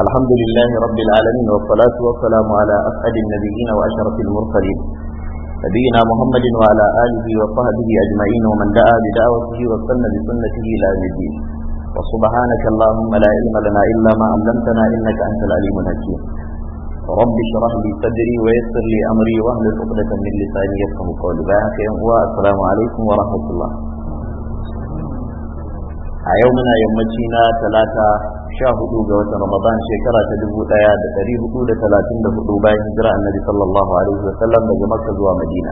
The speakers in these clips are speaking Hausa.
الحمد لله رب العالمين والصلاة والسلام على أسعد النبيين وأشرف المرسلين نبينا محمد وعلى آله وصحبه أجمعين ومن دعا بدعوته وسن بسنته إلى الدين وسبحانك اللهم لا علم لنا إلا ما علمتنا إنك أنت العليم الحكيم رب اشرح لي صدري ويسر لي أمري واهل عقدة من لساني يفهم قولي بارك السلام عليكم ورحمة الله يومنا يوم muna ثلاثة sha hudu ga watan Ramadan shekara ta dubu daya da dari hudu da talatin da hudu bayan hijira annabi sallallahu alaihi wa sallam daga Makka zuwa Madina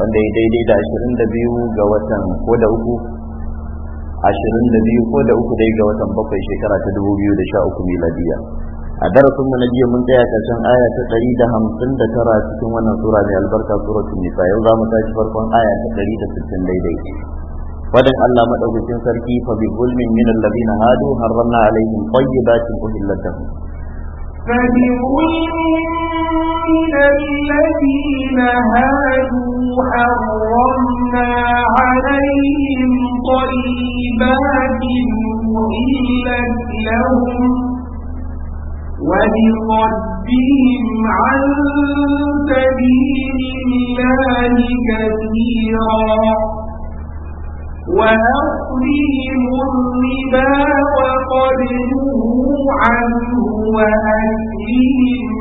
wanda ya daidai da ashirin da biyu ga watan ko da uku ashirin da biyu ko da uku dai ga watan bakwai shekara ta dubu biyu da sha uku miladiya a darasin mu na jiya mun tsaya karshen aya ta ɗari da hamsin da tara cikin wannan sura mai albarka suratul nisa yau za mu tashi farkon aya ta ɗari da sittin daidai ودن الله مدوكين سركي فبظلم من الذين هادوا حرمنا عليهم طيبات أهل لهم فبظلم من الذين هادوا حرمنا عليهم طيبات أهلت لهم ولربهم عن سبيل الله كثيرا وأخذهم الربا وقد نهوا عنه وأكلهم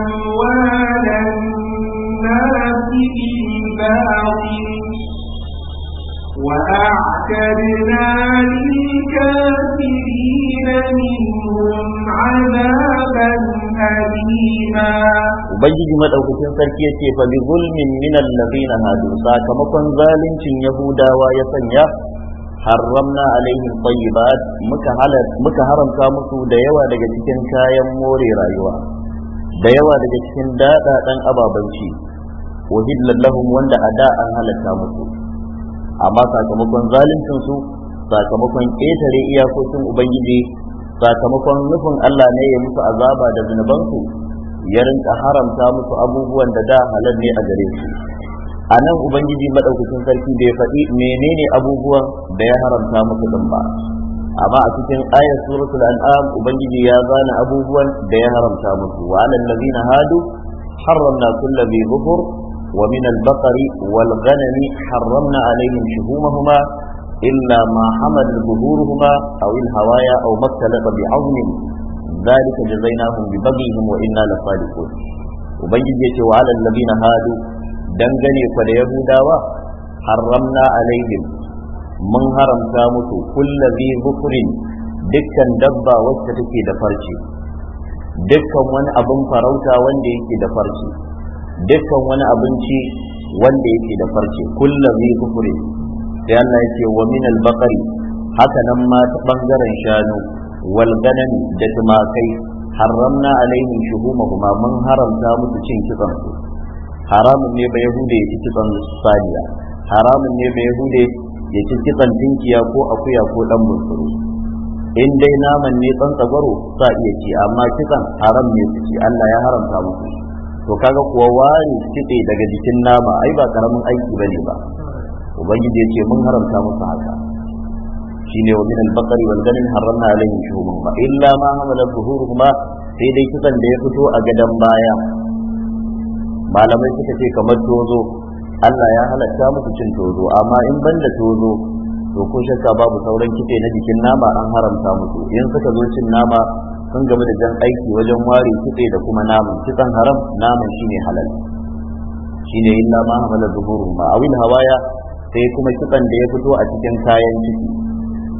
أموال الناس بالباطل وأعتدنا للكافرين منهم عذابا أليما Ubangiji madaukakin sarki yake fa bi zulmin min allazina hadu sakamakon zaluncin Yahudawa ya sanya harramna alaihim tayyibat muka halal muka haramta musu da yawa daga cikin kayan more rayuwa da yawa daga cikin dadadan ababanci wahid lahum wanda ada an halatta musu amma sakamakon zaluncin su sakamakon ƙetare iyakokin ubangiji sakamakon nufin Allah ne ya musu azaba da zunubansu ya rinka haramta musu abubuwan da da halal ne a gare su a nan ubangiji madaukakin sarki bai faɗi menene abubuwan da ya haramta musu din ba amma a cikin ayat suratul an'am ubangiji ya zana abubuwan da ya haramta musu wa alal ladina hadu harramna kulli bi ومن البقر والغنم حرمنا عليهم شهومهما إلا ما حمل ظهورهما أو الهوايا أو ما اختلط بعظم ذلك جزيناهم ببغيهم وإنا لصادقون ubangiji yace wa alal ladina hadu dangane fa da hudawa, haramna alaihim mun haramta musu kullazi zufrin dukkan dabba wacce take da farce dukkan wani abin farauta wanda yake da farce dukkan wani abinci wanda yake da farce kulla zai kufure sai Allah yake wa min al-baqari haka nan ma ta bangaren shanu wal ganami da tumakai haramna alaihim shuhumahuma mun haramta musu cin kitsan su haramun ne ba yahude ya ci kitsan saniya haramun ne ba yahude ya ci kitsan dinkiya ko akuya ko dan bunsuru in dai naman ne tsantsagwaro sa iya ci amma kitsan haram ne su ci Allah ya haramta musu to kaga kuwa ware kitse daga jikin nama ai ba karamin aiki bane ba ubangiji yace mun haramta musu haka shine wa min al-baqari wal ghanim haramna alayhi shuhum ba illa ma hamala zuhuruhuma sai dai kitan da ya fito a gadan baya malamai suka ce kamar tozo Allah ya halatta musu cin tozo amma in banda tozo to ko shakka babu sauran kitse na jikin nama an haramta musu in suka zo cin nama sun game da jan aiki wajen ware kitse da kuma naman kitsan haram naman shine halal shine illa ma hamala zuhuru ma awil hawaya sai kuma kitsan da ya fito a cikin kayan ciki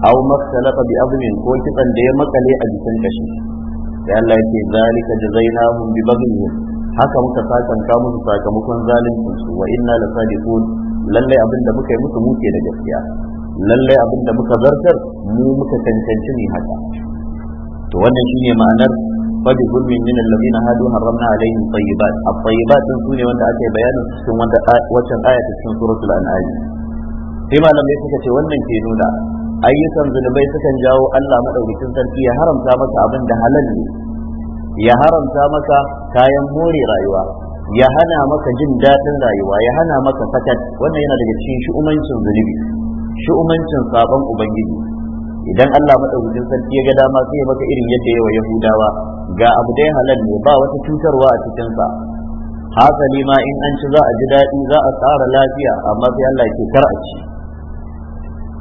aw maktalafa bi azmin ko kitsan da ya makale a jikin kashi sai Allah ya ce zalika jazainahum bi baghihim haka muka sakan ka musu sakamakon zalincin su wa inna lasadiqun lalle abin da muka yi musu muke da gaskiya lalle abin da muka zartar mu muka cancanci ne haka to wannan shine ma'anar fabi zulmin min alladhina hadu harramna alaihim tayyibat at-tayyibat sune wanda aka yi bayanin cikin wanda waccan aya ta cikin suratul an'am sai malamai suka ce wannan ke nuna ayyukan zunubai sukan jawo Allah madaukakin sarki ya haramta maka abin da halal ne ya haramta maka kayan more rayuwa ya hana maka jin daɗin rayuwa ya hana maka fatat wannan yana daga cikin shu'umancin zunubi shu'umancin sabon ubangiji idan Allah madaukakin sarki ya ga dama sai ya maka irin yadda yawa yahudawa ga abu dai halal ne ba wata cutarwa a cikin sa hasali ma in an ci za a ji daɗi za a tsara lafiya amma sai Allah ke kar a ci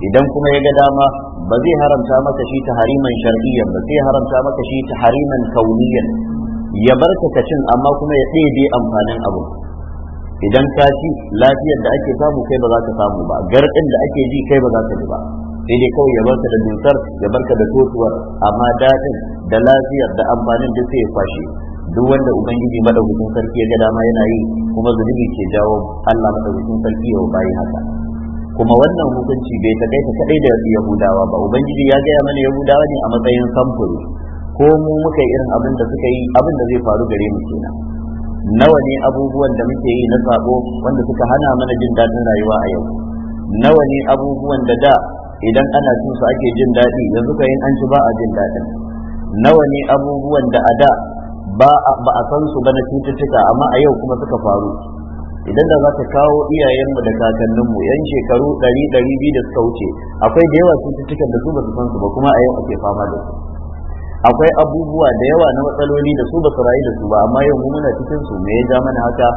idan kuma ya ga dama ba zai haramta maka shi ta hariman shar'iyyan ba zai haramta maka shi ta hariman kauniyan ya bar ka amma kuma ya ɗebe amfanin abu idan ka ci lafiyar da ake samu kai ba za ka samu ba garɗin da ake ji kai ba za ka ji ba sai dai kawai ya barka da dusar ya barka da totuwar amma daɗin da lafiyar da amfanin duk sai ya kwashe duk wanda ubangiji madaukakin sarki ya ga dama yana yi kuma zunubi ke jawo Allah madaukakin sarki ya bayi haka kuma wannan hukunci bai ta kai ta kadai da yahudawa ba ubangiji ya gaya mana yahudawa ne a matsayin samfuri ko mu muka yi irin abin da suka yi abin da zai faru gare mu kenan nawa ne abubuwan da muke yi na sabo wanda suka hana mana jin daɗin rayuwa a yau nawa ne abubuwan da da idan ana cin su ake jin daɗi yanzu suka yin an ci ba a jin daɗin nawa ne abubuwan da a da ba a san su ba na cututtuka amma a yau kuma suka faru idan da za ka kawo iyayenmu da kakanninmu yan shekaru 100 200 da suka wuce akwai da yawa cututtukan da su ba su san su ba kuma a yau ake fama da su akwai abubuwa da yawa na matsaloli da su ba su rayu da su ba amma yau muna cikin su me ya ja mana haka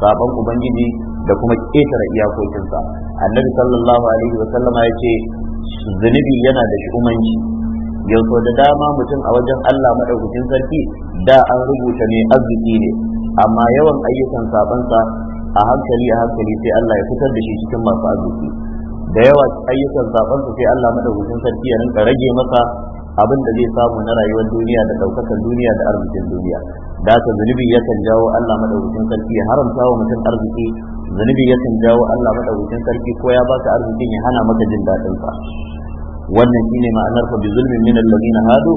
saban ubangiji da kuma ƙetare iyakokinsa annabi sallallahu alaihi wa sallama ya ce zunubi yana da shi'umanci yanzu da dama mutum a wajen Allah madaukakin sarki da an rubuta ne arziki ne amma yawan ayyukan sabansa a hankali a hankali sai Allah ya fitar da shi cikin masu arziki da yawa ayyukan sabansa sai Allah madaukakin sarki ya rinka rage masa abin da zai samu na rayuwar duniya da ɗaukakar duniya da arzikin duniya da haka zunubi yakan jawo Allah madaukakin sarki ya haramta wa mutum arziki zunubi yakan jawo Allah madaukakin sarki ko ya baka arzikin ya hana maka jin daɗin sa wannan shine ma'anar fa bi zulmin min alladhina hadu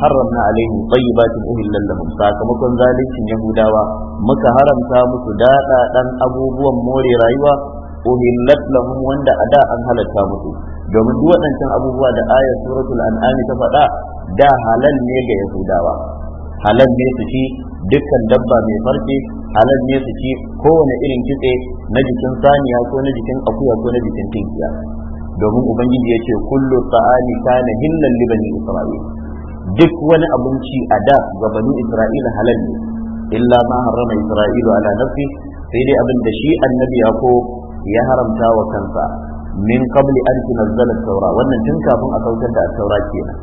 harramna alaihim tayyibatin uhillat lahum sakamakon zalincin yahudawa muka haramta musu daɗaɗan abubuwan more rayuwa uhillat lahum wanda ada an halatta musu domin duk waɗancan abubuwa da ayar suratul an'am ta faɗa da halal ne ga yahudawa halal ne su ci dukkan dabba mai farce halal ne su ci kowane irin kitse na jikin saniya ko na jikin akuya ko na jikin tinkiya domin ubangiji ya ce kullu ta'ani kana hillan li bani isra'il duk wani abinci a da ga bani isra'ila halal ne illa ma harrama isra'ilu ala nafsi sai dai abin da shi annabi ya ko ya haramta wa kansa min qabli an tunzala taura wannan tun kafin a saukar da taura kenan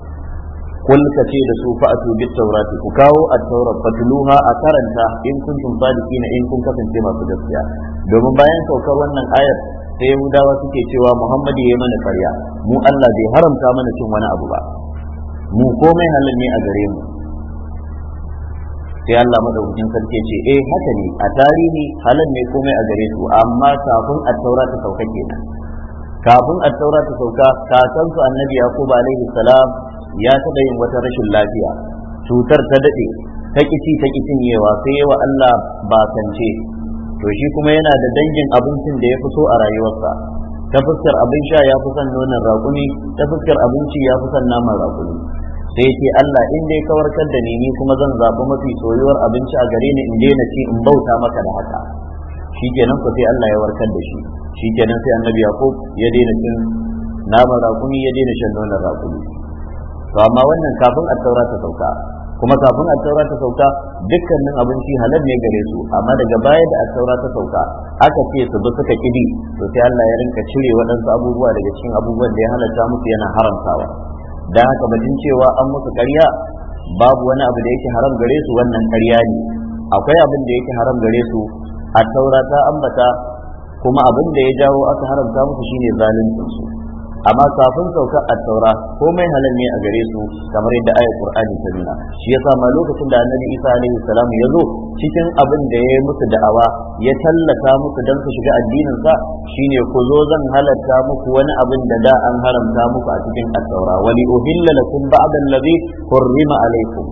kul ka ce da su fa'atu bit taurati ku kawo at-taura fatluha a karanta in kuntum sadiqina in kun kasance masu gaskiya domin bayan saukar wannan ayar sai yahudawa suke cewa muhammadu ya mana karya mu Allah bai haramta mana cin wani abu ba mu komai halal ne a gare mu sai Allah madaukakin sarki ce eh haka ne a tarihi halal ne komai a gare su amma kafin at-taura ta sauka kenan kafin at-taura ta sauka kakan su annabi yaqub alaihi salam ya taɓa yin wata rashin lafiya cutar ta dade ta kici ta kicin yewa sai yawa Allah ba sance to shi kuma yana da dangin abincin da ya fi so a rayuwarsa ta fuskar abin sha ya fi son nonon raƙumi ta fuskar abinci ya fi son naman raƙumi sai ce Allah in dai ka warkar da ni ni kuma zan zaɓi mafi soyuwar abinci a gare ni in daina ci in bauta maka da haka shikenan ku sai Allah ya warkar da shi shikenan sai annabi yaqub ya daina cin naman raƙumi ya daina shan nonon raƙumi to amma wannan kafin taura ta sauka kuma kafin taura ta sauka dukkanin abinci halal ne gare su amma daga baya da taura ta sauka aka ce su bi suka kidi to sai Allah ya rinka cire waɗansu abubuwa daga cikin abubuwan da ya halatta musu yana haramtawa Da haka batun cewa an musu karya? babu wani abu da yake haram gare su wannan karya ne akwai abin da yake haram gare su a taura ta ambata kuma abin da ya jawo aka haramta musu shine zalunci su amma kafin saukar a taura komai halin ne a gare su kamar yadda ayat qur'ani ta nuna shi yasa ma lokacin da annabi isa alaihi salam ya zo cikin abin da ya yi musu da'awa ya tallata musu dan su shiga addinin sa shine ku zo zan halatta muku wani abin da da an haramta muku a cikin at-taura wali uhilla lakum ba'da alladhi hurrima alaikum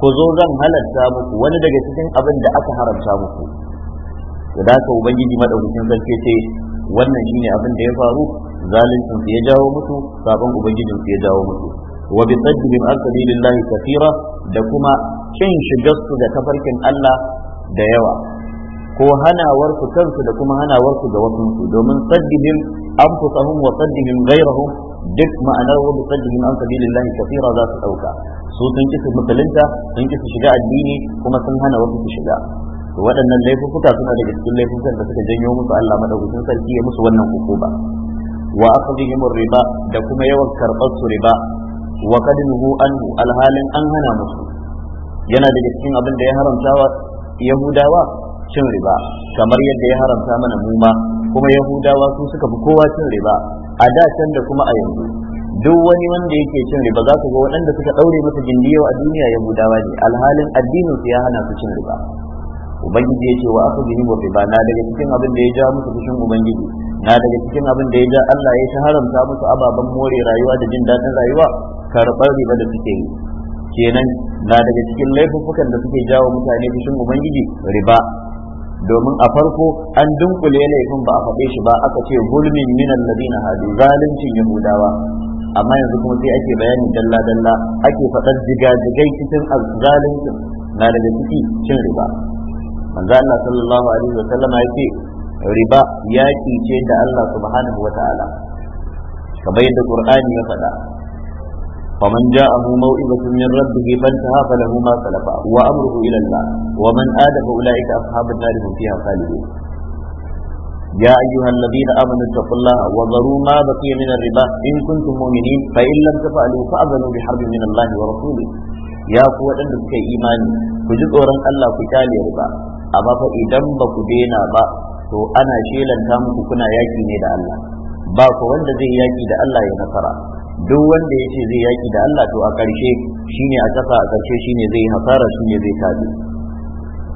ku zo zan halatta muku wani daga cikin abin da aka haramta muku da haka ubangiji madaukakin sarki ce wannan shine abin da ya faru zalincin su ya jawo mutu, sabon ubangijin su ya jawo musu wa bi saddihim an sabilillahi kathira da kuma kin shigar su da tafarkin Allah da yawa ko hanawar su kansu da kuma hanawar su ga wasu su domin saddihim anfusahum wa saddihim ghayrahum duk ma'anar wa bi saddihim an sabilillahi kathira za su dauka su sun ki su sun ki shiga addini kuma sun hana wasu su shiga waɗannan laifuka suna daga cikin laifukan da suka janyo musu Allah madaukakin sarki ya musu wannan hukuma wa akhdhihim riba da kuma yawan karɓar su riba wa qad anhu alhalin an hana musu yana daga cikin abin da ya haramta wa yahudawa cin riba kamar yadda ya haramta mana mu ma kuma yahudawa su suka fi kowa cin riba a da can da kuma a yanzu duk wani wanda yake cin riba za ku ga waɗanda suka ɗaure masa gindiyo a duniya yahudawa ne alhalin addinin su ya hana su cin riba ubangiji ya ce wa aka gini riba na daga cikin abin da ya ja musu fushin ubangiji na daga cikin abin da ya ja Allah ya haramta musu ababen more rayuwa da jin daɗin rayuwa karɓar riba da suke yi kenan na daga cikin laifuffukan da suke jawo mutane fushin ubangiji riba domin a farko an dunkule laifin ba a faɗe shi ba aka ce gulmin minan ladina hadu zaluncin yahudawa amma yanzu kuma sai ake bayani dalla dalla ake faɗar jigajigai cikin zaluncin na daga ciki cin riba manzo Allah sallallahu alaihi wa sallama yake riba ya ce da Allah subhanahu wa ta’ala, kamar yadda Qur'ani ya faɗa, faman ja a mu mau’i ba su min rabbi ban ta hafa da huma salafa, wa amurku ilalla, wa man ada ula ita a haɓar tarihi fi haka lube. Ya ayyu hallabi na amina kulla wa zaru ma ba fiye riba in kuntum mu'mini fa illam tafalu fa azanu bi harbi min Allah wa rasuli. Ya waɗanda suka yi imani ku ji tsoron Allah ku kyale riba, amma fa idan ba ku dena ba to ana shelanta muku kuna yaki ne da Allah ba ku wanda zai yaki da Allah ya nasara duk wanda ya ce zai yaki da Allah to a ƙarshe shine a ƙasa a ƙarshe shine zai hasara shine zai tabi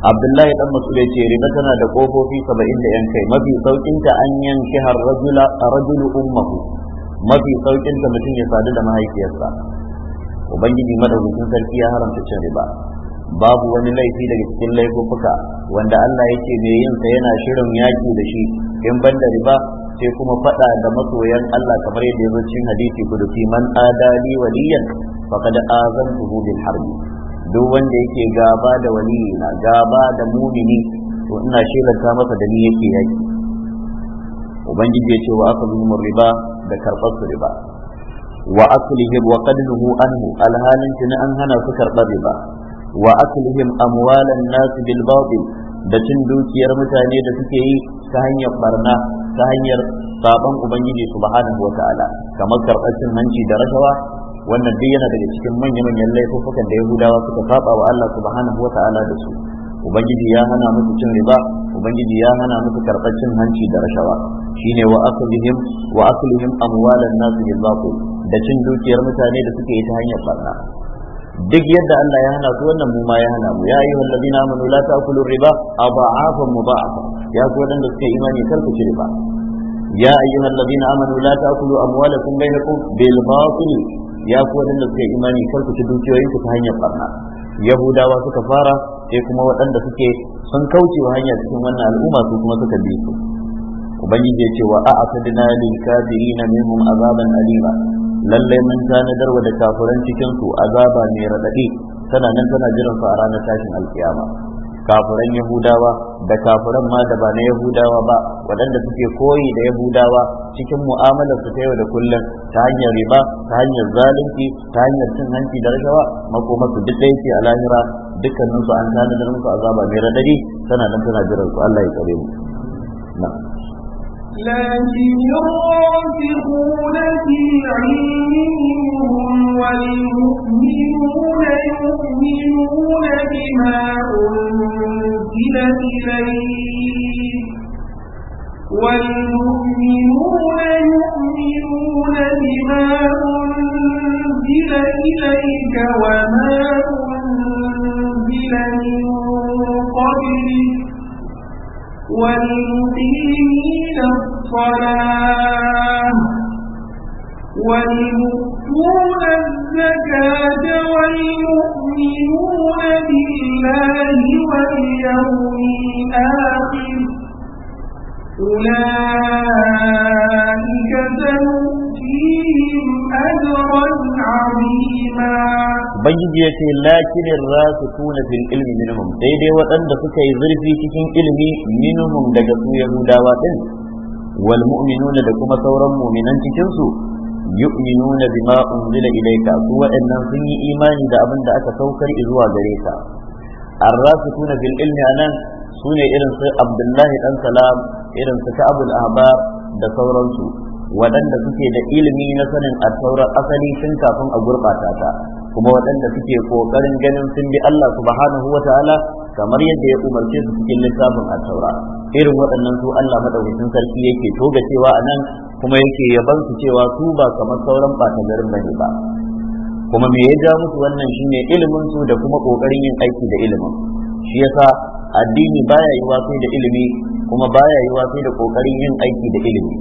Abdullahi dan Mas'ud ya ce tana da kofofi 70 da yan kai mafi saukin ta an yanki har rajula rajulu ummuhu mafi saukin ta mutum ya sadu da mahaifiyarsa ubangiji madaukakin sarki ya haramta cin riba babu wani laifi daga cikin laifuka wanda Allah yake mai yin sa yana shirin yaki da shi in banda riba sai kuma faɗa da masoyan Allah kamar yadda yazo cikin hadisi fi man adali waliyan faqad azantuhu bil harbi duk wanda yake gaba da waliyi na gaba da mumini to ina ta masa da ni yake yaki ubangiji ya ce wa aka riba da karɓar riba wa aslihi wa qadluhu anhu alhalin tuna an hana su karɓar riba wa aklihim amwalan nas da cin dukiyar mutane da suke yi ta hanyar barna ta hanyar saban ubangiji subhanahu wa ta'ala kamar karɓar cin hanci da rashawa wannan duk yana daga cikin manya-manyan laifukan da yahudawa suka saba wa Allah subhanahu wa ta'ala da su ubangiji ya hana musu cin riba ubangiji ya hana musu karɓar cin hanci da rashawa shine wa aklihim wa aklihim amwalan nas bil da cin dukiyar mutane da suke yi ta hanyar barna duk yadda Allah ya hana su wannan mu ma ya hana mu ya ayyuhal na amanu la ta'kulu riba adha'afan mudha'afa ya ku wadanda suka imani kar ku ci riba ya ayyuhal ladina amanu la ta'kulu amwalakum bainakum bil batil ya ku wadanda suka imani kar ku ci dukiyoyin ku ta hanyar barna yahudawa suka fara sai kuma waɗanda suke sun kauce wa hanya cikin wannan al'umma su kuma suka bi su ubangiji ya ce wa a'tadna lil kafirin minhum azaban alima lallai mun tanadarwa da kafiran cikin su azaba ne radadi tana nan tana jiran su a ranar tashin alkiyama kafiran yahudawa da kafiran ma da ba na yahudawa ba waɗanda suke koyi da yahudawa cikin mu'amalar su ta da kullum ta hanyar riba ta hanyar zalunci ta hanyar cin hanci da rashawa makoma su duk ɗaya ce a lahira dukkanin su an tanadar musu azaba ne radadi tana nan tana jiran su Allah ya kare mu na'am لكن يرافقون في علمهم هم والمؤمنون يؤمنون بما أنزل إليك والمؤمنون يؤمنون بما أنزل إليك وما أنزل من قبلك والمقيمين الصلاة ويؤتون الزكاة والمؤمنون بالله واليوم الآخر أولئك سنؤتيهم أجرا عظيما Ubangiji ya ce lakinin rasu tuna fil ilmi minimum sai dai waɗanda suka yi zurfi cikin ilmi minimum daga su Yahudawa ɗin wal mu'minuna da kuma sauran mu'minan cikin su yu'minuna bima unzila ilayka su waɗannan sun yi imani da abin da aka saukar zuwa gare ka arrasikuna bil ilmi nan? sune irin su abdullahi dan salam irin su ka'abul ahbar da sauransu waɗanda suke da ilimi na sanin attaurar asali tun kafin a gurɓata ta kuma waɗanda suke ƙoƙarin ganin sun bi Allah subhanahu wa ta'ala kamar yadda ya umarce su cikin littafin a taura irin waɗannan su Allah madaukakin sarki yake toga cewa a nan kuma yake yaban su cewa su ba kamar sauran ɓata garin bane ba kuma me ya ja musu wannan shine ilimin su da kuma kokarin yin aiki da ilimin shi yasa addini baya yi sai da ilimi kuma baya yi sai da kokarin yin aiki da ilimi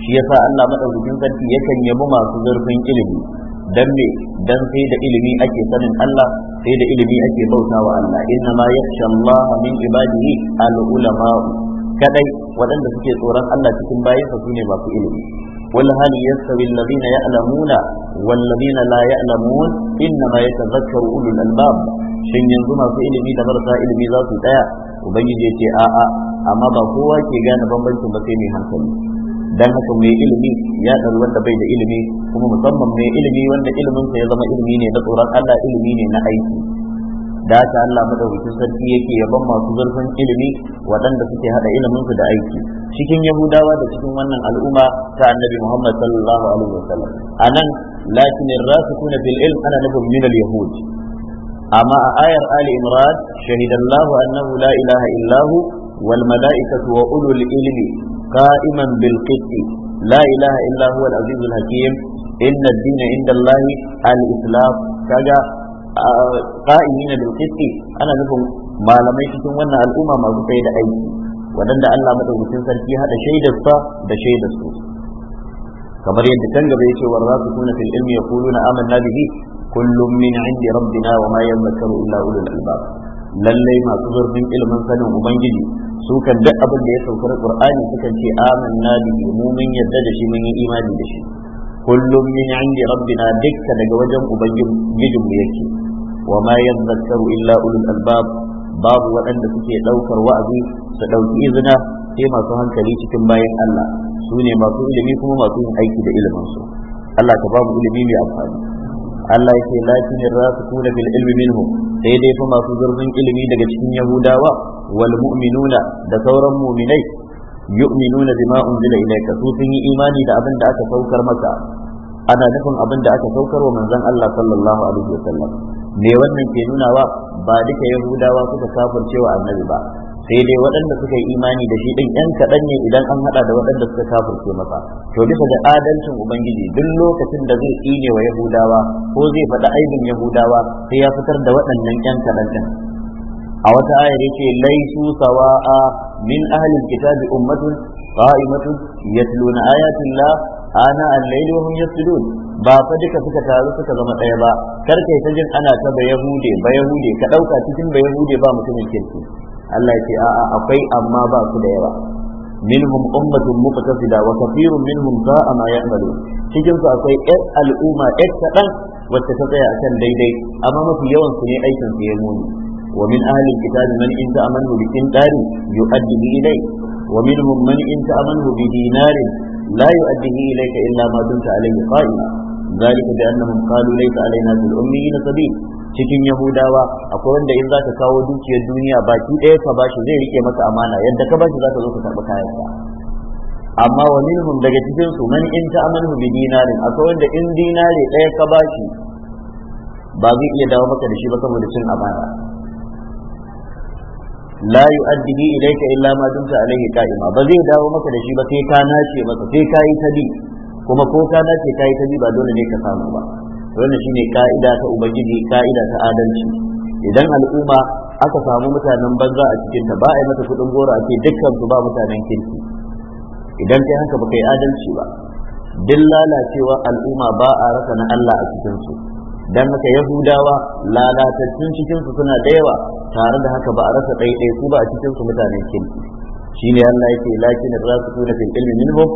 shi yasa Allah madaukakin sarki yakan yabi masu zurfin ilimi dan me dan sai da ilimi ake sanin Allah sai da ilimi ake bautawa Allah inna ma yakhsha Allah min ibadihi al ulama kadai waɗanda suke tsoron Allah cikin bayansa su ne masu ilimi wal hal yastawi alladhina ya'lamuna wal ladina la ya'lamun inna ma yatadhakkaru ulul albab shin yanzu masu ilimi da marasa ilimi za su tsaya ubangiji ya ce a'a amma ba kowa ke gane bambancin ba sai mai hankali dan haka mai ilimi ya ɗari wanda bai da ilimi kuma musamman mai ilimi wanda iliminsa ya zama ilimi ne na tsoron Allah ilimi ne na aiki da ta Allah madaukakin sarki yake yaban masu zurfin ilimi waɗanda suke hada iliminsu da aiki cikin Yahudawa da cikin wannan al'umma ta Annabi Muhammad sallallahu alaihi wasallam anan lakin ar-rasikuna fil ilm ana nabun min al-yahud amma a ayar Ali Imran shahidallahu annahu la ilaha illahu wal mala'ikatu wa ulul ilmi قائما بالقسط لا إله إلا هو العزيز الحكيم إن الدين عند الله الإسلام كذا قائمين بالقسط أنا لكم ما لم يشتم وأن الأمة ما بقيد أيدي ودند الله مدعوكين سركي هذا شيء دستا ده شيء دستو kamar yadda can gaba yake warra su kuna fil ilmi yaquluna amanna bihi kullum min indi rabbina wa ma yadhakkaru illa ulul albab lallai masu zurfin ilimin sanin ubangiji su kan duk abin da ya saukar qur'ani sukan ce amanna bihi mu mun yadda da shi mun yi imani da shi kullum min indi rabbina dukka daga wajen ubangijin mu yake wa ma yadhakkaru illa ulul albab babu waɗanda suke ɗaukar wa'azi su ɗauki izina sai masu hankali cikin bayan Allah su ne masu ilimi kuma masu yin aiki da ilimin su Allah ka ba mu ilimi mai amfani Allah ya ce lakin kuna bil ilmi minhu sai dai fa masu zurfin ilimi daga cikin yahudawa wal mu'minuna da sauran mu'minai yu'minuna bima unzila ilayka su sun yi imani da abin da aka saukar maka ana nufin abin da aka saukar wa manzon Allah sallallahu alaihi wasallam me wannan ke nunawa ba duka yahudawa suka wa annabi ba sai dai waɗanda suka yi imani da shi ɗin yan kaɗan ne idan an haɗa da waɗanda suka kafirce masa to bisa da adalcin ubangiji duk lokacin da zai tsine wa yahudawa ko zai faɗi aibin yahudawa sai ya fitar da waɗannan yan kaɗan ɗin a wata ayar yake laisu sawa'a min ahlil kitabi ummatun qa'imatun yatluna ayatin la ana al-layli wa hum yasjudun ba fa duka suka taru suka zama ɗaya ba kar kai ta jin ana ta ba yahude ba yahude ka ɗauka cikin ba yahude ba mutumin kirki Allah ya ce a'a akwai amma ba su da yawa minhum ummatun muqtasida wa kathirun minhum sa'a ma ya'malun cikin su akwai yar al'umma yar kadan wacce ta tsaya akan daidai amma mafi yawan su ne aikin su ya muni wa min ahli kitabi man in ta'amanu bi qintari yu'addi ilayk wa minhum man in ta'amanu bi dinarin la yu'addihi ilayka illa ma dumta alayhi qa'ima ذلك bi قالوا ليس علينا alaina fil ummiyin cikin yahudawa akwai wanda in ka kawo dukiyar duniya baki ɗaya ka bashi zai rike maka amana yadda ka bashi ka zo ka karɓi kayan ka amma wa minhum daga cikin su man in ta'amanu bi dinarin akwai wanda in dinare ɗaya ka bashi ba zai iya dawo maka da shi ba saboda cin amana la yu'addi ilayka illa ma dunta alayhi qa'ima ba zai dawo maka da shi ba sai ka nace masa sai ka yi tabi kuma ko ka dace ta bi ba dole ne ka samu ba wannan shine ka'ida ta ubangiji ka'ida ta adalci idan al'umma aka samu mutanen banza a cikin ta ba a yi mata kudin goro a ce dukkan su ba mutanen kirki idan kai haka baka yi adalci ba duk lalacewa al'umma ba a rasa na Allah a cikin su dan haka yahudawa lalatattun cikin su suna da yawa tare da haka ba a rasa ɗaiɗai ku ba a cikin su mutanen kirki shine Allah yake lakin rasikuna fil ilmi minhum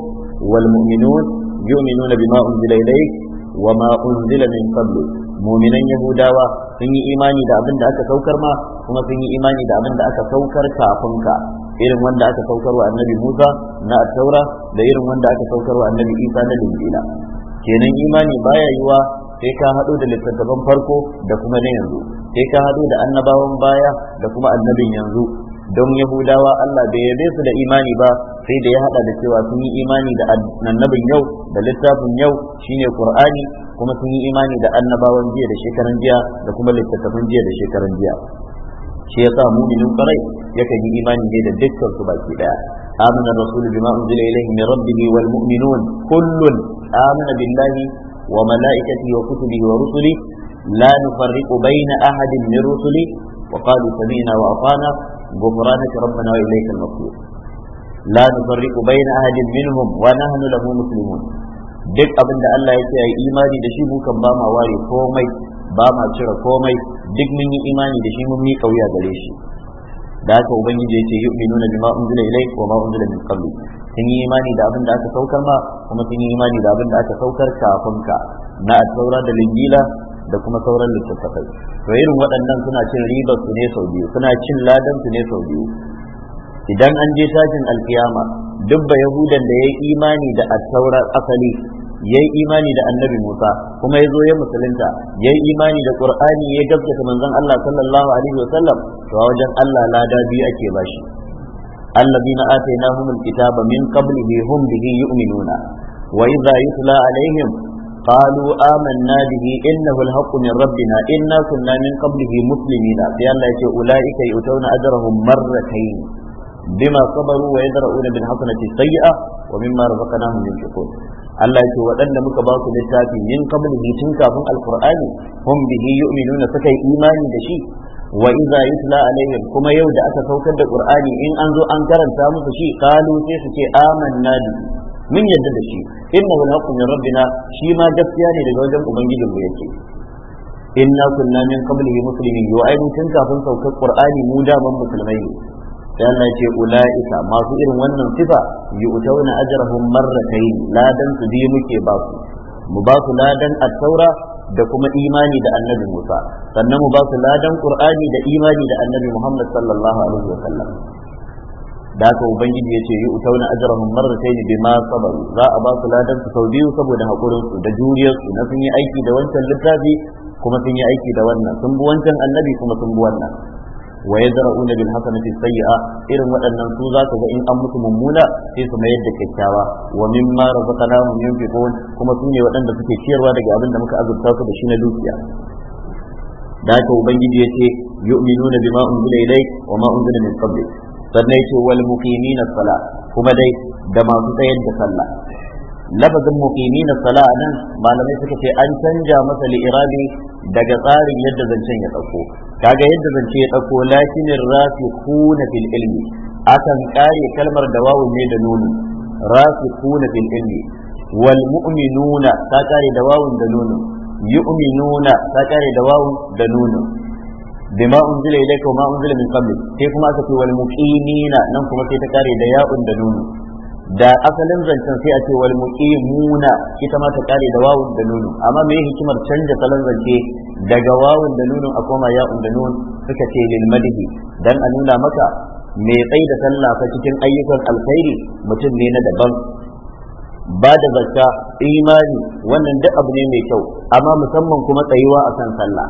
wal mu'minun yu'minuna bima unzila ilayk wa ma unzila min qabl mu'minan yahudawa sun yi imani da abin da aka saukar ma kuma sun yi imani da abin aka saukar kafin ka irin wanda aka saukar wa annabi Musa na at-taura da irin wanda aka saukar wa annabi Isa na injila kenan imani baya yiwa sai ka hadu da littattafan farko da kuma na yanzu sai ka hadu da annabawan baya da kuma annabin yanzu don yahudawa Allah bai yabe su da imani ba sai da ya hada da cewa sun yi imani da annabin yau da littafin yau shine qur'ani kuma sun yi imani da annabawan jiya da shekaran jiya da kuma littattafan jiya da shekaran jiya shi yasa mu'minin kwarai yakan yi imani ne da dukkan su baki daya آمن الرسول بما أنزل إليه من ربه والمؤمنون كل آمن بالله وملائكته وكتبه ورسله لا نفرق بين أحد من رسله وقالوا سمعنا وأطعنا غفرانك ربنا وإليك المصير لا نفرق بين أحد منهم ونحن له مسلمون duk abin da Allah ya ce a imani da shi mukan ba ma ware komai ba ma cire komai duk mun yi imani da shi mun mi kauya gare shi da haka ubangiji ya ce yu'minuna bima unzila ilayk wa ma unzila min qabli sun yi imani da abin da aka saukar ma kuma sun yi imani da abin da aka saukar kafin ka na at da lingila. da kuma sauran littattafai to irin waɗannan suna cin ribar su ne sau biyu suna cin ladan su ne sau biyu idan an je tashin alkiyama duk ba yahudan da ya yi imani da attaurar asali ya yi imani da annabi musa kuma ya zo ya musulunta ya yi imani da qur'ani ya gaskata manzon allah sallallahu alaihi wa sallam to a wajen allah lada biyu ake bashi الذين آتيناهم الكتاب من قبله هم به يؤمنون وإذا يتلى عليهم قالوا آمنا به إنه الحق من ربنا إنا كنا من قبله مسلمين في الله أولئك يؤتون أجرهم مرتين بما صبروا ويدرؤون بالحسنة السيئة ومما رزقناهم ينفقون Allah ce waɗanda muka ba su littafi min qablihi tun kafin alqur'ani hum bihi yu'minuna suka yi imani da shi wa idza yutla kuma yau da aka saukar da qur'ani in an zo an karanta musu shi qalu sai su Mun yadda da shi inna wal haqqu min rabbina shi ma gaskiya ne daga wajen ubangijin mu yake inna kunna min qablihi muslimin yo ai tun kafin saukar qur'ani mu da musulmai ne sai Allah ya ce masu irin wannan sifa yu'tawna ajrahum marratayn ladan su bi muke ba su mu ba su ladan at-taura da kuma imani da annabi Musa sannan mu ba su ladan Qur'ani da imani da annabi Muhammad sallallahu alaihi wa sallam da haka ubangiji ya ce yi utauna ajrahum marratayn bima za a ba su ladan su sau biyu saboda hakurin su da juriyar su na sun yi aiki da wancan littafi kuma sun yi aiki da wannan sun bi wancan annabi kuma sun bi wannan wa yadra'una bil hasanati sayyi'a irin waɗannan su za ka ga in an mutu mummuna sai su mayar da kyakkyawa wa mimma razaqnahum yunfiqun kuma su ne waɗanda suke ciyarwa daga abin da muka azurta su da shi na dukiya da haka ubangiji ya ce yu'minuna bima unzila ilayk wa ma unzila min qablik sannan ce wal muqimin as-sala kuma dai da masu tsayar da sallah lafazin muqimin as-sala nan malamai suka ce an canja masa li'irabi daga tsarin yadda zancen ya dauko kaga yadda zance ya lakinin rafi rasikuna fil ilmi akan kare kalmar da wawun ne da rafi rasikuna fil ilmi wal mu'minuna ta kare da wawun da nunu yu'minuna ta kare da wawun da nuni. bima unzila ilayka wa ma unzila min qablik sai kuma aka ce wal muqimina nan kuma sai ta kare da ya'un da nunu da asalin zancen sai a ce wal muqimuna ita ma ta kare da wawun da nunu amma me hikimar canja salon zance daga wawun da nunun a koma ya'un da nun suka ce lil madhi dan a nuna maka me tsayi da sallah fa cikin ayyukan alkhairi mutum ne na daban ba da zakka imani wannan duk abu ne mai kyau amma musamman kuma tsayuwa akan sallah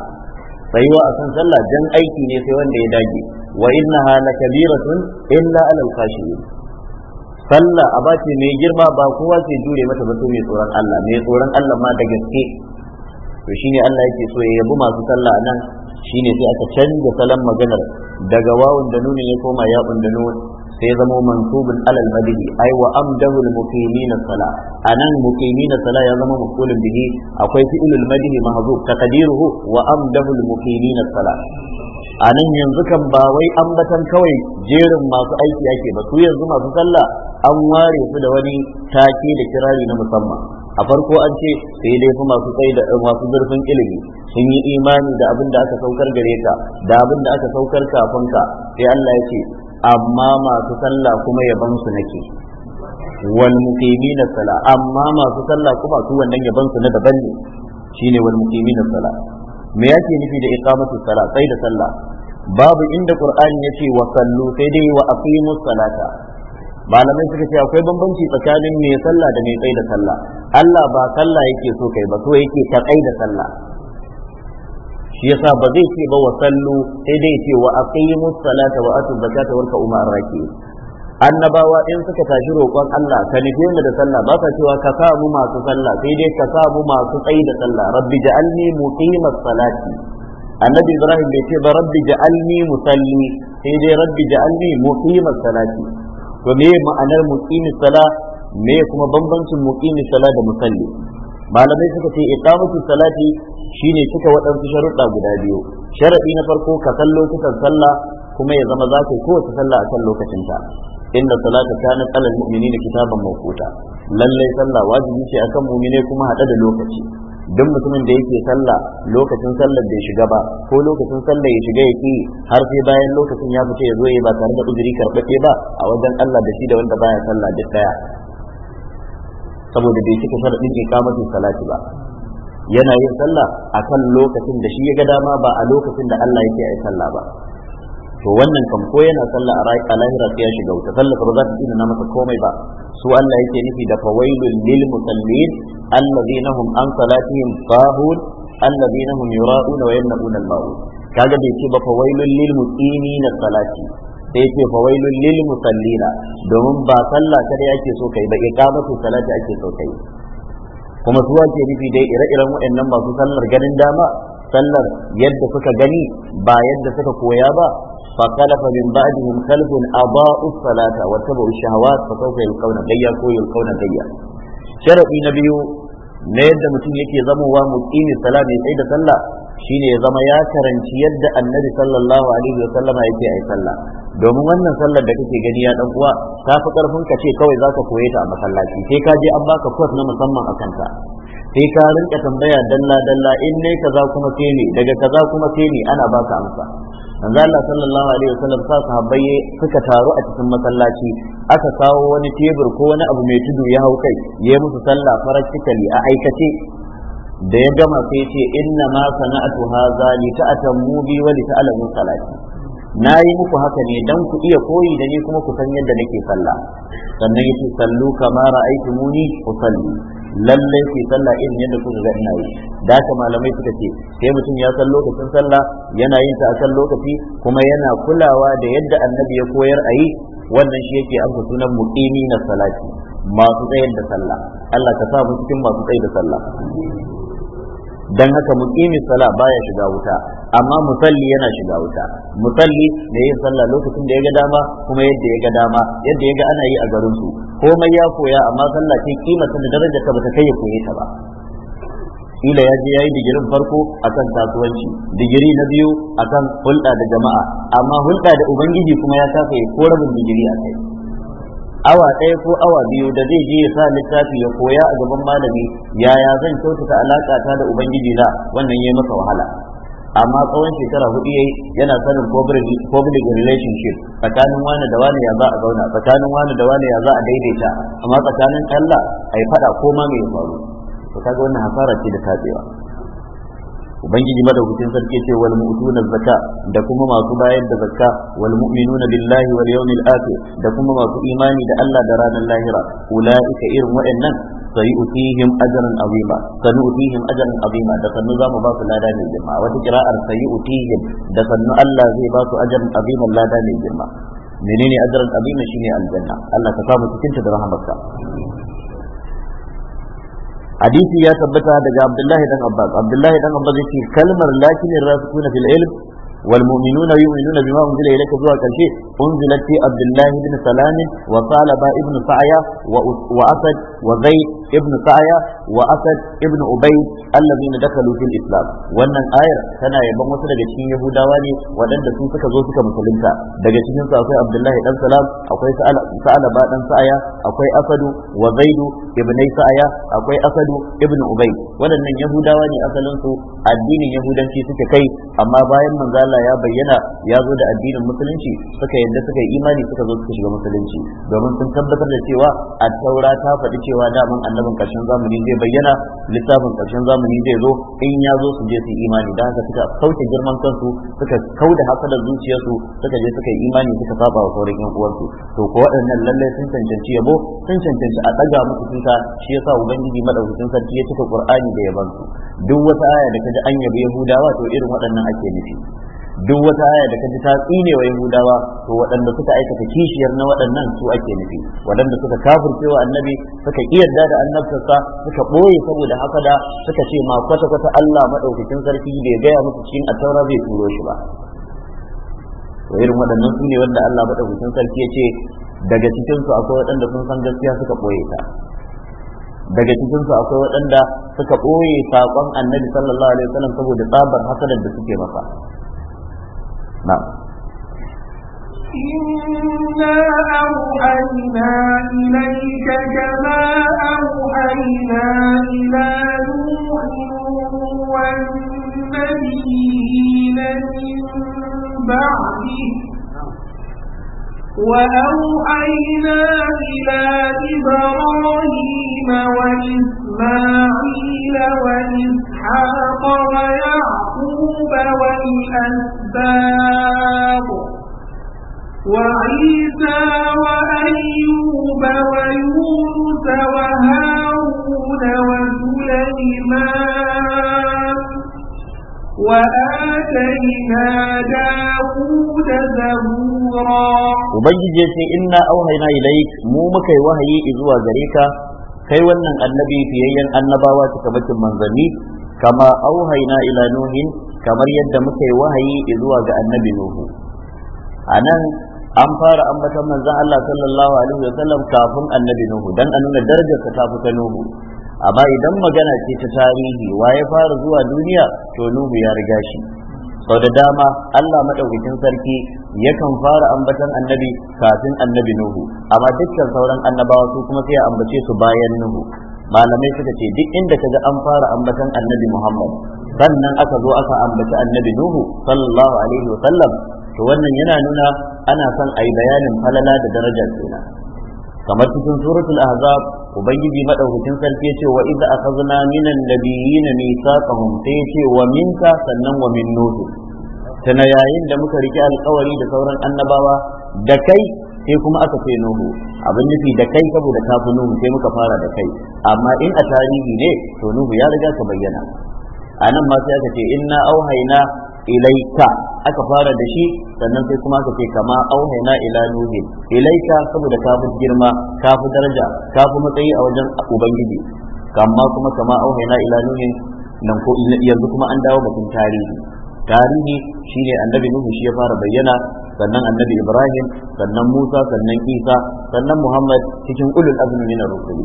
a kan sallah dan aiki ne sai wanda ya dage wa innaha lakabiratun illa alal khashiyin sallah a mai girma ba kowa ke jure mata ba mai tsoron Allah mai tsoron Allah ma da gaske to shine Allah yake so ya yabi masu sallah nan shine sai aka canza salon maganar daga wawun da nuni ya koma ya'un da nuni? sai ya zama mansubun alal madhi ai wa amdahu al muqimin sala anan muqimin sala ya zama mafulun bihi akwai fi'lul madhi mahzuf taqdiruhu wa amdahu al muqimin sala anan yanzu kan ba wai ambatan kawai jerin masu aiki ake ba su yanzu masu sallah an ware su da wani take da kirari na musamman a farko an ce sai dai fi masu tsaye da masu zurfin ilimi sun yi imani da abin da aka saukar gare ka da abin da aka saukar kafin ka sai Allah ya ce amma masu sallah kuma yaban su nake wal muqimin sala amma masu sallah kuma su wannan yaban su na daban ne shine wal muqimin sala me yake nufi da iqamatu sala sai da sallah babu inda qur'ani yace wa sallu sai dai wa aqimus salata malamai suka ce akwai bambanci tsakanin mai sallah da mai tsaida sallah Allah ba sallah yake so kai ba so yake ka tsaida sallah yasa ba zai ce ba wa sallu sai dai ce wa aqimu salata wa atu zakata warka umar raki annabawa in suka tashi roƙon Allah ka nufe mu da sallah ba sa cewa ka sa mu masu sallah sai dai ka sa mu masu tsayi da sallah rabbi ja'alni muqimas salati annabi ibrahim bai ce ba rabbi ja'alni musalli sai dai rabbi ja'alni muqimas salati to me ma'anar muqimis sala me kuma bambancin muqimis sala da musalli malamai suka ce iqamatu salati shine cika waɗansu sharuɗa guda biyu sharaɗi na farko ka kallo cikin sallah kuma ya zama zakai kowace sallah a kan lokacinta inda salata kana alal mu'minina kitaban mawquta lallai sallah wajibi ce akan mu'mine kuma hada da lokaci duk mutumin da yake sallah lokacin sallar ya shiga ba ko lokacin sallar ya shiga yake har sai bayan lokacin ya fita ya zo ya ba tare da uzuri karɓaɓɓe ba a wajen Allah da shi da wanda baya sallah duk daya saboda bai cika sharadin iqamatin salati ba yana yin sallah akan lokacin da shi ya ga dama ba a lokacin da Allah yake ai sallah ba to wannan kan ko yana sallah a lahira sai ya shiga wuta sallah ba za ta tsina na masa komai ba su Allah yake nufi da fawailul lil musallin alladhina hum an salatihim sahun alladhina hum yura'una wa yamna'una al-ma'un kaga bai ce ba fawailul lil muslimina salati sai yace fa wailul lil musallina domin ba sallah kada ake so kai ba iqamatu salati ake so kai kuma su ake nufi dai ire-iren waɗannan masu sallar ganin dama sallar yadda suka gani ba yadda suka koya ba fa khalafa min ba'dihim khalfun aba'u salata wa tabu shahawat fa sawfa yalqawna gayya ko yalqawna gayya sharadi na biyu na yadda mutum yake zamowa muqimi salat ne sai da sallah shine ya zama ya karanci yadda annabi sallallahu alaihi wa sallama yake ai sallah domin wannan sallar da kake gani ya dan uwa ta fi karfin ka ce kawai zaka koye ta a masallaci sai ka je an baka kwas na musamman akan ta sai ka rinka tambaya dalla dalla in ne kaza kuma ke ne daga kaza kuma ke ne ana baka amsa manzo Allah sallallahu alaihi wasallam sa sahabbai suka taru a cikin masallaci aka kawo wani tebur ko wani abu mai tudu ya hau kai ya musu sallah faraktikali a aikace da ya gama sai ce inna ma sana'atu hadha li ta'tamu bi wa li ta'lamu salati na yi muku haka ne don ku iya koyi da ni kuma ku san yadda nake sallah sannan yace sallu kama ku salli lalle ku sallah irin yadda kuka ga ina yi da ta malamai suka ce sai mutum ya san lokacin sallah yana yin ta a kan lokaci kuma yana kulawa da yadda annabi ya koyar a yi wannan shi yake amsa sunan muqimi na salati masu tsayar da sallah Allah ka sa mu cikin masu tsayar da sallah dan haka muqimi sala baya shiga wuta amma musalli yana shiga wuta musalli ne yin sallah lokacin da ya ga dama kuma yadda ya ga dama yadda ya ga ana yi a garin su komai ya koya amma sallah ce kima ta daraja ta bata kai ya koye ta ba kila ya je ya yi digirin farko akan kasuwanci digiri na biyu akan hulɗa da jama'a amma hulɗa da ubangiji kuma ya kafa ko rabin digiri a kai awa ɗaya ko awa biyu da zai je ya sa littafi ya koya a gaban malami yaya zan kyautata alaƙa ta da ubangiji na wannan yayi masa wahala amma tsawon shekara hudu yayi yana sanin public relationship tsakanin wani da wani ya za a zauna tsakanin wani da wani ya za a daidaita amma tsakanin Allah ai faɗa, ko ma mai faru to kaga wannan hasara ce da tabewa ubangiji madaukakin sarki ce wal mu'tuna zakka da kuma masu bayar da zakka wal mu'minuna billahi wal yawmil akhir da kuma masu imani da Allah da ranar lahira ulaika irin waɗannan sayu'tihim ajran azima sanu'tihim ajran azima da sannu zamu ba su lada mai girma wata kira'ar sayu'tihim da sannu Allah zai ba su ajran azima lada mai girma menene ajran azima shine aljanna Allah ka samu cikin ta da rahmarka hadisi ya tabbata daga abdullahi dan abbas abdullahi dan abbas yake kalmar lakinin rasikuna fil ilm wal mu'minuna yu'minuna bima unzila ilayka zuwa karshe unzila fi abdullahi ibn salam wa talaba ibn sa'ya wa asad wa zaid ابن سعيا وأسد ابن أبيد الذين دخلوا في الإسلام وأن آية تنا يبقى مثل جتين يهودا واني وأن دسون سكا زو سكا مسلمتا دجتين ينسى أخي عبد الله بن سلام أخي سأل سأل بعد سعيا أخي أسد وزيد ابن سعيا أخي أسد ابن أبيد وأن يهودا واني أسلن سو الدين يهودا في سكا كي أما باين من ذا يا بينا يا زود الدين المسلم سكا يدى سكا إيماني سكا زو سكا مسلم domin sun tabbatar da cewa a taura ta faɗi cewa daman annabi annabin karshen zamani zai bayyana littafin karshen zamani zai zo in ya zo su je su imani da haka suka kauce girman kansu suka kauda hasadar zuciyarsu suka je suka yi imani suka saba wa sauran yan uwansu to ko waɗannan lallai sun cancanci yabo sun cancanci a ɗaga musu tuta shi yasa ubangiji madaukakin sarki ya cika qur'ani da yabansu duk wata aya da kaji an yabi yahudawa to irin waɗannan ake nufi duk wata aya da kaji ta tsine wa yahudawa to waɗanda suka aikata kishiyar na waɗannan su ake nufi waɗanda suka kafirce wa annabi suka kiyarda da annabtarsa suka ɓoye saboda hasada suka ce ma kwata kwata Allah madaukakin sarki bai gaya musu cikin attaura bai turo shi ba to irin waɗannan su ne wanda Allah madaukakin sarki ya ce daga cikin su akwai waɗanda sun san gaskiya suka ɓoye ta daga cikin su akwai waɗanda suka ɓoye saƙon annabi sallallahu alaihi wasallam saboda tsabar hasadar da suke masa نعم إنا أوحينا إليك كما أوحينا إلى نوح والنبيين من بعده وأوحينا إلى إبراهيم وإسماعيل وإسحاق ويعقوب والأسباب وعيسى وأيوب ويونس وهارون وسليمان Ubangiji داود زبورا وبنجي يتي إنا أوهينا إليك مو wahayi وهي إذوا غريكا kai wannan annabi fiyayyen annabawa cikamakin manzanni kama auhaina ila nuhin kamar yadda muka yi wahayi zuwa ga annabi nuhu a nan an fara ambatan manzan Allah sallallahu alaihi wa sallam kafin annabi nuhu don a nuna darajarsa ta fita nuhu amma idan magana ce ta tarihi wa ya fara zuwa duniya to nuhu ya riga shi sau da dama Allah madaukakin sarki yakan fara ambatan annabi kafin annabi nuhu amma dukkan sauran annabawa su kuma sai a ambace su bayan nuhu malamai suka ce duk inda kaga an fara ambatan annabi Muhammad sannan aka zo aka ambaci annabi Nuhu sallallahu alaihi wa sallam to wannan yana nuna ana son ayi bayanin falala da darajar kenan kamar cikin suratul ahzab ubangiji madaukakin sarki yace wa idza akhadna minan nabiyina mithaqahum sai yace wa minka sannan wa min nuh tana yayin da muka riki alkawari da sauran annabawa da kai sai kuma aka ce nuhu abin nufi da kai saboda ka fi nuhu sai muka fara da kai amma in a tarihi ne to nuhu ya riga ka bayyana a nan ma sai aka ce inna auhaina ilaika aka fara da shi sannan sai kuma aka ce kama auhayna ila nuhi ilaika saboda ka fi girma ka fi daraja ka fi matsayi a wajen ubangiji kama kuma kama auhayna ila nuhi nan ko yanzu kuma an dawo batun tarihi tarihi shine annabi nuhu shi ya fara bayyana sannan annabi ibrahim sannan musa sannan isa sannan muhammad cikin ulul azmi min ar-rusul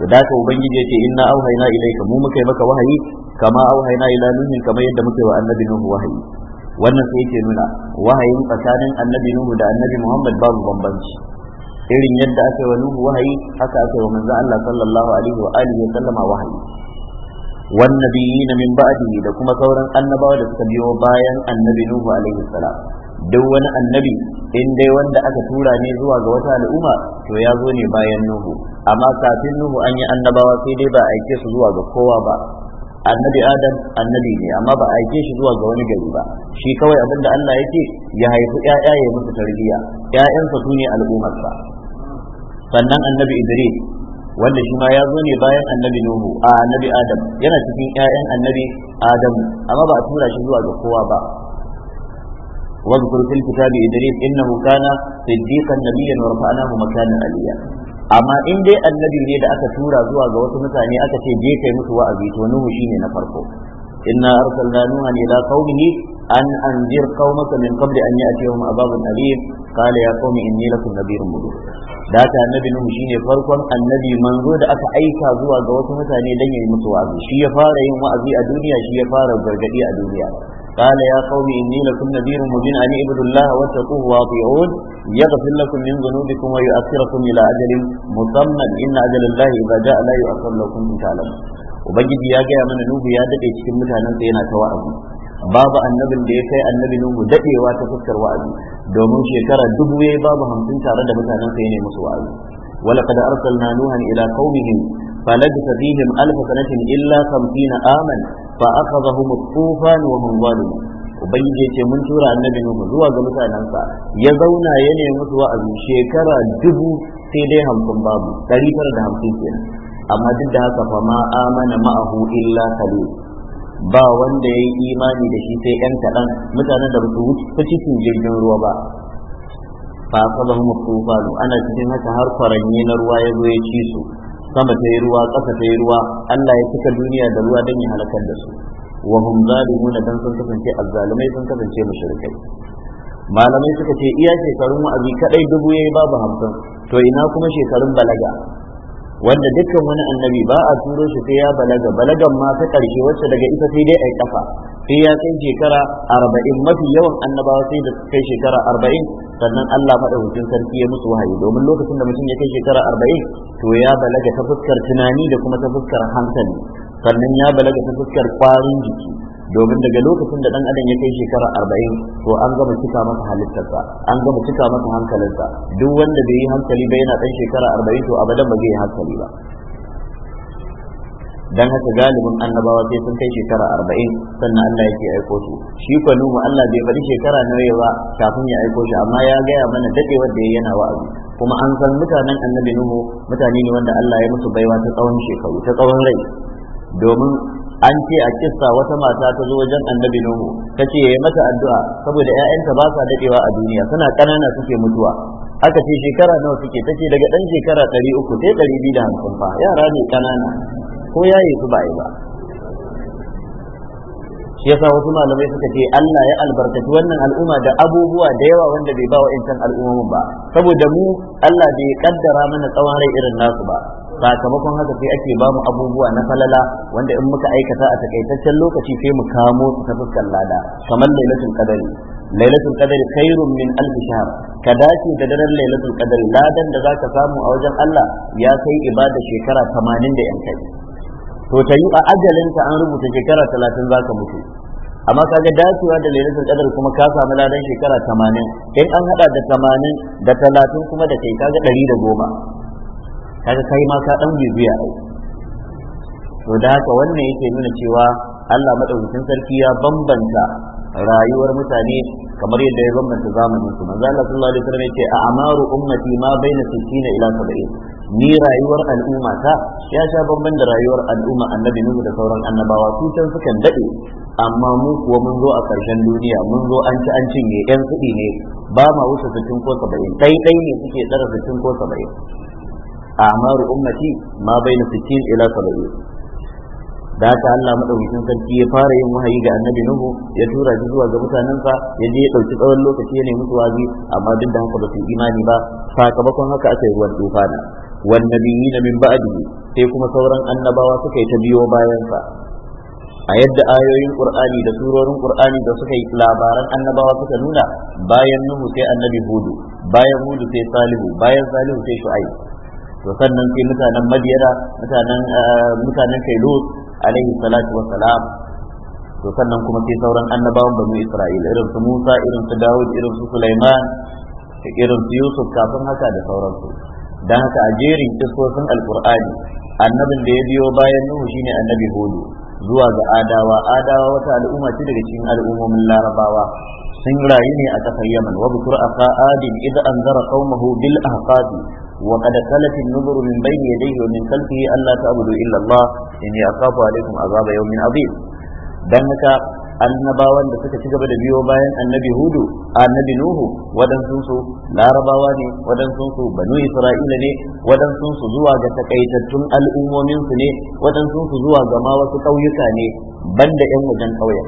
da daga ubangiji yace inna auhayna ilaika mu muka yi maka wahayi kama auhaina ila nuhin kama yadda muke wa annabi nuhu wahayi wannan sai yake nuna wahayin tsakanin annabi nuhu da annabi muhammad babu bambanci irin yadda aka yi wa nuhu wahayi haka aka yi wa manzo Allah sallallahu alaihi wa alihi wa sallama wahayi wan nabiyina min ba'dihi da kuma sauran annabawa da suka biyo bayan annabi nuhu alaihi salam duk wani annabi in dai wanda aka tura ne zuwa ga wata al'umma to ya zo ne bayan nuhu amma kafin nuhu an yi annabawa sai dai ba aike su zuwa ga kowa ba annabi adam annabi ne amma ba a aike shi zuwa ga wani gari ba shi kawai abin da Allah yake ya haifi ƴaƴa ya musu tarbiyya ƴaƴansa su ne al'ummarsa sannan annabi idris wanda shi ma ya zo ne bayan annabi nuhu a annabi adam yana cikin ƴaƴan annabi adam amma ba a tura shi zuwa ga kowa ba واذكر في الكتاب إدريس إنه كان صديقا نبيا mu مكانا عليا amma in dai annabi ne da aka tura zuwa ga wasu mutane aka ce je kai musu wa'azi to nuhu shine na farko inna arsalna nuhan ila qaumihi an anzir qaumaka min qabli an ya'tiyahum azabun alim qala ya qaumi inni lakum nadhirun mubin da ta annabi nuhu shine farkon annabi manzo da aka aika zuwa ga wasu mutane dan yayi musu wa'azi shi ya fara yin wa'azi a duniya shi ya fara gargadi a duniya قال يا قوم إني لكم نذير مبين أن اعبدوا الله واتقوه وأطيعون يغفر لكم من ذنوبكم ويؤخركم إلى أجل مسمى إن أجل الله إذا جاء لا يؤخر لكم إن تعلمون ubangiji ya gaya mana nuhu ya daɗe cikin mutanen yana ta wa'azi babu annabin da ya kai annabi nuhu dadewa ta fuskar wa'azi domin shekara dubu yayi babu hamsin tare da mutanen sa ne masu wa'azi ولقد أرسلنا نوحا إلى قومه فلبث فيهم ألف سنة إلا خمسين آمن فأخذهم الطوفان وهم ظالمون ubangiji ce mun tura annabi Nuhu zuwa ga mutanensa ya zauna ya nemi zuwa a shekara dubu sai dai hamsin babu ɗari tara da hamsin kenan amma duk da haka fa ma amana ma'ahu illa kalu ba wanda ya yi imani da shi sai ɗan kaɗan mutanen da ba su wuce cikin jirgin ruwa ba fa asabahum tufanu ana cikin haka har kwaranye na ruwa ya zo ya ci su sama ta yi ruwa ƙasa ta yi ruwa Allah ya cika duniya da ruwa don ya halakar da su wa hum na dan sun kasance azzalumai sun kasance mushrikai malamai suka ce iya shekarun wa'azi kadai dubu yayi babu hamsin to ina kuma shekarun balaga wanda dukkan wani annabi ba a turo shi sai ya balaga balagan ma ta karshe wacce daga ita sai dai ai kafa sai ya kai shekara arba'in mafi yawan annabawa sai da kai shekara arba'in sannan Allah maɗaukakin sarki ya musu wahayi domin lokacin da mutum ya kai shekara arba'in to ya balaga ta fuskar tunani da kuma ta fuskar hankali sannan ya balaga ta fuskar kwarin jiki domin daga lokacin da dan adam ya kai shekara arba'in to an gama cika masa halittarsa an gama cika masa hankalinsa duk wanda bai yi hankali ba yana dan shekara arba'in to abadan ba zai yi hankali ba dan haka galibin annabawa sai sun kai shekara arba'in sannan Allah yake aiko su shi fa nuhu Allah bai faɗi shekara nawa ba kafin ya aiko shi amma ya gaya mana dade wanda ya yana wa'azi kuma an san mutanen annabi nuhu mutane ne wanda Allah ya musu baiwa ta tsawon shekaru ta tsawon rai domin an ce a kissa wata mata ta zo wajen annabi nuhu ta ce ya mata addu'a saboda 'ya'yanta ba sa dadewa a duniya suna ƙanana suke mutuwa aka ce shekara nawa suke ta ce daga ɗan shekara ɗari uku sai ɗari biyu da hamsin fa yara ne kanana ko ya yi su ba yi ba shi yasa wasu malamai suka ce Allah ya albarkaci wannan al'umma da abubuwa da yawa wanda bai ba intan al'ummomin ba saboda mu Allah bai kaddara mana tsawon rai irin nasu ba sakamakon haka sai ake ba mu abubuwa na falala wanda in muka aikata a takaitaccen lokaci sai mu kamo su ta fuskar lada kamar lailatul qadari lailatul qadari khairum min alf shahr ka dace da daren lailatul qadari ladan da zaka samu a wajen Allah ya kai ibada shekara 80 da yan kai to ta yi a ajalinta an rubuta shekara talatin za ka mutu amma kaga dacewa da lailatul qadar kuma ka samu ladan shekara tamanin in an hada da tamanin da talatin kuma da kai kaga ɗari da goma kaga kai ma ka ɗan bibiya ai to da haka wannan yake nuna cewa Allah madaukakin sarki ya bambanta rayuwar mutane kamar yadda ya bambanta zamanin su manzo Allah sallallahu alaihi wasallam yace a amaru ummati ma baina 60 ila 70 ni rayuwar al'umma ta ya sha bamban da rayuwar al'umma annabi nuhu da sauran annabawa su can sukan dade amma mu kuwa mun zo a karshen duniya mun zo an ci an cinye yan kudi ne ba ma wuce 60 ko 70 dai dai ne suke tsara 60 ko 70 amaru ummati ma baina 60 ila 70 da haka Allah madaukakin sarki ya fara yin wahayi ga annabi Nuhu ya tura shi zuwa ga mutanensa ya je ya dauki tsawon lokaci ne musu wazi amma duk da haka ba su imani ba sakamakon haka aka yi ruwan tufana wan na min ba'dihi sai kuma sauran annabawa suka yi ta biyo bayan sa a yadda ayoyin qur'ani da surorin qur'ani da suka yi labaran annabawa suka nuna bayan nuhu sai annabi hudu bayan hudu sai salihu bayan salihu sai shu'aib to sannan sai mutanen madiyara mutanen eh, mutanen kailut alaihi salatu wassalam to sannan kuma sai sauran annabawan banu isra'ila irin su musa irin su dawud irin su sulaiman irin su yusuf kafin haka da sauransu dan haka a jerin kisosin alkur'ani annabin da ya biyo bayan nuhu shine annabi hudu zuwa ga adawa adawa wata al'umma ce daga cikin al'ummomin larabawa sun rayu ne a kasar yaman wa bukur aka adin idza anzara qaumahu bil ahqabi وقد خلت النذر من بين يديه ومن خلفه ألا تعبدوا إلا الله إني أخاف عليكم عذاب يوم عظيم دنك annabawan da suka ci gaba da biyo bayan annabi hudu annabi nuhu waɗansu su larabawa ne waɗansu su banu isra'ila ne waɗansu su zuwa ga takaitattun al'ummomin su ne waɗansu su zuwa ga ma wasu ƙauyuka ne banda 'yan wajen ƙauyen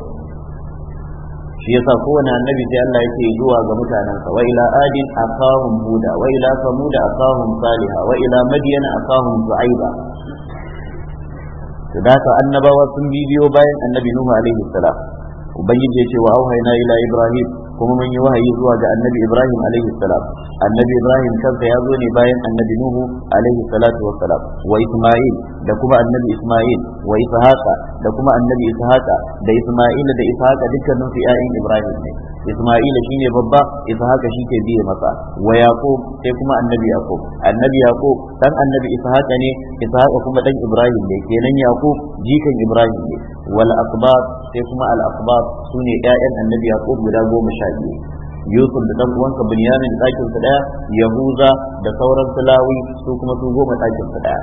shi yasa kowane annabi sai Allah yake zuwa ga mutanensa wa ila adin akahum huda wa ila samuda akahum saliha wa ila madiyana akahum zu'aiba to da annabawa sun bibiyo bayan annabi nuhu alaihi salam ubangiji ya ce wa auhayna ila ibrahim kuma mun yi wahayi zuwa ga annabi ibrahim alaihi salam annabi ibrahim kansa ya zo ne bayan annabi nuhu alaihi salatu wa salam wa isma'il da kuma annabi isma'il wa ishaqa da kuma annabi ishaqa da isma'il da ishaqa dukkanin su ibrahim ne isma'ila shine babba ishaq shi ke biye masa wa yaqub sai kuma annabi yaqub annabi yaqub dan annabi haka ne haka kuma dan ibrahim ne kenan yaqub jikan ibrahim ne wal sai kuma al sune ƴaƴan annabi yaqub guda goma sha biyu yusuf da dan uwansa da ɗakin su daya yahuza da sauran filawi su kuma su goma ɗakin su daya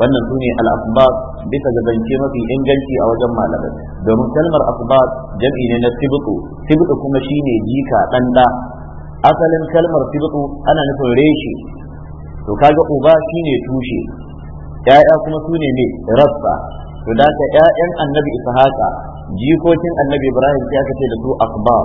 wannan sune al-asbab bisa ga zance mafi inganci a wajen malamai domin kalmar asbab jam'i ne na sibtu sibtu kuma shine jika dan asalin kalmar sibtu ana nufin reshe to kaga uba shine tushe ya'ya kuma sune ne rassa to da ta ya'yan annabi ishaqa jikokin annabi ibrahim sai aka ce da su asbab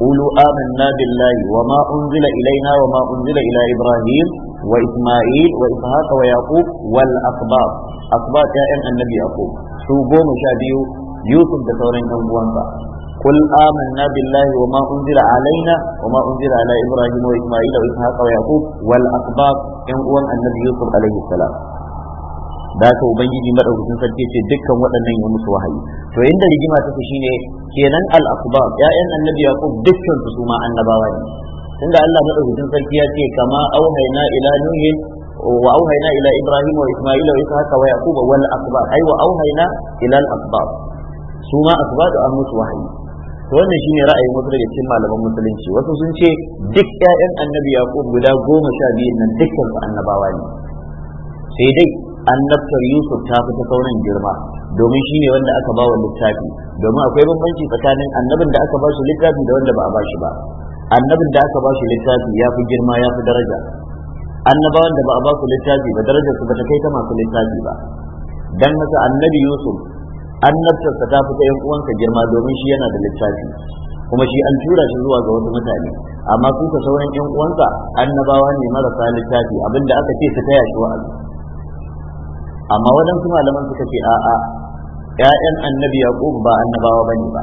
قولوا آمنا بالله وما أنزل إلينا وما أنزل إلى إبراهيم وإسماعيل وإسحاق ويعقوب والأقباط أقباط يا أن النبي يعقوب شو قوم شابيو يوسف بثورين أنبوانسا قل آمنا بالله وما أنزل علينا وما أنزل على إبراهيم وإسماعيل وإسحاق ويعقوب والأقباط إن أوان النبي يوسف عليه السلام da ka ubangiji madaukakin sarki ce dukkan waɗannan ya musu wahayi to inda rigima take shine kenan al-asbab ya'yan annabi yaqub dukkan su ma annabawa ne tunda Allah madaukakin sarki ya ce kama auhayna ila nuhin wa auhayna ila ibrahim wa isma'ila wa ishaqa wa yaquba wal asbab ai wa auhayna ila al-asbab su ma asbab an musu wahayi to wannan shine ra'ayin wasu daga cikin malaman musulunci wasu sun ce duk ƴaƴan annabi yaqub guda goma sha biyu nan dukkan su annabawa ne sai dai annabtar yusuf ta fi ta sauran girma domin shi ne wanda aka ba wa littafi domin akwai bambanci tsakanin annabin da aka ba shi littafi da wanda ba a ba shi ba annabin da aka ba shi littafi ya fi girma ya fi daraja annabawan da ba a ba su littafi ba darajar su ba ta kai ta masu littafi ba dan haka annabi yusuf annabtarsa ta fita ta yan uwansa girma domin shi yana da littafi kuma shi an tura shi zuwa ga wasu mutane amma su ka sauran yan uwansa annabawa ne marasa littafi abinda aka ce su taya shi wa'azi amma waɗansu malaman suka ce a'a ƴaƴan annabi yaqub ba annabawa bane ba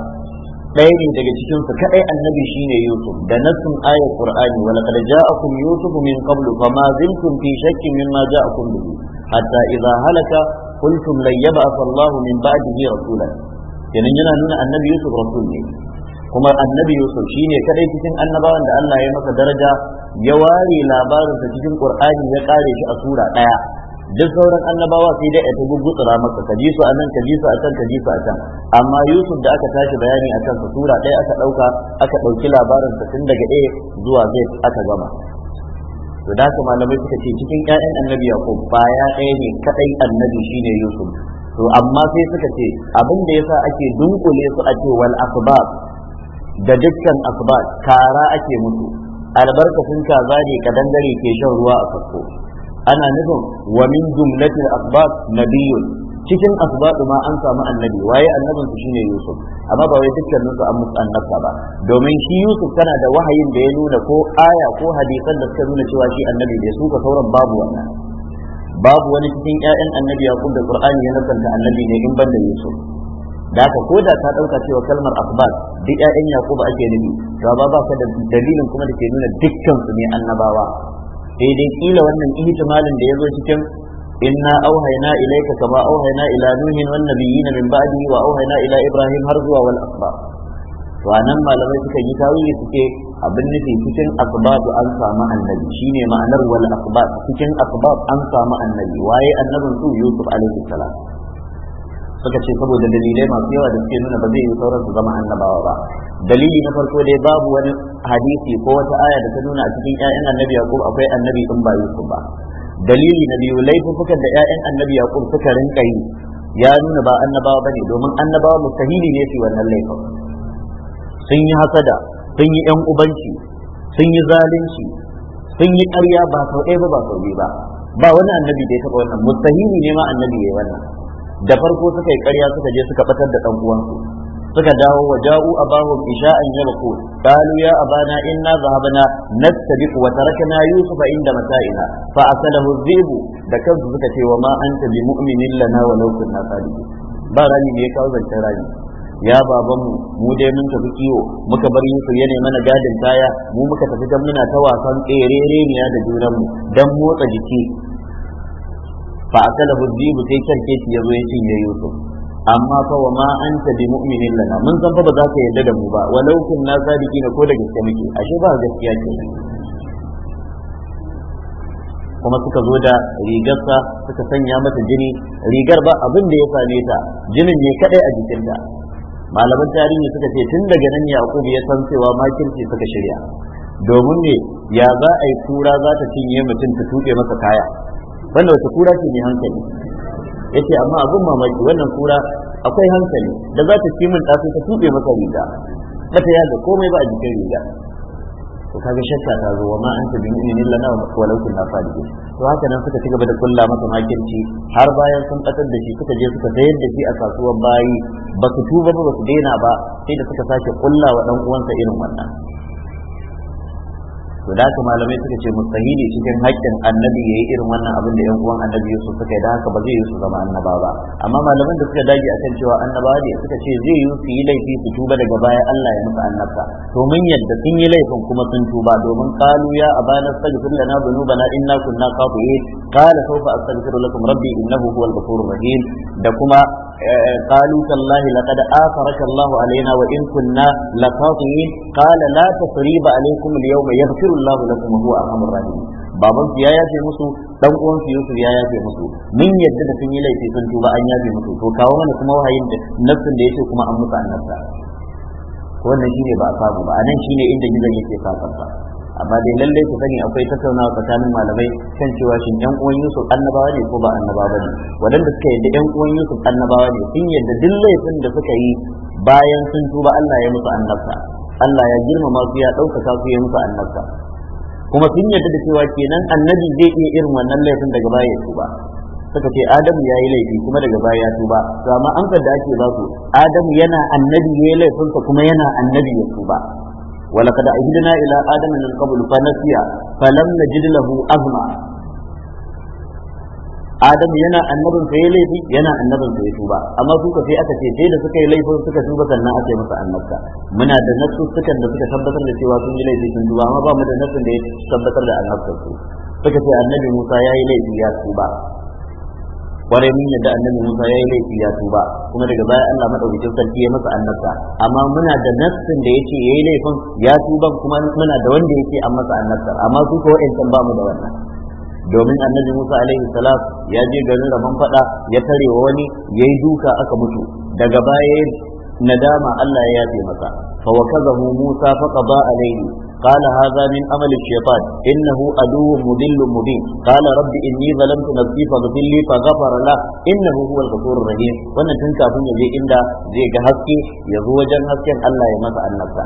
ɗaya ne daga cikin su kadai annabi shine yusuf da nasun ayat qur'ani wa laqad ja'akum yusuf min qablu fama ziltum fi shakkin mimma ja'akum bihi hatta idha halaka qultum lan yab'ath Allah min ba'dihi rasulan kenan yana nuna annabi yusuf rasul ne kuma annabi yusuf shine kadai cikin annabawan da Allah ya masa daraja ya ware labarinsa cikin qur'ani ya kare shi a sura daya duk sauran annabawa sai dai ta gugutsura maka ka ji a nan ka a can ka a can amma yusuf da aka tashi bayani a kan sura ɗaya aka ɗauka aka ɗauki labarin sa tun daga ɗaya zuwa zai aka gama to da haka malamai suka ce cikin ƴaƴan annabi ko baya ɗaya ne kadai annabi shine yusuf to amma sai suka ce abin da yasa ake dunkule su a ce wal asbab da dukkan asbab kara ake mutu albarkacin kaza ne dangare ke shan ruwa a kasko ana nufin wani min jumlatil asbab cikin asbab ma an samu annabi waye annabin su shine Yusuf amma ba wai dukkanin an musu annabta ba domin shi Yusuf tana da wahayin da ya nuna ko aya ko hadisan da suka nuna cewa shi annabi ne suka sauran babu babu wani cikin ƴaƴan annabi Yaqub da Qur'ani ya nasanta annabi ne in banda Yusuf da haka ko da ta ɗauka cewa kalmar asbab duk ƴaƴan Yaqub ake nufi to ba ba ka da dalilin kuma da ke nuna dukkan su ne annabawa sai dai kila wannan ihtimalin da ya zo cikin inna auhayna ilayka kama auhayna ila nuhin wan nabiyina min ba'dihi wa auhayna ila ibrahim har zuwa wal asbab to anan malamai suka yi tawili suke abin nufi cikin asbab an samu annabi shine ma'anar wal asbab cikin asbab an samu annabi waye annabin su yusuf alaihi salam suka ce saboda dalilai masu yawa da suke nuna ba zai yi sauran su zama annabawa ba dalili na farko dai babu wani hadisi ko wata aya da ta nuna a cikin 'ya'yan annabi yaqub akwai annabi in ba yusuf ba dalili na biyu laifukan da 'ya'yan annabi yaqub suka rinka yi ya nuna ba annabawa bane domin annabawa mustahili ne su wannan laifin sun yi hasada sun yi ƴan ubanci sun yi zalunci sun yi ƙarya ba sau ɗaya ba ba sau biyu ba ba wani annabi da ya taɓa wannan mustahili ne ma annabi ya yi wannan da farko suka yi ƙarya suka je suka batar da ɗan uwansu suka dawo wa ja'u a abahum isha'an yabqu qalu ya abana inna zahabna nastabiq wa tarakna yusuf inda mata'ina fa asalahu dhibu da kansu suka ce wa ma anta bi mu'minin lana wa law kunna salihin ba rani ne ya kawo zancen rani ya babanmu mu dai mun tafi kiwo muka bar yusuf ya ne mana gadin kaya mu muka tafi dan muna ta wasan tsere da junanmu dan motsa jiki fa akalahu dhibu sai karkeci yazo ya cinye yusuf amma fa wa ma anta bi mu'minin lana mun san fa ba za ka yarda da mu ba walau kunna sadiqina ko da gaske muke ashe ba gaskiya ce kuma suka zo da rigarsa suka sanya mata jini rigar ba abin da ya same ta jinin ne kadai a jikinta malaman tarihi suka ce tun daga nan yaqub ya san cewa makirci suka shirya domin ne ya za a yi kura za ta cinye mutum ta tuɗe masa kaya wannan wata kura ce mai hankali yace amma abin mamaki wannan kura akwai hankali da za ta ci min ta ta tube masa riga ba ta yaga komai ba a jikin riga to kaga shakka ta zo wa ma anta bi mu'min illa na wa na fa salihin to haka nan suka cigaba da kulla masa makirci har bayan sun katar da shi suka je suka sayar da shi a kasuwar bayi ba su tuba ba ba su daina ba sai da suka sake kulla wa dan uwansa irin wannan to da haka malamai suka ce mustahili cikin haƙƙin annabi yayi irin wannan abin da 'yan uwan annabi Yusuf suka yi da haka ba zai yi su zama annaba ba amma malamin da suka dage akan cewa annaba ne suka ce zai yi su yi laifi su tuba daga baya Allah ya musu annabta to mun yadda sun yi laifin kuma sun tuba domin qalu ya abana astaghfir lana dhunubana inna kunna khati'in qala sawfa astaghfiru lakum rabbi innahu huwal ghafurur rahim da kuma قالوا تالله لقد آثرك الله علينا وإن كنا لخاطئين قال لا تصريب عليكم اليوم يغفر الله لكم وهو أرحم الراحمين baban su ya yafe musu dan uwan su Yusuf ya yafe musu min yadda da sun yi laifi sun tuba an yafe musu to kawo mana kuma wahayin da nafsin da yake kuma an musu annabta wannan shine ba a samu ba anan shine inda gidan yake safarta amma dai lallai ku sani akwai tattaunawa tsakanin malamai kan cewa shin yan uwan Yusuf annabawa ne ko ba annabawa ne wadanda suka yadda yan uwan Yusuf annabawa ne sun yadda duk laifin da suka yi bayan sun tuba Allah ya musu annabta Allah ya girmama su ya ɗaukaka su ya musu annabta kuma sun yadda da cewa kenan annabi zai iya irin wannan laifin daga baya ya tuba suka ce adamu ya yi laifi kuma daga baya ya tuba to amma an da ake ba su adamu yana annabi ya yi laifinsa kuma yana annabi ya tuba ولقد أهدنا إلى آدم من قبل فنسي فلم نجد له أزمة Adam yana annabin sa ya laifi yana annabin sa ya tuba amma su ka sai aka ce sai da suka yi laifin suka tuba sannan aka yi masa annabta muna da nasu da suka tabbatar da cewa sun yi laifi sun tuba amma ba mu da nasu da ya tabbatar da annabta su suka ce annabi Musa ya yi laifi ya tuba kwarai mun yadda annabi Musa ya yi laifi ya tuba kuma daga baya Allah madaukakin sarki ya masa annabta amma muna da nassin da yake yayi laifin ya tuba kuma muna da wanda yake an masa annabta amma su ko ba mu da wannan domin annabi Musa alaihi salam ya je garin rabon fada ya tare wa wani yayi duka aka mutu daga baya nadama Allah ya yafe masa fa wakazahu Musa qada alaihi قال هذا من عمل الشيطان إنه أدو مضل مبين قال رب إني ظلمت نفسي فاغفر لي فغفر له إنه هو الغفور الرحيم وأن تنكا بني زي إندا زي جهزكي يزوى جهزكي الله يمسع النفسة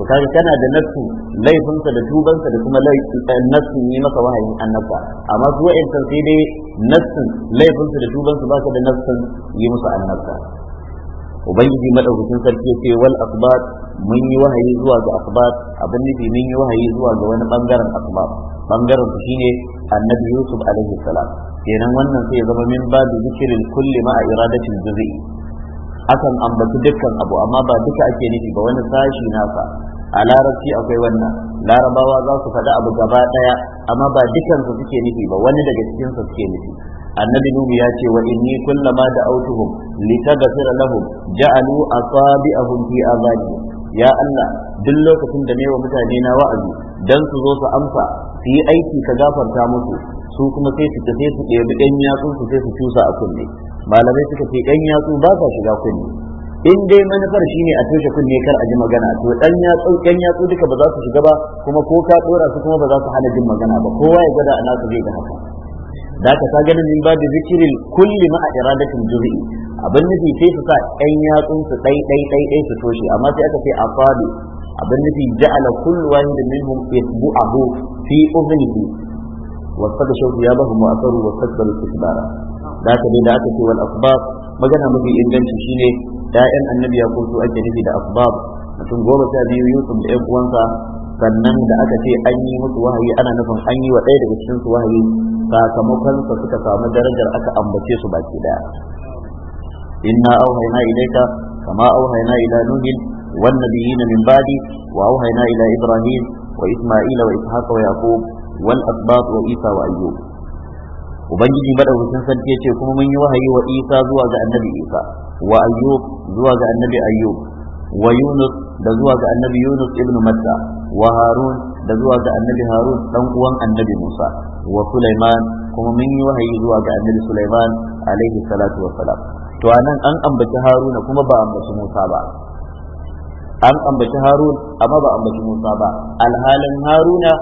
to kaga kana da nafsu laifinsa da tubansa da kuma nafsin yi masa wahayin annabta amma su wa'in sai dai nafsin laifinsa da tubansa ba su da nafsin yi musu annabta ubangiji madaukakin sarki ce wal asbat mun yi wahayi zuwa ga asbat abin nufi mun yi wahayi zuwa ga wani bangaren asbat bangaren su shine annabi yusuf alaihi salam kenan wannan sai ya zama min babu zikirin kulli ma a iradatin juz'i akan ambaci dukkan abu amma ba duka ake nufi ba wani sashi nasa a larabci akwai wannan larabawa za su faɗi abu gaba ɗaya amma ba dukansu suke nufi ba wani daga cikinsu suke nufi annabi nuhu ya ce wa inni kullama da autuhum litaghfira lahum ja'alu asabi'ahum fi azadi ya Allah duk lokacin da wa mutane na wa'azi dan su zo su amsa su yi aiki ka gafarta musu su kuma sai su tafi su ɗebi ɗan yatsu su sai su cusa a kunne malamai suka ce ɗan yatsu ba sa shiga kunne in dai manufar shine a toshe kunne kar a ji magana to ɗan yatsu ɗan yatsu duka ba za su shiga ba kuma ko ka ɗora su kuma ba za su hana jin magana ba kowa ya gwada a nasu zai ga haka da ka ganin min babu zikirin kulli ma a iradatin juz'i abin nufi sai su sa ɗan yatsun su ɗai ɗai ɗai ɗai su toshe amma sai aka a afadu abin nufi ja'ala kullu wahidin minhum yasbu'ahu fi udhnihi wa sada shawtu ya bahu mu'asaru wa saddaru isbara da ka dai da aka ce wal asbab magana mafi inganci shine ɗayan annabi ya kuntu ake nufi da asbab mutum goma sha biyu yusuf da ƴan uwansa sannan da aka ce an yi musu wahayi ana nufin an yi wa ɗaya daga cikin su wahayi sakamakon sa suka samu darajar aka ambace su baki daya inna auhayna ilayka kama auhayna ila nuhin wan nabiyina min ba'di wa auhayna ila ibrahim wa isma'ila wa ishaq wa yaqub wal asbat wa isa wa ayyub ubangiji madaukakin sarki ce kuma mun yi wahayi wa isa zuwa ga annabi isa wa ayyub zuwa ga annabi ayyub wa yunus da zuwa ga annabi yunus ibnu matta wa harun da zuwa ga annabi harun dan uwan annabi musa wa sulaiman kuma mun yi wahayi zuwa ga annabi sulaiman alaihi salatu wassalam to anan an ambaci haruna kuma ba ambaci musa ba an ambaci harun amma ba ambaci musa ba alhalin haruna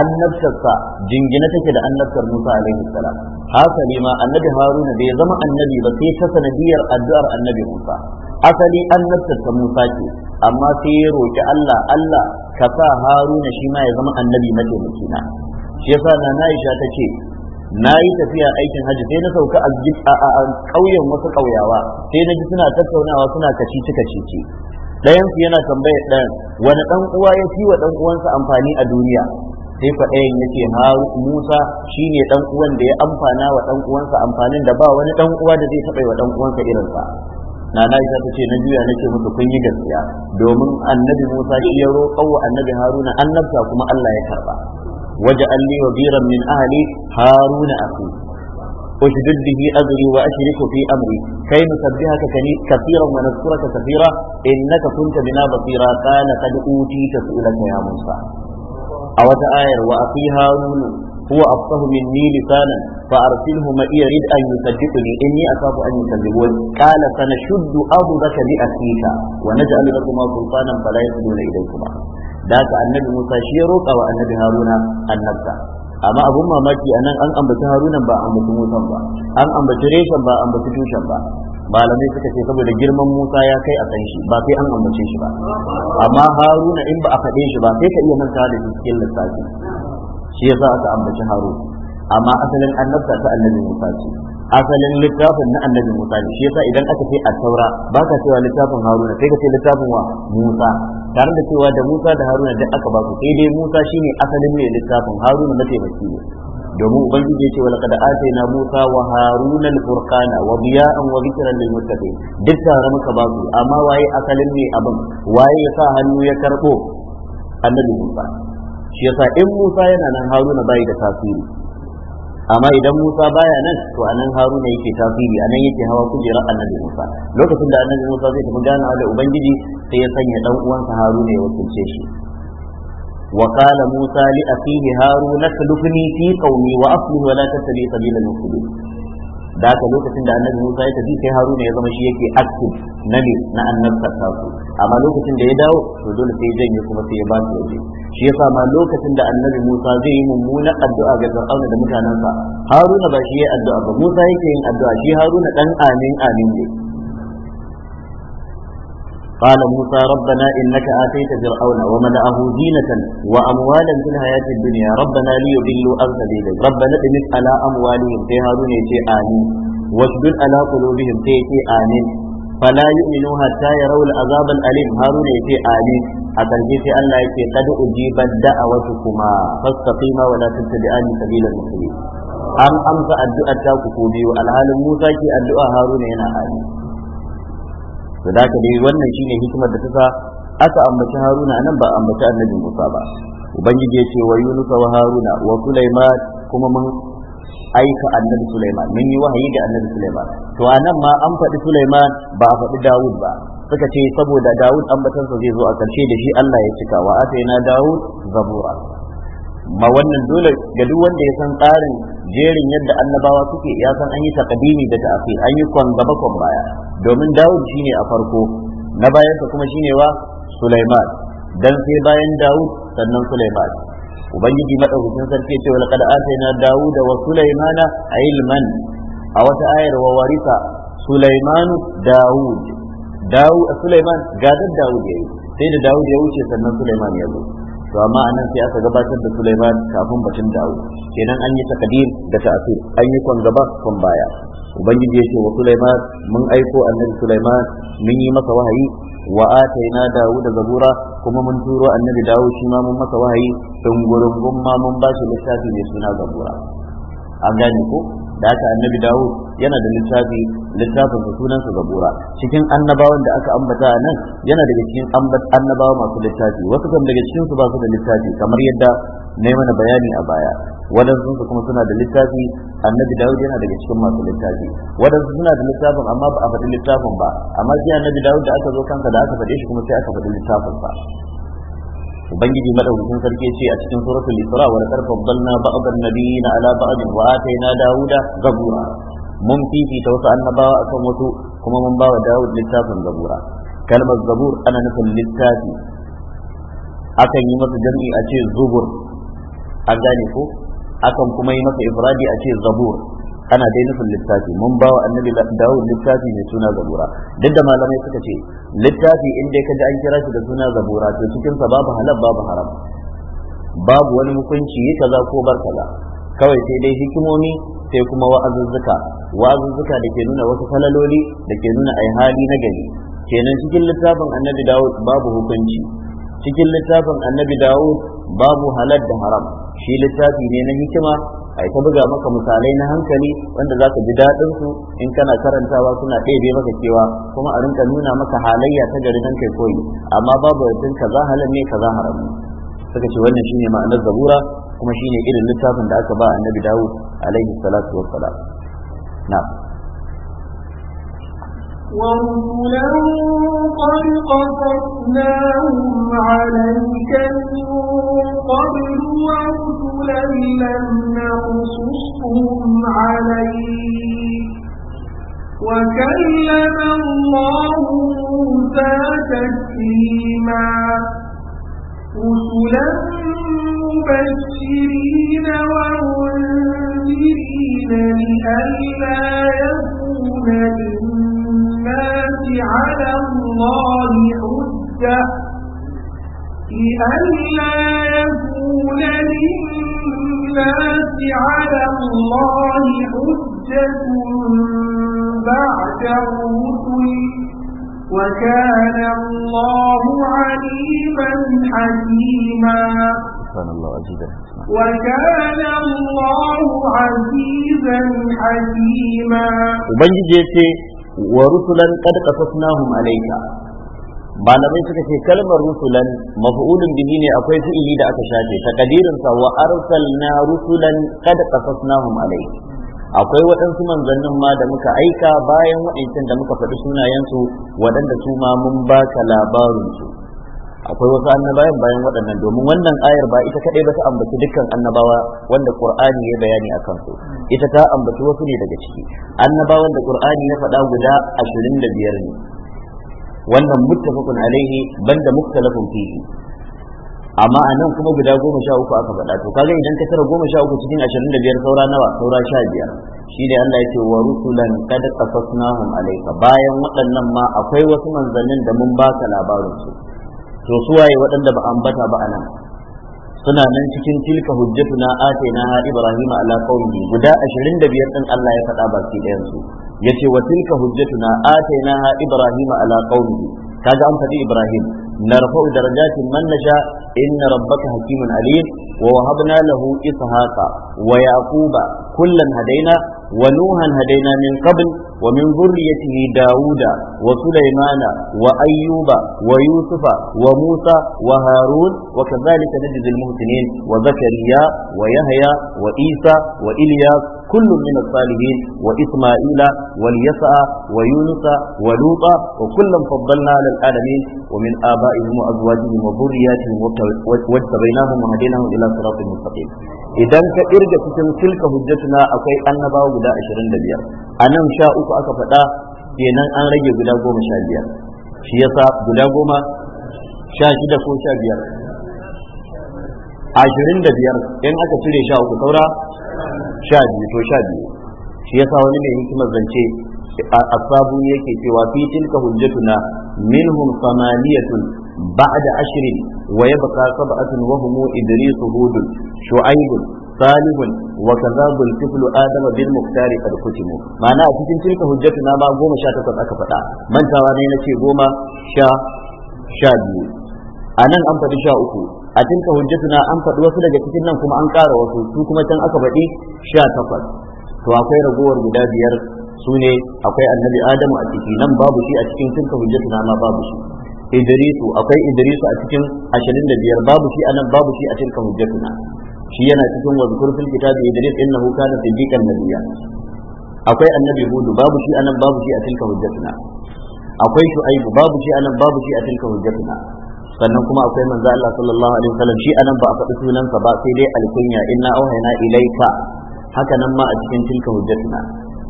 annabtarsa jingina take da annabtar Musa alaihi salam hasali ma annabi Haruna bai zama annabi ba sai ta sanadiyar addu'ar annabi Musa asali annabtarsa Musa ce amma sai ya roki Allah Allah ka sa haruna shi ma ya zama annabi mataimaki na shi yasa na Aisha ta ce na yi tafiya aikin hajji sai na sauka a ƙauyen wasu ƙauyawa sai na ji suna tattaunawa suna kacici kacici ɗayan su yana tambayar ɗayan wani ɗan uwa ya fi wa ɗan uwansa amfani a duniya sai fa ɗayan ya ce Musa shine ɗan uwan da ya amfana wa ɗan uwansa amfanin da ba wani ɗan uwa da zai taɓa wa ɗan uwansa irinsa na Aisha ce na juya na ke kun yi gaskiya domin annabi Musa shi ya roƙo wa annabi Haruna annabta kuma Allah ya karba waja'al li wabiran min ahli Haruna aku ushdid bihi azri wa ashriku fi amri kay nusabbihaka kani kathiran wa nadhkuraka kathira innaka kunta bina basira qala qad utita su'ilaka ya Musa a wata ayar wa aqi Harunu هو أفصه مني لسانا فأرسله معي يريد أن يصدقني إني أخاف أن يكذبون قال سنشد أرضك بأخيك ونجعل لكما سلطانا فلا يصلون إليكما ذاك النبي موسى شيروك أو النبي هارون النبتة amma abun mamaki a nan an ambaci harunan ba ambaci musan ba an ambaci reshen ba ambaci tushen ba malamai suka ce saboda girman musa ya kai a kan shi ba sai an ambace shi ba amma haruna in ba a faɗe shi ba sai ka iya manta da cikin lissafi shi yasa aka ambaci harun amma asalin annabta ta annabi musa ce asalin littafin na annabi musa ne shi yasa idan aka ce a taura ba ka cewa littafin haruna sai ka ce littafin wa musa tare da cewa da musa da haruna duk aka ba su sai dai musa shine asalin mai littafin haruna na taimaki ne domin ubangiji ya ce wa laqad atayna musa wa haruna al-furqana wa diya'an wa dhikran lil muttaqin duk tare muka ba su amma waye asalin mai abin waye yasa hannu ya karbo annabi musa shi yasa in Musa yana nan Haruna bai da tasiri amma idan Musa baya nan to anan Haruna yake tasiri anan yake hawa kujerar Annabi Musa lokacin da Annabi Musa zai tafi ganawa da Ubangiji sai ya sanya dan uwansa Haruna ya wakilce shi وقال موسى لأخيه هارون اخلفني في قومي وأصلح ولا تتبع سبيل المفسدين da haka lokacin da annabi Musa ya tafi sai Haruna ya zama shi yake aktif na ne na annabtar su, amma lokacin da ya dawo to dole sai janye kuma sai ya ba su waje shi yasa ma lokacin da annabi Musa zai yi mummuna addu'a ga Fir'auna da mutanensa Haruna ba shi ya addu'a ba Musa yake yin addu'a shi Haruna dan amin amin ne قال موسى ربنا إنك آتيت فرعون وملأه زينة وأموالا في الحياة الدنيا ربنا ليضلوا عن سبيلك ربنا اطمس على أموالهم في هارون يتي آمين واشدد على قلوبهم في يتي آمين فلا يؤمنوا حتى يروا العذاب الأليم هارون يتي آمين أتن في الله يتي قد أجيبت دعوتكما فاستقيما ولا تتبعان سبيل المسلمين أم أمس الدعاء تاكو بيو الحال موسى كي الدعاء هارون هنا آمين to da haka dai wannan shine hikimar da ta sa aka ambaci haruna anan ba ambaci annabi musa ba ubangiji ya ce wa yunus wa haruna wa sulaiman kuma mun aika annabi Sulaiman mun yi wahayi ga annabi Sulaiman to anan ma an faɗi Sulaiman ba a faɗi Dawud ba suka ce saboda Dawud ambatansa zai zo a karshe da shi Allah ya cika wa ataina Dawud zabura ma wannan dole ga duk wanda ya san tsarin jerin yadda annabawa suke ya san an yi takadimi da ta'akhir an yi kwan gaba kwan baya domin Dawud shine a farko na bayansa kuma shine wa Sulaiman dan sai bayan Dawud sannan Sulaiman ubangiji madaukakin sarki ya ce wa laqad atayna Dawuda wa Sulaimana ilman a wata ayar wa warisa Sulaiman Dawud Dawud Sulaiman gadar Dawud yayi sai da Dawud ya wuce sannan Sulaiman ya zo to amma anan sai aka gabatar da Sulaiman kafin batun Dawud kenan an yi takdir da ta'asir an yi kon gaba kon baya ubangiji yake wa Sulaiman mun aiko annabi Sulaiman mun yi masa wahayi wa ataina da zabura kuma mun turo annabi Dawud shi ma mun masa wahayi gurin ma mun ba shi littafi mai suna zabura an gane ko da haka annabi Dawud yana da littafi littafin su sunan su zabura cikin annabawan da aka ambata nan yana daga cikin annabawa masu littafi wasu kan daga cikin su ba su da littafi kamar yadda na mana bayani a baya waɗansu su kuma suna da littafi annabi dawud yana daga cikin masu littafi waɗansu suna da littafin amma ba a faɗi littafin ba amma sai annabi dawud da aka zo kansa da aka faɗe shi kuma sai aka faɗi littafin ba ubangiji madaukakin sarki ce a cikin suratul isra wa laqad faddalna ba'd an-nabiyina ala ba'd wa atayna dawuda zabura mun fifita wasu annabawa akan wasu kuma mun bawa Dawud littafin zabura kalmar zabur ana nufin littafi akan yi masa jam'i a ce zubur an gane ko akan kuma yi masa ifradi a ce zabur ana dai nufin littafi mun ba wa annabi dawud littafi mai suna zabura duk da malamai suka ce littafi in dai kaji an kira shi da suna zabura to cikin sa babu halal babu haram babu wani hukunci yi kaza ko bar kaza kawai sai dai hikimomi sai kuma wa'azuzzuka wa'azuzzuka da ke nuna wasu falaloli da ke nuna ai hali na gari kenan cikin littafin annabi dawud babu hukunci cikin littafin annabi dawud babu halal da haram shi littafi ne na hikima ai ta buga maka misalai na hankali wanda za ka ji daɗin su in kana karantawa suna ɗebe maka cewa kuma a rinka nuna maka halayya ta gari don kai koyi amma babu ka kaza halal ne kaza haram suka ce wannan shine ma'anar zabura kuma shine irin littafin da aka ba annabi Dawud alaihi salatu wassalam na'am ورسلا وكلم الله موسى تكليما رسلا مبشرين ومنذرين لئلا يكون للناس على الله حجة لئلا يكون للناس على الله حجة بعد الرسل وكان الله عليما حكيما وكان الله عزيزا وكان الله عزيزا حكيما وبنجي wa rusulan qad qasasnahum alayka malamai suka ce kalmar rusulan maf'ulun bihi ne akwai fi'ili da aka shafe takadirin sa wa arsalna rusulan qad qasasnahum alayka akwai waɗansu manzannin ma da muka aika bayan waɗancan da muka faɗi sunayensu waɗanda su ma mun ba ka labarinsu akwai wasu annabawan bayan waɗannan domin wannan ayar ba ita kaɗai ba ta ambaci dukkan annabawa wanda qur'ani ya bayani a kansu ita ta ambaci wasu ne daga ciki annabawan da qur'ani ya faɗa guda ashirin da biyar ne wannan muttafaqun alaihi banda muktalafun fihi amma a nan kuma guda goma sha uku aka faɗa to kaga idan ka tara goma sha uku cikin ashirin da biyar saura nawa saura sha biyar shi ne Allah ya ce wa rusulan kad qasasnahum alayka bayan waɗannan ma akwai wasu manzannin da mun ba ka labarin su to su waye waɗanda ba an bata ba anan suna nan cikin tilka hujjatuna atayna ha ibrahima ala qaumi guda 25 din Allah ya faɗa baki ɗayan su yace wa tilka hujjatuna atayna ha ibrahima ala qaumi kaga an faɗi ibrahim نرفع درجات من نشاء إن ربك حكيم عليم ووهبنا له إسحاق ويعقوب كلا هدينا ونوحا هدينا من قبل ومن ذريته داود وسليمان وأيوب ويوسف وموسى وهارون وكذلك نجزي المحسنين وزكريا ويحيى وإيسى وإلياس كل من الصالحين وإسماعيل واليسع ويونس ولوطا وكلا فضلنا على العالمين ومن آبائهم وأزواجهم وذرياتهم واجتبيناهم وهديناهم إلى صراط مستقيم إذا كإرجة تلك حجة suna akwai annabawa guda ashirin da biyar a nan sha uku aka faɗa kenan an rage guda goma sha biyar shi yasa guda goma sha shida ko sha biyar ashirin da biyar in aka cire sha uku saura sha biyu to sha biyu shi yasa wani mai hikimar zance asabu yake cewa fi tilka hujjatuna minhum samaniyatun ba'da ashrin wa yabqa sab'atun wa hum idris hud shu'aib salihun wa kazabul tiflu adama bil muktari qad kutimu ma'ana a cikin hujjatu na ma goma sha takwas aka faɗa mantawa ne nace goma sha sha biyu a nan an faɗi sha uku a hujjatu na an faɗi wasu daga cikin nan kuma an ƙara wasu su kuma can aka faɗi sha takwas to akwai ragowar guda biyar su ne akwai annabi adamu a ciki nan babu shi a cikin hujjatu na ma babu shi idrisu akwai idrisu a cikin ashirin da biyar babu shi a nan babu shi a hujjatu na. shi yana cikin wazkur fil kitabi idris innahu kana siddiqan nabiyya akwai annabi hudu babu shi anan babu shi a tilka hujjatuna akwai shu'aibu babu shi anan babu shi a tilka hujjatuna sannan kuma akwai manzo Allah sallallahu alaihi wasallam shi anan ba a faɗi sunansa ba sai dai alkunya inna auhayna ilaika haka nan ma a cikin tilka hujjatuna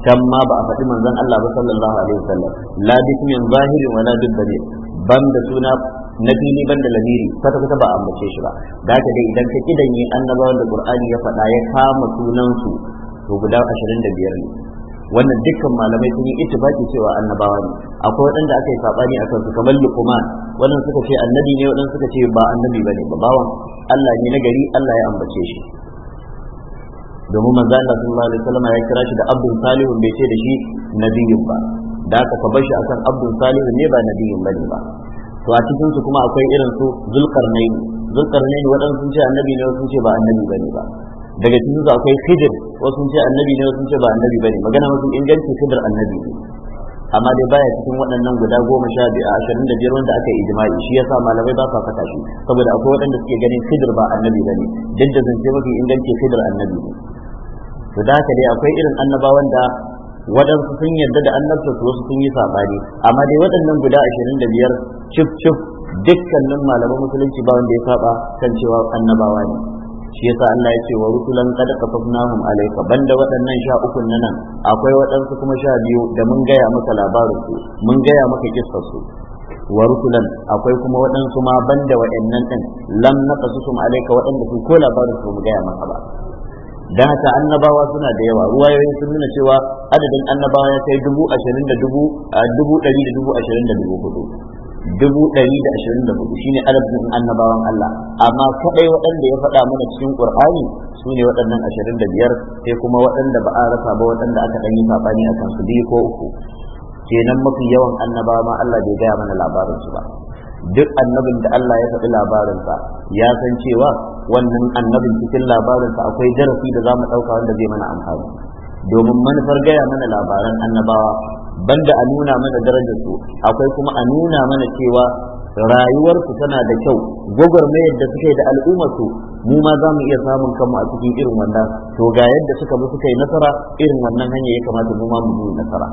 can ma ba a faɗi manzon Allah ba sallallahu alaihi wasallam la bismin zahirin wala biddamin ban da suna na fili ban da lamiri kwata kwata ba a ambace shi ba da haka dai idan ka kidan yi annabawan da qur'ani ya faɗa ya kama sunan su to guda 25 ne wannan dukkan malamai sun yi ittifaki cewa annabawa ne akwai waɗanda aka yi sabani akan su kamar luqman wannan suka ce annabi ne waɗanda suka ce ba annabi bane ba bawan Allah ne na gari Allah ya ambace shi domin manzo Allah sallallahu alaihi wasallam ya kira shi da abdul salihu bai ce da shi nabiyyun ba da aka fa bashi akan abdul salihu ne ba nabiyyun bane ba to a cikin su kuma akwai irin su zulkarnain zulkarnain waɗansu sun ce annabi ne sun ce ba annabi bane ba daga cikin su akwai khidir wasu sun ce annabi ne wasu sun ce ba annabi bane magana mafi inganci khidir annabi ne amma dai baya cikin waɗannan guda goma sha biyu a ashirin da biyar wanda aka yi ijma'i shi yasa malamai ba sa saka shi saboda akwai waɗanda suke ganin khidir ba annabi bane duk da zance mafi inganci khidir annabi ne to da haka dai akwai irin annabawan da waɗansu sun yarda da annabta wasu sun yi saɓani amma dai waɗannan guda ashirin da biyar cif cif dukkanin malaman musulunci ba wanda ya saba kan cewa annabawa ne shi yasa Allah ya ce wa rusulan qad qasasnahum alayka banda waɗannan sha uku nan akwai waɗansu kuma sha biyu da mun gaya maka labarin su mun gaya maka kissar su wa rusulan akwai kuma waɗansu ma banda waɗannan din lam naqasusum alayka waɗanda su ko labarin su mu gaya maka ba da haka annabawa suna da yawa yayin sun nuna cewa adadin annabawa ya kai dubu ashirin da dubu dubu ɗari da dubu ashirin da dubu hudu dubu ɗari da ashirin da hudu shine adadin annabawan Allah amma kaɗai waɗanda ya faɗa mana cikin ƙur'ani, su ne waɗannan ashirin da biyar sai kuma waɗanda ba a rasa ba waɗanda aka ɗan yi saɓani a kansu biyu ko uku kenan mafi yawan annabawa ma Allah bai gaya mana labarinsu ba duk annabin da Allah ya faɗi labarinsa ya san cewa wannan annabin cikin labarinsa akwai darasi da za mu ɗauka wanda zai mana amfani domin manufar gaya mana labaran annabawa banda a nuna mana darajar su akwai kuma a nuna mana cewa rayuwarsu tana da kyau gwagwarmayar da suka yi da al'ummarsu mu ma za mu iya samun kanmu a cikin irin wannan to ga yadda suka bi suka yi nasara irin wannan hanya ya kamata mu ma mu nasara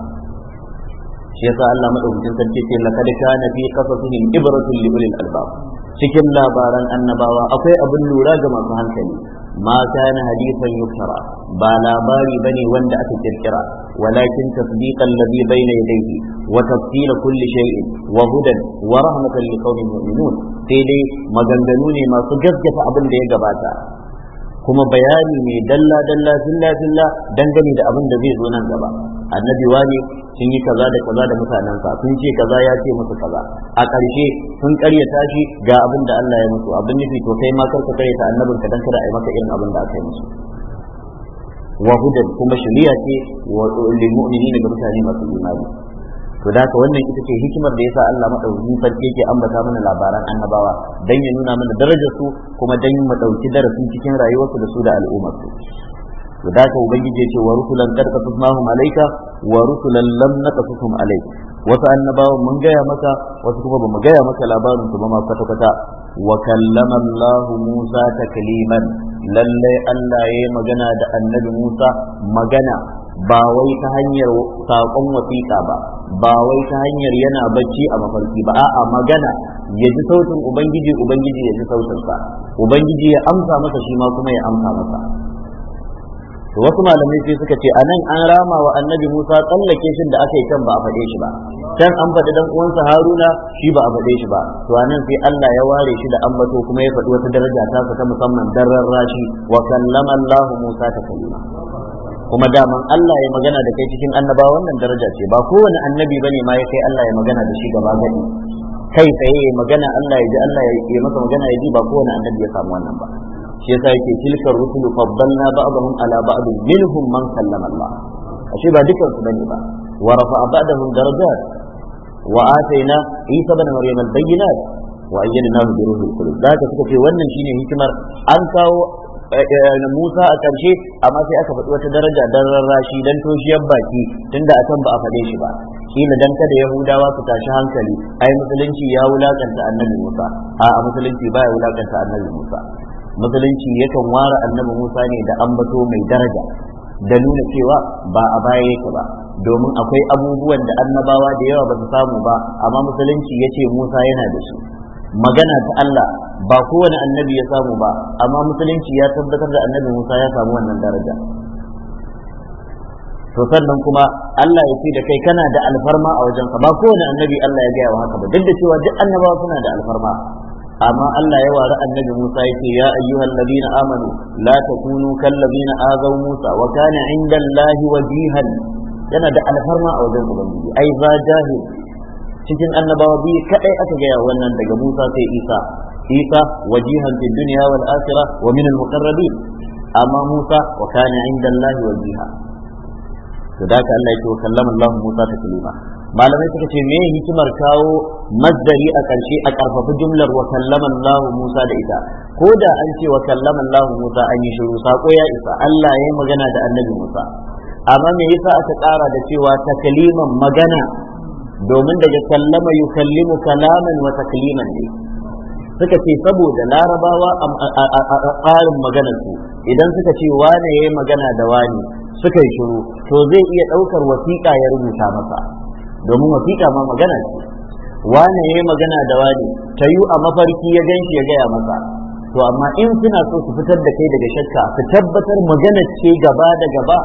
shi yasa Allah madaukakin sarki ce laqad kana fi qasasihim ibratun li ulil albab cikin labaran annabawa akwai abin lura ga masu hankali ma kana hadithan yuktara ba labari bane wanda aka kirkira walakin tasdiqan ladhi bayna yadayhi wa tafsil kulli shay'in wa hudan wa rahmatan liqaumin mu'minun sai dai maganganu ne masu gaskata abin da ya gabata kuma bayani ne dalla dalla filla filla dangane da abin da zai zo nan gaba annabi wani sun yi kaza da kaza da mutanensa sun ce kaza ya ce musu kaza a ƙarshe sun karya shi ga abin da Allah ya musu abin nufi to kai ma karka ƙaryata annabin ka dan kada a maka irin abin da aka yi musu wa hudan kuma shiriya ce wa lil mu'minina ga mutane masu imani to da ka wannan ita ce hikimar da yasa Allah madauki sarki yake ambata mana labaran annabawa dan ya nuna mana darajar su kuma dan mu dauki darasin cikin rayuwarsu da su da al'ummar da haka ubangiji ya ce wa rusulan qad qasasnahum alayka wa rusulan lam naqasasum wasu annabawan mun gaya maka wasu kuma bamu gaya maka labarin su ba ma kwata kwata wa kallama Allah Musa takliman lallai Allah yayi magana da annabi Musa magana ba wai ta hanyar saƙon wasiƙa ba ba wai ta hanyar yana bacci a mafarki ba a'a magana ya ji sautin ubangiji ubangiji ya ji sautinsa ubangiji ya amsa masa shi ma kuma ya amsa masa wasu malamai sai suka ce anan an rama wa annabi Musa tsallake shi da aka yi kan ba a faɗe shi ba can an faɗi dan uwansa Haruna shi ba a faɗe shi ba to anan sai Allah ya ware shi da ambato kuma ya faɗi wata daraja ta ta musamman darrar rashi wa kallama Allah Musa taklima kuma daman Allah ya magana da kai cikin annaba wannan daraja ce ba kowane annabi bane ma ya kai Allah ya magana da shi gaba gadi kai tsaye magana Allah ya ji Allah ya masa magana ya ji ba kowane annabi ya samu wannan ba shi yasa yake tilka rusulu faddalna ba'dahum ala ba'd minhum man sallama Allah ashe ba dukkan su bane ba wa rafa'a ba'dahum darajat wa ataina isa ibn maryam al-bayyinat wa ayyadnahu bi ruhil qudus da ka suka ce wannan shine hikimar an kawo eh, eh, Musa a ƙarshe amma sai aka faɗi wata daraja dan rarrashi dan toshiyar baki tunda can ba a faɗe shi ba kila dan kada Yahudawa su tashi hankali ai musulunci ya wulakanta annabi Musa a musulunci ba ya wulakanta annabi Musa musulunci yakan ware annabi Musa ne da ambato mai daraja da nuna cewa ba a baya yake ba domin akwai abubuwan da annabawa da yawa ba su samu ba amma musulunci ya ce Musa yana da su magana ta Allah ba kowane annabi ya samu ba amma musulunci ya tabbatar da annabi Musa ya samu wannan daraja to sannan kuma Allah ya ce da kai kana da alfarma a ka, ba kowane annabi Allah ya gaya wa haka ba duk da cewa duk annabawa suna da alfarma amma Allah ya wari annabi Musa ya yake ya ayyuhal ladina amanu la takunu kal ladina azaw Musa wa kana inda Allah wajihan yana da alfarma a wajen ubangiji ai za jahil cikin annabawa biyu kadai aka gaya wannan daga Musa sai Isa Isa wajihan fid dunya wal akhirah wa min al muqarrabin amma Musa wa kana inda Allah wajiha to da ka Allah ya ce wa kallama Allah Musa ta taklima malamai suka ce me hikimar kawo mazdari a ƙarshe a ƙarfafi jumlar wa kallama Allah Musa da ita ko da an ce wa kallama Allah Musa an yi shiru sako ya isa Allah ya yi magana da annabi Musa amma me yasa aka ƙara da cewa takaliman magana domin daga kallama yukallimu kalaman wa takliman ne suka ce saboda larabawa a tsarin maganarsu idan suka ce wane ya yi magana da wani suka yi shiru to zai iya ɗaukar wasiƙa ya rubuta masa domin wasiƙa ma magana ce wane ya yi magana da wani ta yi a mafarki ya gan shi ya gaya masa to amma in suna so su fitar da kai daga shakka su tabbatar magana ce gaba da gaba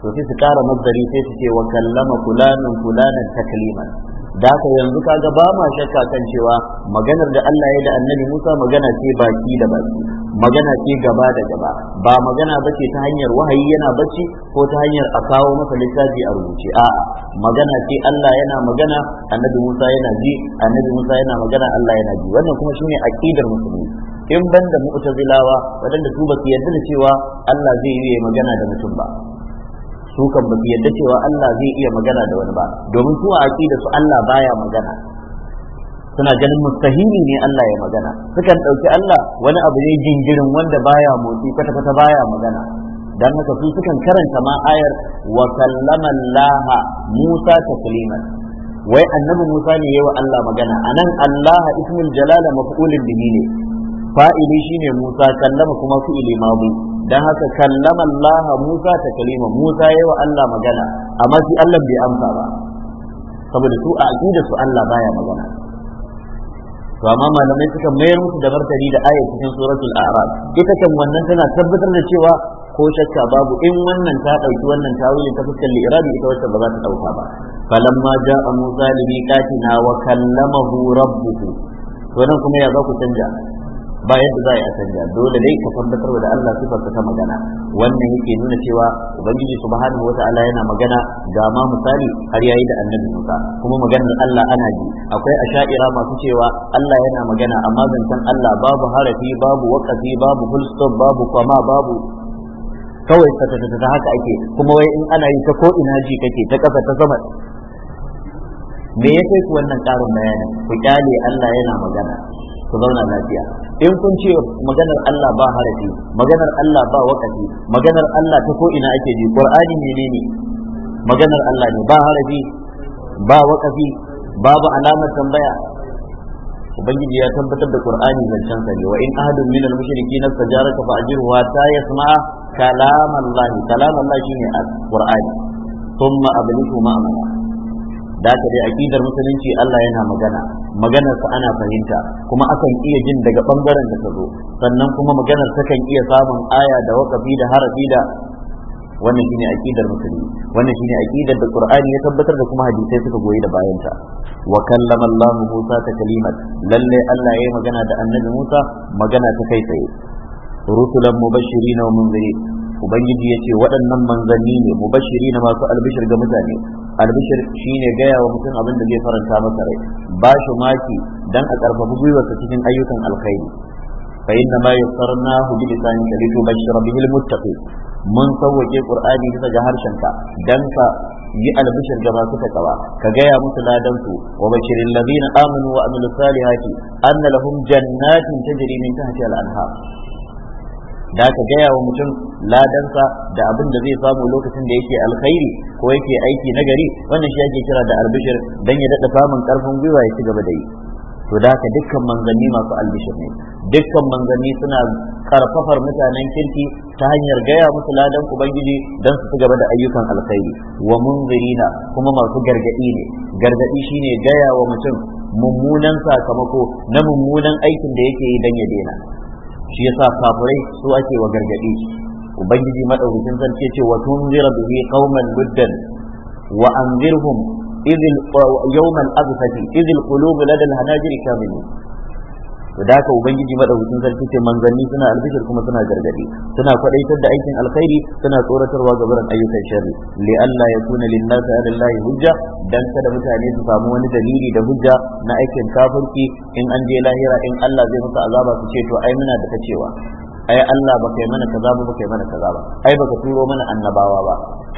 to sai su ƙara mazari sai su ce wa kallama kulanan ta takliman da haka yanzu kaga ba ma shakka kan cewa maganar da Allah ya da annabi Musa magana ce baki da baki magana ce gaba da gaba ba magana ba ce ta hanyar wahayi yana bacci ko ta hanyar a kawo masa littafi a rubuce a'a magana ce Allah yana magana annabi Musa yana ji annabi Musa yana magana Allah yana ji wannan kuma shine aqidar musulmi in banda mu'tazilawa wadanda su ba su yarda da cewa Allah zai yi magana da mutum ba su kan ba su yadda cewa Allah zai iya magana da wani ba domin su a da su Allah baya magana suna ganin mustahili ne Allah ya magana sukan ɗauki Allah wani abu ne jingirin wanda baya motsi kwata kwata baya magana dan haka su sukan karanta ma ayar wa Allah Musa takliman wai annabi Musa ne yayi wa Allah magana anan Allah ismul jalala maf'ulin bihi ne fa'ili ne Musa kallama kuma fi'ili mabu dan haka kallama Allah Musa ta kalima Musa yi wa Allah magana amma shi Allah bai amsa ba saboda su a aqida su Allah baya magana to amma malamai suka mayar musu da martani da ayat cikin suratul a'raf ita kan wannan tana tabbatar da cewa ko shakka babu in wannan ta dauki wannan tawilin ta fuskar iradi, ita wacce ba za ta dauka ba falamma ja'a Musa limiqatina wa kallamahu rabbuhu to nan kuma ya za ku canja ba yadda za a yi a canja dole dai ka tabbatar da Allah sifar ta magana wannan yake nuna cewa ubangiji subhanahu wataala yana magana ga ma misali har yayi da annabi Musa kuma maganar Allah ana ji akwai asha'ira masu cewa Allah yana magana amma zancen Allah babu harafi babu wakati babu full stop babu kwama babu kawai ta haka ake kuma wai in ana yi ta ko ina ji kake ta kasa ta sama me ya kai ku wannan karin bayanin ku kyale Allah yana magana ku zauna lafiya in kun ce maganar Allah ba harafi maganar Allah ba wakati maganar Allah ta ko ina ake ji qur'ani menene maganar Allah ne ba harafi ba wakafi babu alamar tambaya ubangiji ya tabbatar da qur'ani zancen sa ne wa in ahadun minal mushrikin istajaraka fa ajiru wa ta yasma kalam Allah kalam Allah shine qur'ani thumma ablighu ma'amala da haka dai aqidar musulunci Allah yana magana maganar sa ana fahimta kuma akan iya jin daga bangaren da ta zo sannan kuma maganar ta kan iya samun aya da wakafi da harafi da wannan shine aqidar musulmi wannan shine aqidar da qur'ani ya tabbatar da kuma hadisai suka goyi da bayanta wa kallama Allah Musa ta kalimat lalle Allah yayi magana da annabi Musa magana ta kai tsaye rusulan mubashirin wa munzirin ubangiji yace waɗannan manzanni ne mubashiri na masu albishir ga mutane albishir shine gaya wa mutum abin da zai faranta masa rai ba shi maki dan a karfafi gwiwarsa cikin ayyukan alkhairi fa inna ma yassarnahu bi lisani kalitu bashira bihi almuttaqin mun sauwake qur'ani bisa ga harshen ka dan ka yi albishir ga masu takawa ka gaya musu ladan su wa bashirin ladina amanu wa amilus salihati anna lahum jannatin tajri min tahtiha al-anhar da ka gaya wa mutum ladansa da abin da zai samu lokacin da yake alkhairi ko yake aiki nagari wannan shi ake kira da albishir dan ya dada samun karfin gwiwa ya ci gaba da yi to da haka dukkan manzanni masu albishir ne dukkan manzanni suna karfafar mutanen kirki ta hanyar gaya musu ladan ubangiji don su ci gaba da ayyukan alkhairi wa munzirina kuma masu gargadi ne gargadi shine gaya wa mutum mummunan sakamako na mummunan aikin da yake yi dan ya daina shi yasa kafirai su ake wa gargadi ubangiji madaukakin sarki ce wa tunzira bihi qauman buddan wa anzirhum idh yawman al-azfati idh al-qulub lada al to da haka ubangiji madaukakin sarki ce manzanni suna albishir kuma suna gargadi suna kwadaitar da aikin alkhairi suna tsoratarwa ga barin ayyukan sharri li Allah ya kuna lin nasi ala hujja dan kada mutane su samu wani dalili da hujja na aikin kafirki in an je lahira in Allah zai maka azaba su ce to ai muna da kacewa ai Allah baka yi mana kaza ba baka yi mana kaza ba ai baka turo mana annabawa ba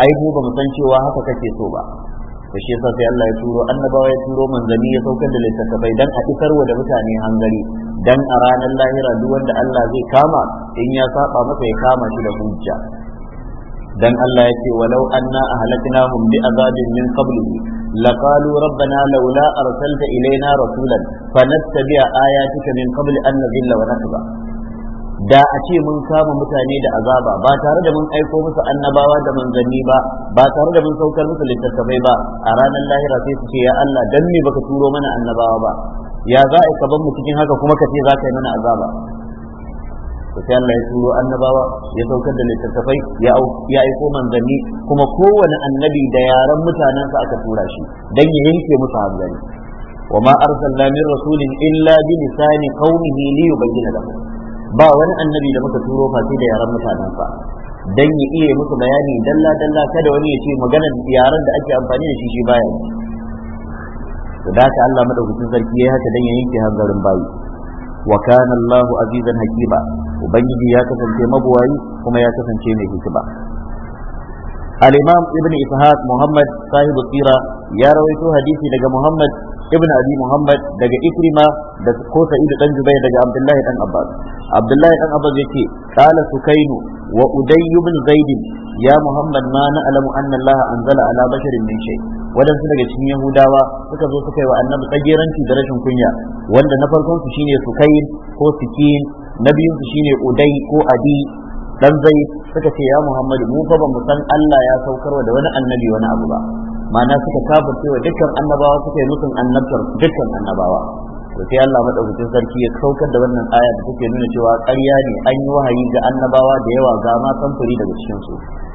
ai mu ba mu san cewa haka kake so ba da shi yasa sai Allah ya turo annabawa ya turo manzanni ya saukar da littattafai dan a isarwa da mutane hangari dan a ranar lahira duk wanda Allah zai kama in ya saba masa ya kama shi da hujja dan Allah ya ce walau anna ahlaknahum bi azabin min qablihi laqalu rabbana laula arsalta ilaina rasulan fanattabi'a ayatika min qabli an nadilla wa nakba da a ce mun kama mutane da azaba ba tare da mun aiko musu annabawa da manzanni ba ba tare da mun saukar musu littattafai ba a ranar lahira sai su ce ya Allah dan me baka turo mana annabawa ba ya za a kaban mu cikin haka kuma ka ce za ka yi mana azaba to sai Allah ya turo annabawa ya saukar da littattafai ya aiko manzanni kuma kowane annabi da yaran mutanensa aka tura shi dan ya yanke musu hanzari وما أرسلنا من رسول إلا بلسان قومه ليبين لهم ba wani annabi da muka turo fasi da yaran mutanen fa. dan ya iya musu bayani dalla dalla kada wani ya ce maganar yaran da ake amfani da shi shi baya to da ka Allah madaukakin sarki yayi haka dan ya yanke hanzarin bayi wa kana Allahu azizan hakima ubangiji ya kasance mabuwayi kuma ya kasance mai hikima الإمام ابن إسحاق محمد صاحب السيرة يا رويت حديثي لقى محمد ابن أبي محمد لقى إكرمة كو سعيد بن جبير لقى عبد الله بن عباس عبد الله بن عباس يكي قال سكين وأدي بن زيد يا محمد ما نعلم أن الله أنزل على بشر من شيء waɗansu daga cikin yahudawa suka zo suka yi wa annabi tsageranci da rashin kunya wanda na farkon su shine sukayin ko sikin na biyun su shine udai ko adi dan zai suka ce ya muhammadu mu fa bamu san Allah ya saukarwa da wani annabi wani abu ba ma'ana suka kafirce wa dukkan annabawa suka yi musun annabtar dukkan annabawa to sai Allah madaukakin sarki ya saukar da wannan aya da take nuna cewa ƙarya ne an yi wahayi ga annabawa da yawa ga ma samfuri daga cikin su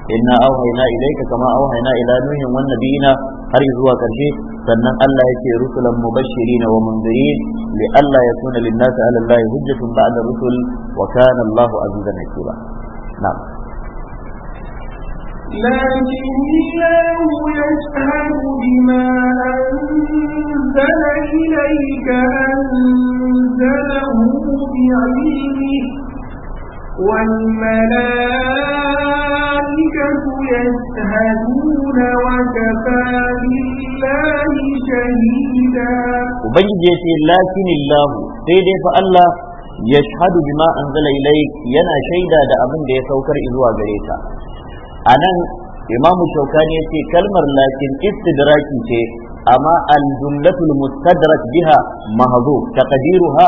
inna auhayna ilayka kama auhayna ila nuhin wan nabiyina har zuwa karshe sannan Allah yake rusulan mubashirin wa munzirin li alla yakuna lin-nasi 'ala Allahi hujjatun ba'da rusul wa kana Allahu azizan hakima نعم لكن الله يشهد بما أنزل إليك أنزله بعلمه والملائكة يشهدون وكفى بالله شهيدا وبنجي لكن الله سيدي فالله yashhadu bima anzala ilayk yana shaida da abin da ya saukar zuwa gare ka anan imam shaukani yace kalmar lakin istidraki ce amma al-jumlatul mustadrak biha mahdhuf taqdiruha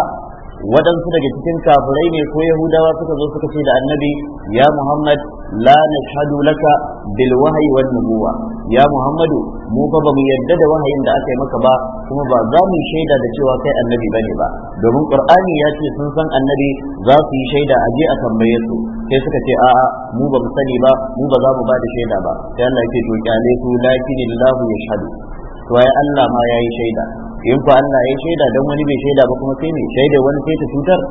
waɗansu daga cikin kafirai ne ko yahudawa suka zo suka ce da annabi ya muhammad la nashhadu laka bil wahayi wan nubuwa ya muhammadu mu fa bamu yarda da wahayin da aka yi maka ba kuma ba za mu shaida da cewa kai annabi bane ba domin qur'ani ya ce sun san annabi za su yi shaida a je a tambaye su sai suka ce a'a mu ba mu sani ba mu ba za mu ba da shaida ba sai Allah yake to kyale su lakinillahu yashhadu to ai Allah ma yayi shaida in fa Allah ya shaida dan wani bai shaida ba kuma sai ne shaida wani sai ta cutar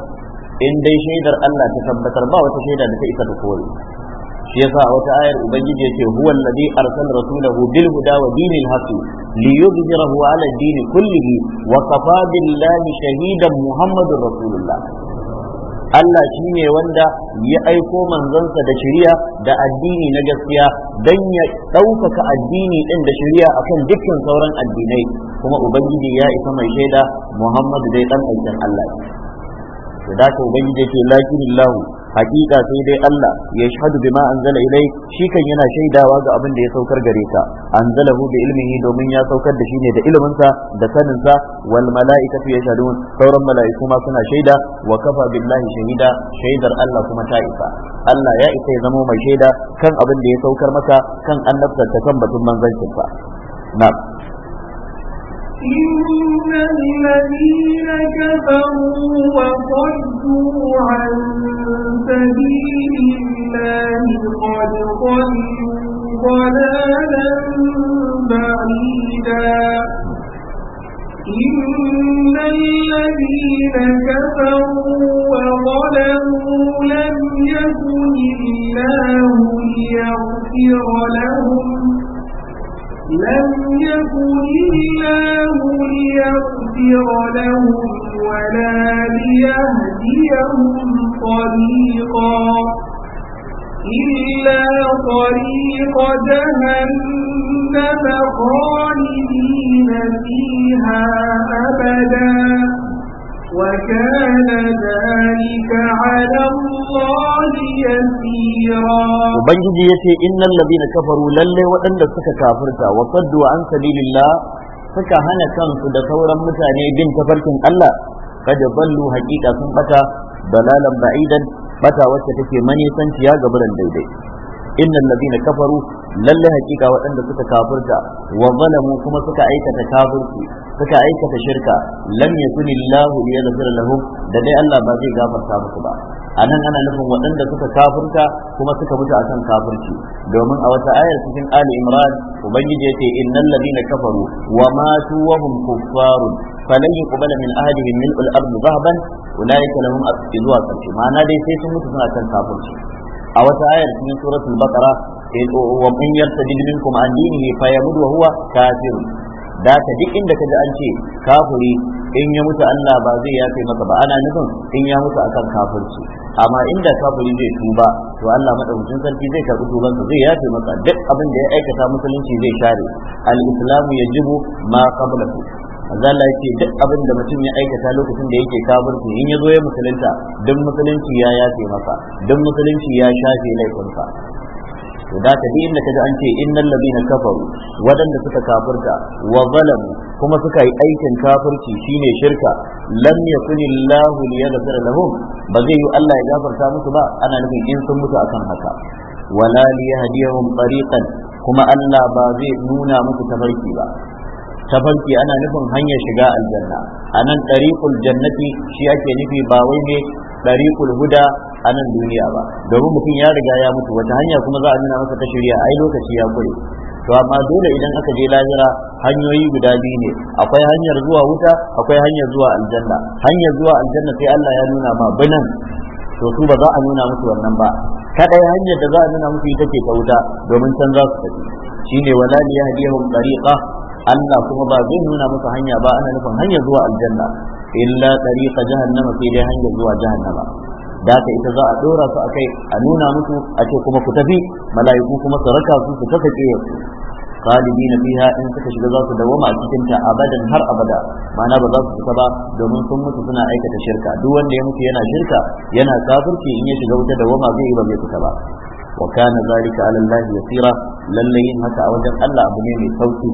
in dai shaidar Allah ta tabbatar ba wata shaida da ta isa da kore shi yasa a wata ayar ubangiji ce, huwa alladhi arsala rasulahu bil huda wa dinil haqq liyudhhirahu ala ad-din kullihi wa kafa billahi shahidan muhammadur rasulullah Allah shi ne wanda ya aiko manzansa da shiriya da addini na gaskiya don ya ɗaukaka addini ɗin da shiriya akan dukkan sauran addinai kuma ubangiji ya isa mai shaida Muhammadu dai ɗan aikin Allah. Da ubangiji ce lakin lahu haƙiƙa sai dai Allah ya shahadu bima anzala ilai shi kan yana shaidawa ga abin da ya saukar gare ka anzalahu bi ilmihi domin ya saukar da shi ne da sa da saninsa wal mala'ikatu yashhadun sauran mala'iku ma suna shaida wa kafa billahi shahida shaidar Allah kuma ta isa Allah ya isa ya zama mai shaida kan abin da ya saukar maka kan annabtarka kan batun manzancinka na'am إن الذين كفروا وقل yace innal ladina kafaru lallai waɗanda suka kafirta wa saddu an sabilillah suka hana kansu da sauran mutane bin tafarkin Allah kada ballu haƙiƙa sun bata dalalan ba'idan bata wacce take manisanciya ga biran daidai innal ladina kafaru lallai haƙiƙa waɗanda suka kafirta wa zalamu kuma suka aikata kafirci suka aikata shirka lam yakunillahu liyaghfira lahum da dai Allah ba zai gafarta musu ba a nan ana nufin waɗanda suka kafirta kuma suka mutu akan kafirci domin a wata ayar cikin ali imran ubangiji yace innal ladina kafaru wa matu wa hum kuffarun falan yuqbala min ahadihim mil'ul ardi dhahaban ulaika lahum zuwa karshe ma'ana dai sai sun mutu suna kan kafirci a wata ayar cikin suratul baqara wa man yartadid minkum an dinihi fayamud wa huwa kafirun da ka duk inda ka ji an ce kafiri in ya mutu Allah ba zai yafe maka ba ana nufin in ya mutu akan kafirci amma inda kafiri zai tuba to Allah madaukakin sarki zai karbi tubansa zai yafe maka duk abin da ya aikata musulunci zai share al-islamu yajibu ma qablahu manzo Allah yake duk abin da mutum ya aikata lokacin da yake kafirci in ya zo ya musulunta duk musulunci ya yafe masa duk musulunci ya shafe laifinsa to da ka inda kaji an ce innal ladina kafaru waɗanda suka kafirta wa zalamu kuma suka yi aikin kafirci shine shirka lam yakunillahu liyaghfira lahum ba zai yi Allah ya gafarta musu ba ana nufin in sun mutu akan haka wala liyahdihum tariqan kuma Allah ba zai nuna musu tafarki ba Ta tafarki ana nufin hanyar shiga aljanna a nan ɗariƙul jannati shi ake nufi ba wai ne ɗariƙul huda a nan duniya ba domin mutum ya riga ya mutu wata hanya kuma za a nuna masa ta shirya ai lokaci ya kure to amma dole idan aka je lahira hanyoyi guda biyu ne akwai hanyar zuwa wuta akwai hanyar zuwa aljanna hanyar zuwa aljanna sai Allah ya nuna ma binan to su ba za a nuna musu wannan ba kadai hanyar da za a nuna musu ita ce ta wuta domin can za su tafi shine wala liyahdihum tariqa Allah kuma ba zai nuna musu hanya ba ana nufin hanya zuwa aljanna illa tariqa jahannama sai dai hanya zuwa jahannama da ta ita za a dora su akai a nuna musu a ce kuma ku tafi mala'iku kuma su raka su su tafi ke na fiha in suka shiga za su dawama a cikin ta abadan har abada ma'ana ba za su fita ba domin sun mutu suna aikata shirka duk wanda ya mutu yana shirka yana kafirci in ya shiga wuta dawama zai yi ba zai fita ba wa kana zalika ala Allah yasira lalle yin haka a wajen Allah abu ne mai sauki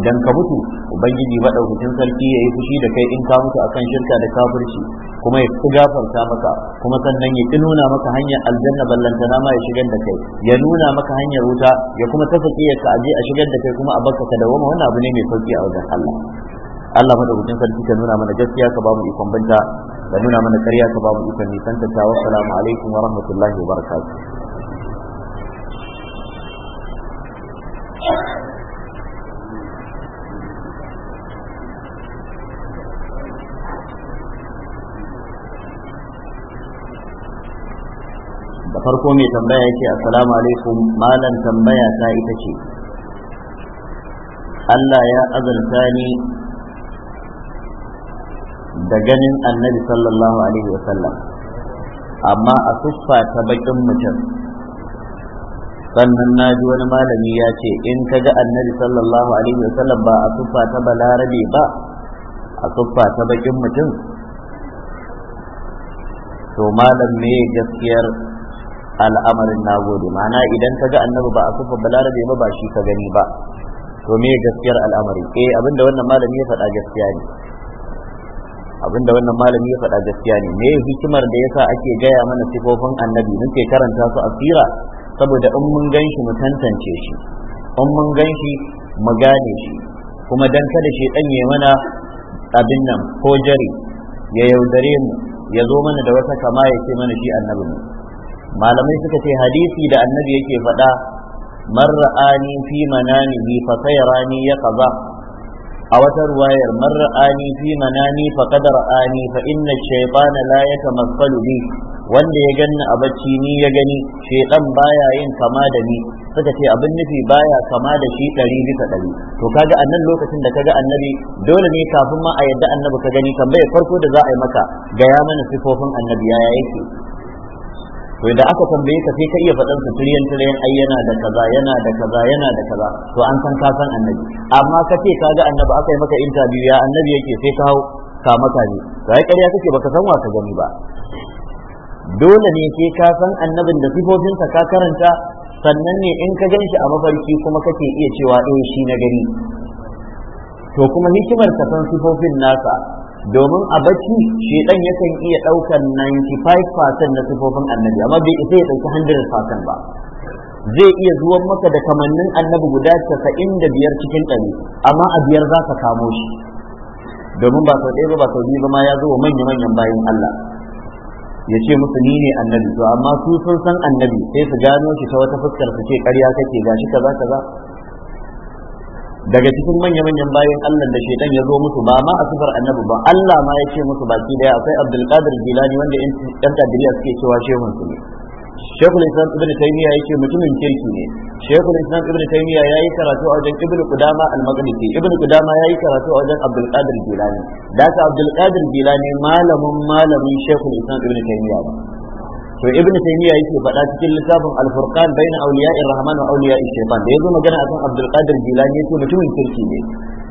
idan ka mutu ubangiji madaukakin sarki ya yi fushi da kai in ka mutu akan shirka da kafirci kuma ya fi gafarta maka kuma sannan ya nuna maka hanyar aljanna ballantana ma ya shigar da kai ya nuna maka hanyar wuta ya kuma tafa ka aje a shigar da kai kuma a baka ka dawoma wannan abu ne mai sauki a wajen Allah Allah madaukakin sarki ka nuna mana gaskiya ka bamu ikon banta da nuna mana ƙarya ka bamu ikon nisanta ta wassalamu alaikum wa rahmatullahi wa barakatuh farko mai tambaya yake assalamu alaikum malam tambaya ta ita ce Allah ya azalta ni da ganin annabi sallallahu alaihi wasallam amma a siffa ta bakin mutum sannan na ji wani malami ya ce in ka ga annabi sallallahu alaihi wasallam ba a siffa ta balarabe ba a siffa ta bakin mutum to malam me gaskiyar al'amarin na gode ma'ana idan ka ga annabi ba a sufa balarabe ba ba shi ka gani ba to me gaskiyar al'amari eh abinda wannan malami ya faɗa gaskiya ne abinda wannan malami ya faɗa gaskiya ne me hikimar da yasa ake gaya mana sifofin annabi ke karanta su a sira saboda in mun ganshi mu tantance shi in mun ganshi mu gane shi kuma dan kada shi ya mana abin nan ko jari ya yaudare mu ya zo mana da wata kama ya ce mana shi annabi ne malamai suka ce hadisi da annabi yake faɗa mar'ani fi manami fa sayarani ya kaza a wata ruwayar mar'ani fi manani fa ra'ani fa inna shaytana la yatamassalu bi wanda ya ganni a bacci ni ya gani shaytan baya yin kama da ni suka ce abin nufi baya kama da shi ɗari bisa ɗari to kaga a nan lokacin da kaga annabi dole ne kafin ma a yadda annabi ka gani tambayar farko da za a yi maka gaya mana sifofin annabi yaya yake to da aka tambaye ka sai ka iya faɗan su tiryan tiryan ai yana da kaza yana da kaza yana da kaza to an san ka san annabi amma ka ce ka ga annabi aka yi maka interview ya annabi yake sai ka hau ka maka ne to ai ƙarya kake baka san wa ka gani ba dole ne sai ka san annabin da sifofinsa ka karanta sannan ne in ka ganshi a mafarki kuma kake iya cewa eh shi na gari to kuma hikimar ka san sifofin nasa domin a bacci shedan yakan iya daukan 95% na sifofin annabi amma bai isa ya dauki 100% ba zai iya zuwan maka da kamannin annabi guda 95 cikin 100 amma a biyar za ka kamo shi domin ba sau ɗaya ba ba sau biyu ba ma ya zo wa manya-manyan bayan Allah ya ce musu ni ne annabi to amma su sun san annabi sai su gano shi ta wata fuskar su ce ƙarya kake gashi kaza kaza daga cikin manya-manyan bayan Allah da shaitan ya zo musu ba ma a sifar annabi ba Allah ma ya ce musu baki daya akwai Abdulkadir Jilani wanda yan Qadiriyya suke cewa shehun su ne Sheikhul Islam Ibn Taymiyyah yake mutumin kirki ne Sheikhul Islam Ibn Taymiyyah yayi karatu a wajen Ibn Qudama al-Maqdisi Ibn Qudama yayi karatu a wajen Abdul Qadir Jilani da ka Abdul Qadir malamin malamin Sheikhul Islam Ibn ba. to ibnu taymiya yake faɗa cikin littafin al-furqan baina ar rahman wa awliya'ir shaytan da yazo magana akan abdul qadir jilani yace mutumin kirki ne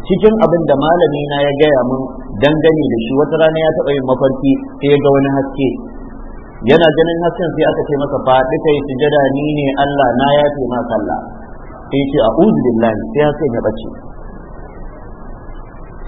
cikin abin da malami na ya gaya mun dangane da shi wata rana ya taɓa yin mafarki sai ya ga wani haske yana ganin hasken sai aka ce masa faɗi kai sujada ni ne Allah na ya ce ma sallah sai ce a'udhu billahi sai ya ce na bace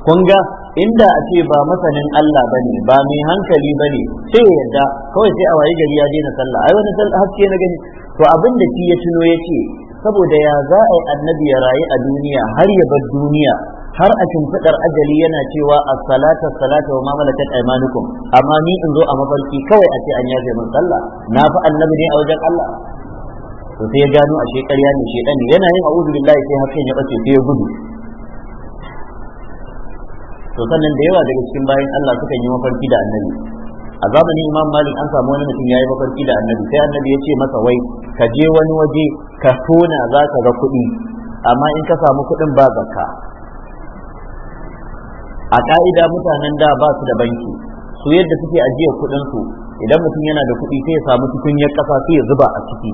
kun ga inda a ce ba masanin Allah ba ne ba mai hankali ba ne sai ya yarda kawai sai a wayi gari ya daina sallah ai wani haske na gani to abin da shi ya tuno ya ce saboda ya za a yi annabi ya rayu a duniya har ya bar duniya har a shimfiɗar ajali yana cewa a salata salata wa mamalakat aimanukum amma ni in zo a mafarki kawai a ce an yafe min sallah na fi annabi ne a wajen Allah to sai ya gano a shekarya ne shedan yana yin a'udhu billahi sai hakan ya bace sai ya gudu to sannan da yawa daga cikin bayan Allah suka yi mafarki da annabi a zamanin imam malik an samu wani mutum ya yi mafarki da annabi sai annabi ya ce masa wai ka je wani waje ka tona za ka ga kuɗi amma in ka samu kuɗin ba zakka a ka'ida mutanen da ba su da banki su yadda suke ajiyar kuɗin su idan mutum yana da kuɗi sai ya samu tukunyar ƙasa sai ya zuba a ciki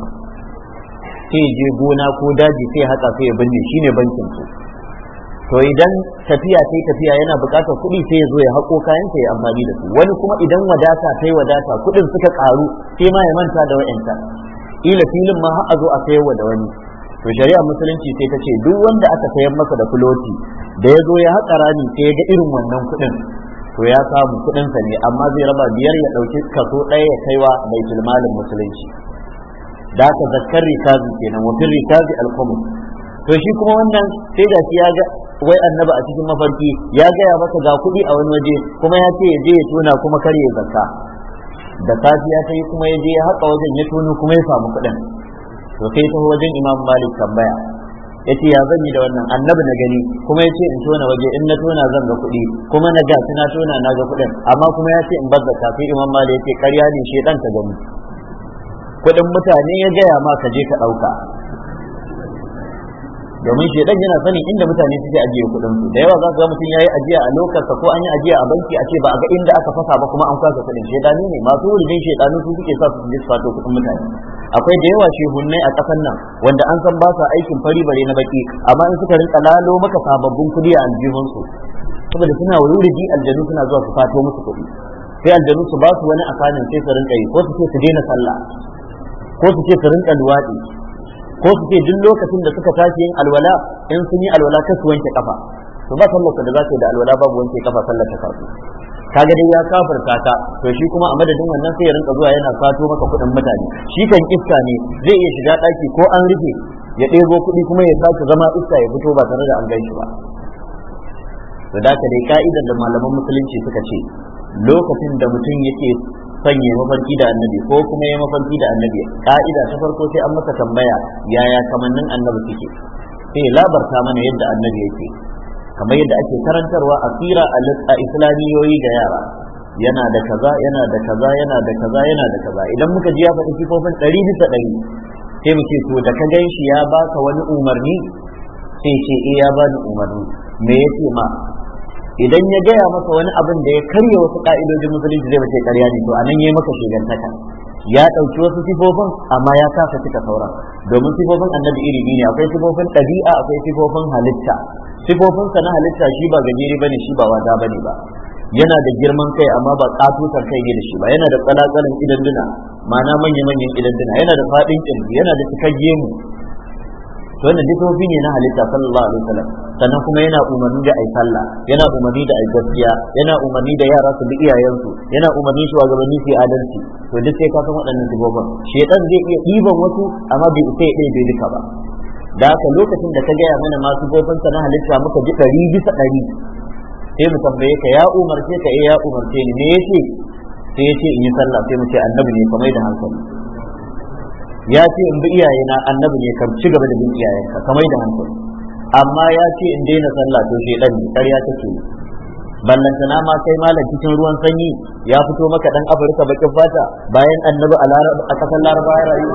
sai ya je gona ko daji sai ya haƙa sai ya binne shine bankin su to idan tafiya sai tafiya yana buƙatar kuɗi sai ya zo ya haƙo kayan sai ya amfani da su wani kuma idan wadata sai wadata kuɗin suka ƙaru sai ma ya manta da wa'yanta ila filin ma har a zo a sayarwa da wani to shari'a musulunci sai ta ce duk wanda aka sayar masa da fuloti da ya zo ya haƙa rami sai ya ga irin wannan kuɗin to ya samu kuɗinsa ne amma zai raba biyar ya ɗauki kaso ɗaya ya kaiwa baitul malin musulunci da aka zakkar rikazi kenan wa fil rikazi al to shi kuma wannan sai da shi ya ga wai annaba a cikin mafarki ya gaya maka ga kuɗi a wani waje kuma ya ce ya je ya tona kuma kar ya zaka da safiya ta yi kuma ya ya haƙa wajen ya tono kuma ya samu kuɗin to sai ta wajen imam malik tambaya ya ce ya zan yi da wannan annabi na gani kuma yace in tona waje in na tona zan ga kuɗi kuma na ga na tona na ga kuɗin amma kuma yace in bar zaka sai imam malik ya ce ƙarya ne shedan ta gani kuɗin mutane ya gaya ma ka je ka ɗauka domin shedan yana sani inda mutane suke ajiye kuɗin su da yawa za su ga mutum yayi ajiya a lokacin ko an yi ajiya a banki a ce ba a ga inda aka fasa ba kuma an kwasa kuɗin shedani ne masu wurin shedanu su suke sa su je su fato kuɗin mutane akwai da yawa shehunnai a ƙasar nan wanda an san ba sa aikin fari bare na baki amma in suka rinka lalo maka sababbin kuɗi a aljihun su saboda suna wuridi aljanu suna zuwa su fato musu kuɗi sai aljanu su ba su wani asanin sai su rinka yi ko su ce su daina sallah ko su ce su rinka luwaɗi ko su ce duk lokacin da suka tashi yin alwala in sun yi alwala ta su wanke kafa to ba sallar da za ta da alwala babu wanke kafa sallar ta kasu kaga dai ya kafarta ka to shi kuma a madadin wannan sai ya rinka zuwa yana sato maka kuɗin mutane shi kan iska ne zai iya shiga ɗaki ko an rufe ya ɗebo kuɗi kuma ya sake zama iska ya fito ba tare da an gaishe ba to da ka dai ka'idar da malaman musulunci suka ce lokacin da mutum yake sanya ya mafarki da annabi ko kuma ya mafarki da annabi ka'ida ta farko sai an masa tambaya yaya kamannin annabi suke sai labarta mana yadda annabi yake kamar yadda ake karantarwa a sira a islamiyoyi ga yara yana da kaza yana da kaza yana da kaza yana da kaza idan muka ji ya faɗi sifofin ɗari bisa ɗari sai muke to da ka gan shi ya baka wani umarni sai ce eh ya bani umarni me yace ma idan ya gaya masa wani abin da ya karya wasu ka'idojin musulunci zai bace karya ne to a ya yi maka shigantaka ya ɗauki wasu sifofin amma ya kasa cika sauran domin sifofin annabi iri biyu ne akwai sifofin ɗabi'a akwai sifofin halitta sifofinsa na halitta shi ba gajeri bane shi ba wada bane ba yana da girman kai amma ba katutar kai ne da shi ba yana da tsalatsalin idan duna ma'ana manya-manyan idan duna yana da faɗin ƙirji, yana da cikar gemu to wannan duk wani ne na halitta sallallahu alaihi wasallam sannan kuma yana umarni da ai sallah yana umarni da ai gaskiya yana umarni da yara su bi iyayensu yana umarni su gabanni su adalci to duk sai ka san waɗannan dubobin shedan zai iya ɗiban wasu amma bai sai ɗaya bai duka ba da haka lokacin da ka gaya mana masu sa na halitta muka ji ɗari bisa ɗari sai mu tambaye ka ya umarce ka eh, ya umarce ni me yace sai yace in yi sallah sai mu ce annabi ne kamar da hankali ya ce in bi iyayena annabi ne ka ci gaba da bin iyayenka ka mai da hankali amma ya ce in daina sallah to shedan ne ƙarya take yi ballantana ma kai malam cikin ruwan sanyi ya fito maka dan afirka bakin fata bayan annabi a kasar laraba ya rayu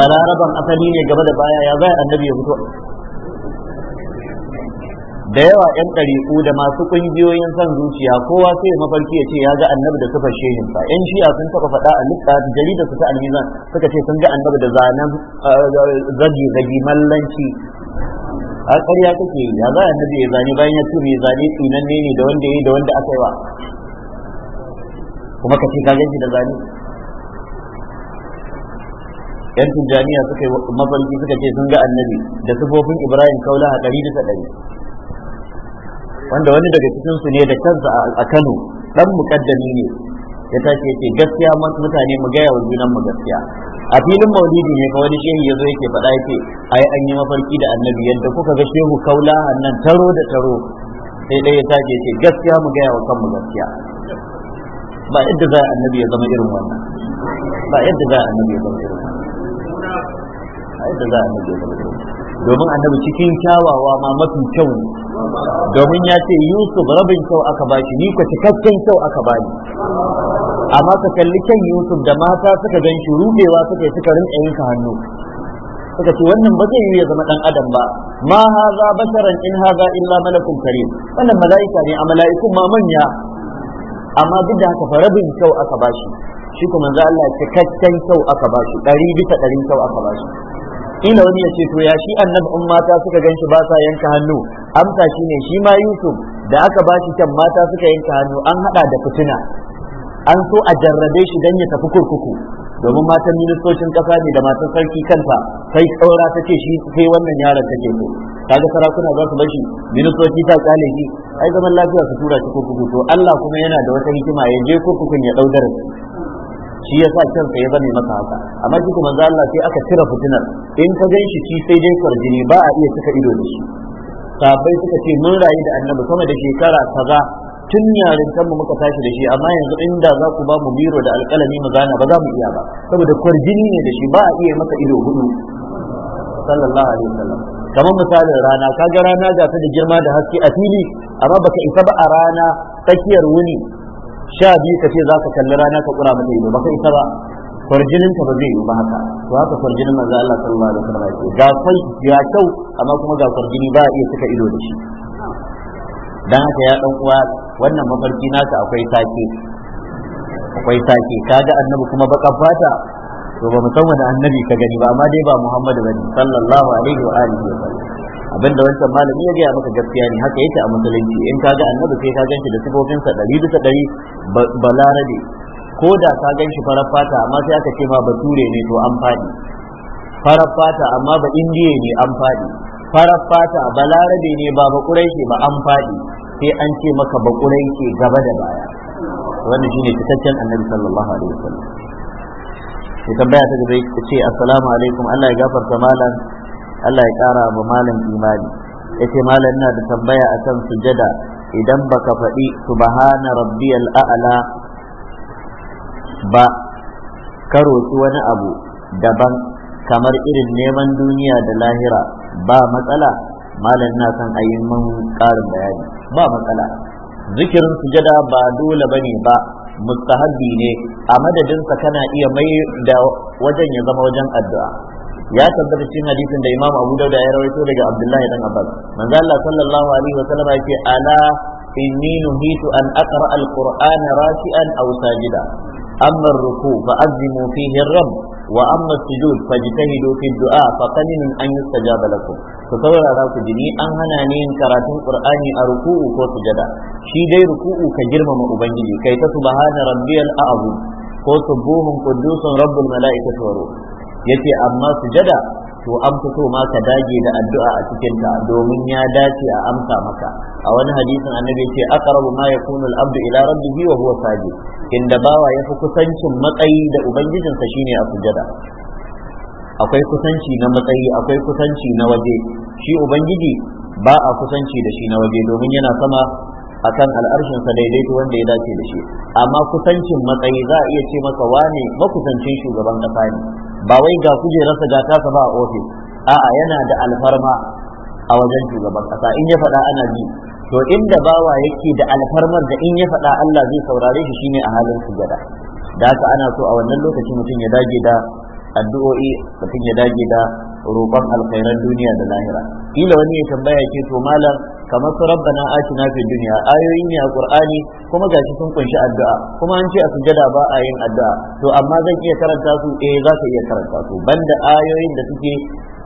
balaraban asali ne gaba da baya ya zai annabi ya fito da yawa yan ɗariƙu da masu ƙungiyoyin son zuciya kowa sai ya mafarki ya ce ya ga annabi da sufar shehinsa yan shi'a sun taɓa faɗa a lissa jarida su ta almizan suka ce sun ga annabi da zanen zagi zagi mallanci a ƙarya take ya za annabi ya zane bayan ya ce mai zane tunan ne da wanda ya yi da wanda aka yi wa kuma ka ce ka ganci da zane yan tunjaniya suka yi mafarki suka ce sun ga annabi da sufofin ibrahim kaula a ɗari da ɗari wanda wani daga cikin su ne da kansa a Kano dan mukaddami ne ya tace yace gaskiya mutane mu gaya wa junan mu gaskiya a filin maulidi ne fa wani shehu yazo yake faɗa yake ai an yi mafarki da annabi yadda kuka ga shehu kaula annan taro da taro sai dai ya tace yace gaskiya mu gaya wa kanmu gaskiya ba yadda za annabi ya zama irin wannan ba yadda za annabi ya zama irin wannan ba yadda za annabi ya zama irin domin annabi cikin kyawawa ma mafi kyau domin ya ce yusuf rabin kyau aka ba shi, ni ka cikakken kyau aka ba bani amma ka kalli kyan yusuf da mata suka gan shi rubewa suka yi suka rinka yanka hannu suka ce wannan ba zai yi ya zama dan adam ba ma haza basharan in haza illa malakun karim wannan mala'ika ne a mala'ikun ma manya amma duk da haka fa rabin kyau aka ba shi shi kuma manzo Allah cikakken kyau aka ba shi, ɗari bisa ɗarin kyau aka ba shi. ila wani ya ce to ya shi annabi an mata suka ganshi ba sa yanka hannu amsa shi ne, shi ma yusuf da aka ba shi can mata suka yanka hannu an hada da fitina an so a jarrabe shi dan ya tafi kurkuku domin matan ministocin kasa ne da matan sarki kanta kai tsaura ta ce shi sai wannan yaron take so kaga sarakuna za su bashi ministoci ta kale shi ai zaman lafiya su tura shi kurkuku to Allah kuma yana da wata hikima ya je kurkukun ya dau shi yasa kansa ya zane maka haka amma duk manzo Allah sai aka cire fitinar in ka gan shi sai dai karjini ba a iya cika ido da shi sahabbai suka ce mun rayu da annabi sama da shekara kaza tun yarin kanmu muka tashi da shi amma yanzu inda za ku ba mu biro da alƙalami mu gana ba za mu iya ba saboda kwarjini ne da shi ba a iya masa ido hudu sallallahu alaihi wasallam kamar misalin rana kaga rana ga ta da girma da haske a fili amma baka isa ba a rana tsakiyar wuni sha biyu ka ce za ka kalli rana ka kura mata ido baka isa ba farjinin ta ba zai yi ba haka to haka farjinin manzo Allah sallallahu alaihi wasallam yake ga kai ya kyau amma kuma ga farjini ba iya suka ido da shi dan haka ya dan uwa wannan mafarki naka akwai take akwai take kaga annabi kuma baka fata to ba mu san wani annabi ka gani ba amma dai ba Muhammadu bane sallallahu alaihi wa alihi wasallam abinda wancan malami ya gaya maka gaskiya ne haka yake a musulunci in ka ga annabi sai ka ganshi da sa ɗari bisa ɗari larabe ko da ka ganshi farar fata amma sai aka ce ma bature ne to an faɗi farar fata amma ba indiya ne an faɗi farar fata balarabe ne ba ba ce ba an faɗi sai an ce maka ba ce gaba da baya wannan shine fitaccen annabi sallallahu alaihi wasallam ita tambaya ta gaba ce assalamu alaikum Allah ya gafarta malam Allah ya ƙara ba malam imani yace malam ina da tambaya akan sujada idan baka faɗi subhana rabbiyal a'la ba ka roki wani abu daban kamar irin neman duniya da lahira ba matsala malam na san ayin mun ƙarin bayani ba matsala zikirin sujada ba dole bane ba mustahabbi ne a madadinsa kana iya mai da wajen ya zama wajen addu'a ya tabbata cikin hadisin da Imam Abu dauda ya rawaito daga Abdullahi dan Abbas manzo Allah sallallahu alaihi wa sallam yake ala inni nuhitu an aqra al-Qur'an raki'an aw sajida amma ruku fa azimu fihi rabb wa amma sujud fajtahidu fi dua fa qalilun an yustajaba lakum to saurara ku jini an hana ni yin karatun Qur'ani a ruku'u ko sujada shi dai ruku'u ka girmama ubangiji kai ta subhana rabbiyal a'zim ko subuhun qudusun rabbul mala'ikati wa ruh yace amma sujada to an fito ma ka dage da addu'a a cikin ta domin ya dace a amsa maka a wani hadisin annabi yace aqrabu ma yakunu al-abdu ila rabbihi wa huwa sajid inda bawa yafi kusancin matsayi da ubangijinsa shine a sujada akwai kusanci na matsayi akwai kusanci na waje shi ubangiji ba a kusanci da shi na waje domin yana sama akan al'arshin sa daidaito wanda ya dace da shi amma kusancin matsayi za a iya ce masa wane makusancin shugaban kasa ne ba wai ga kujerarsa ga kasa ba a ofis a'a yana da alfarma a wajen shugaban kasa in ya faɗa ana bi to inda bawa yake da alfarmar da in ya faɗa Allah zai saurare shi shine a halin sujada da haka ana so a wannan lokaci mutum ya dage da addu'o'i mutum ya dage da roƙon alkhairan duniya da lahira kila wani ya tambaya ce to malam kamar su rabbana atina fid dunya ayoyi ne a qur'ani kuma gashi sun kunshi addu'a kuma an ce a sujada ba a yin addu'a to amma zan iya karanta su eh za ka iya karanta su banda ayoyin da suke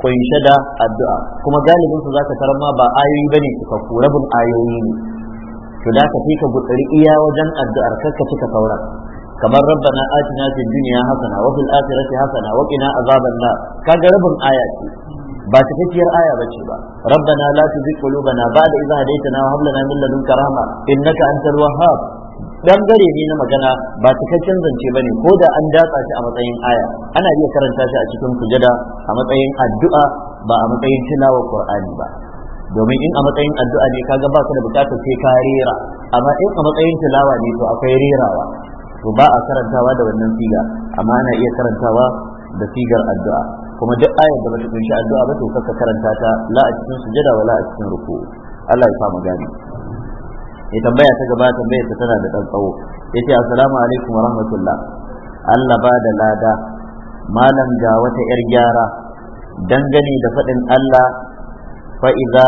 kunshe da addu'a kuma galibin su zaka tarar ba ayoyi bane suka rabin ayoyi ne to da ka fi ka gutsari iya wajen addu'ar karka cika sauran kamar rabbana atina fid dunya hasana wa fil akhirati hasana wa qina azaban nar kaga rabin aya ce ba cikakkiyar aya ce ba rabbana la tuzigh qulubana ba'da idh hadaytana wa hab lana min ladunka rahma innaka antal wahhab gare ne na magana ba cikakken zance bane ko da an datsa shi a matsayin aya ana iya karanta shi a cikin kujada a matsayin addu'a ba a matsayin tilawar qur'ani ba domin in a matsayin addu'a ne kaga ba ka da bukatar sai ka rera amma in a matsayin tilawa ne to akwai rerawa to ba a karantawa da wannan siga amma ana iya karantawa da sigar addu'a kuma duk ayar da bata kunshi addu'a ba to kaka karanta ta la a cikin sujada wala a cikin ruku Allah ya sa mu gane ya tambaya ta gaba tambayar ta tana da dan tsawo yace assalamu alaikum wa rahmatullah Allah ba da lada malam ga wata yar gyara dangane da faɗin Allah fa idza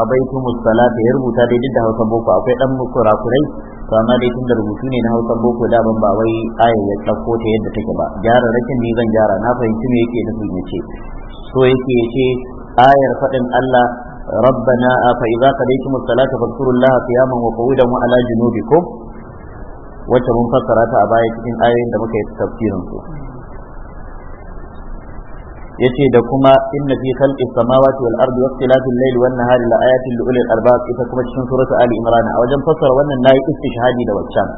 qabaitum as-salata ya rubuta da hausa boko akwai dan kurakurai to amma dai tun da rubutu ne na hausa boko daban ba wai ayar ya ɗauko ta yadda take ba gyara rakin ni zan gyara na fahimci me yake nufin ya ce so yake ya ce ayar faɗin Allah ربنا فإذا قضيتم الصلاة فاذكروا الله قياما وقعودا وعلى ko wacce mun fassara ta a baya cikin ayoyin da muka yi tafsirin su yace da kuma inna fi khalqi samawati wal ardi waqtilafil layli wan nahari la ayatin li ulil albab ita kuma cikin suratu ali imran a wajen fassara wannan nayi istishhadi da waccan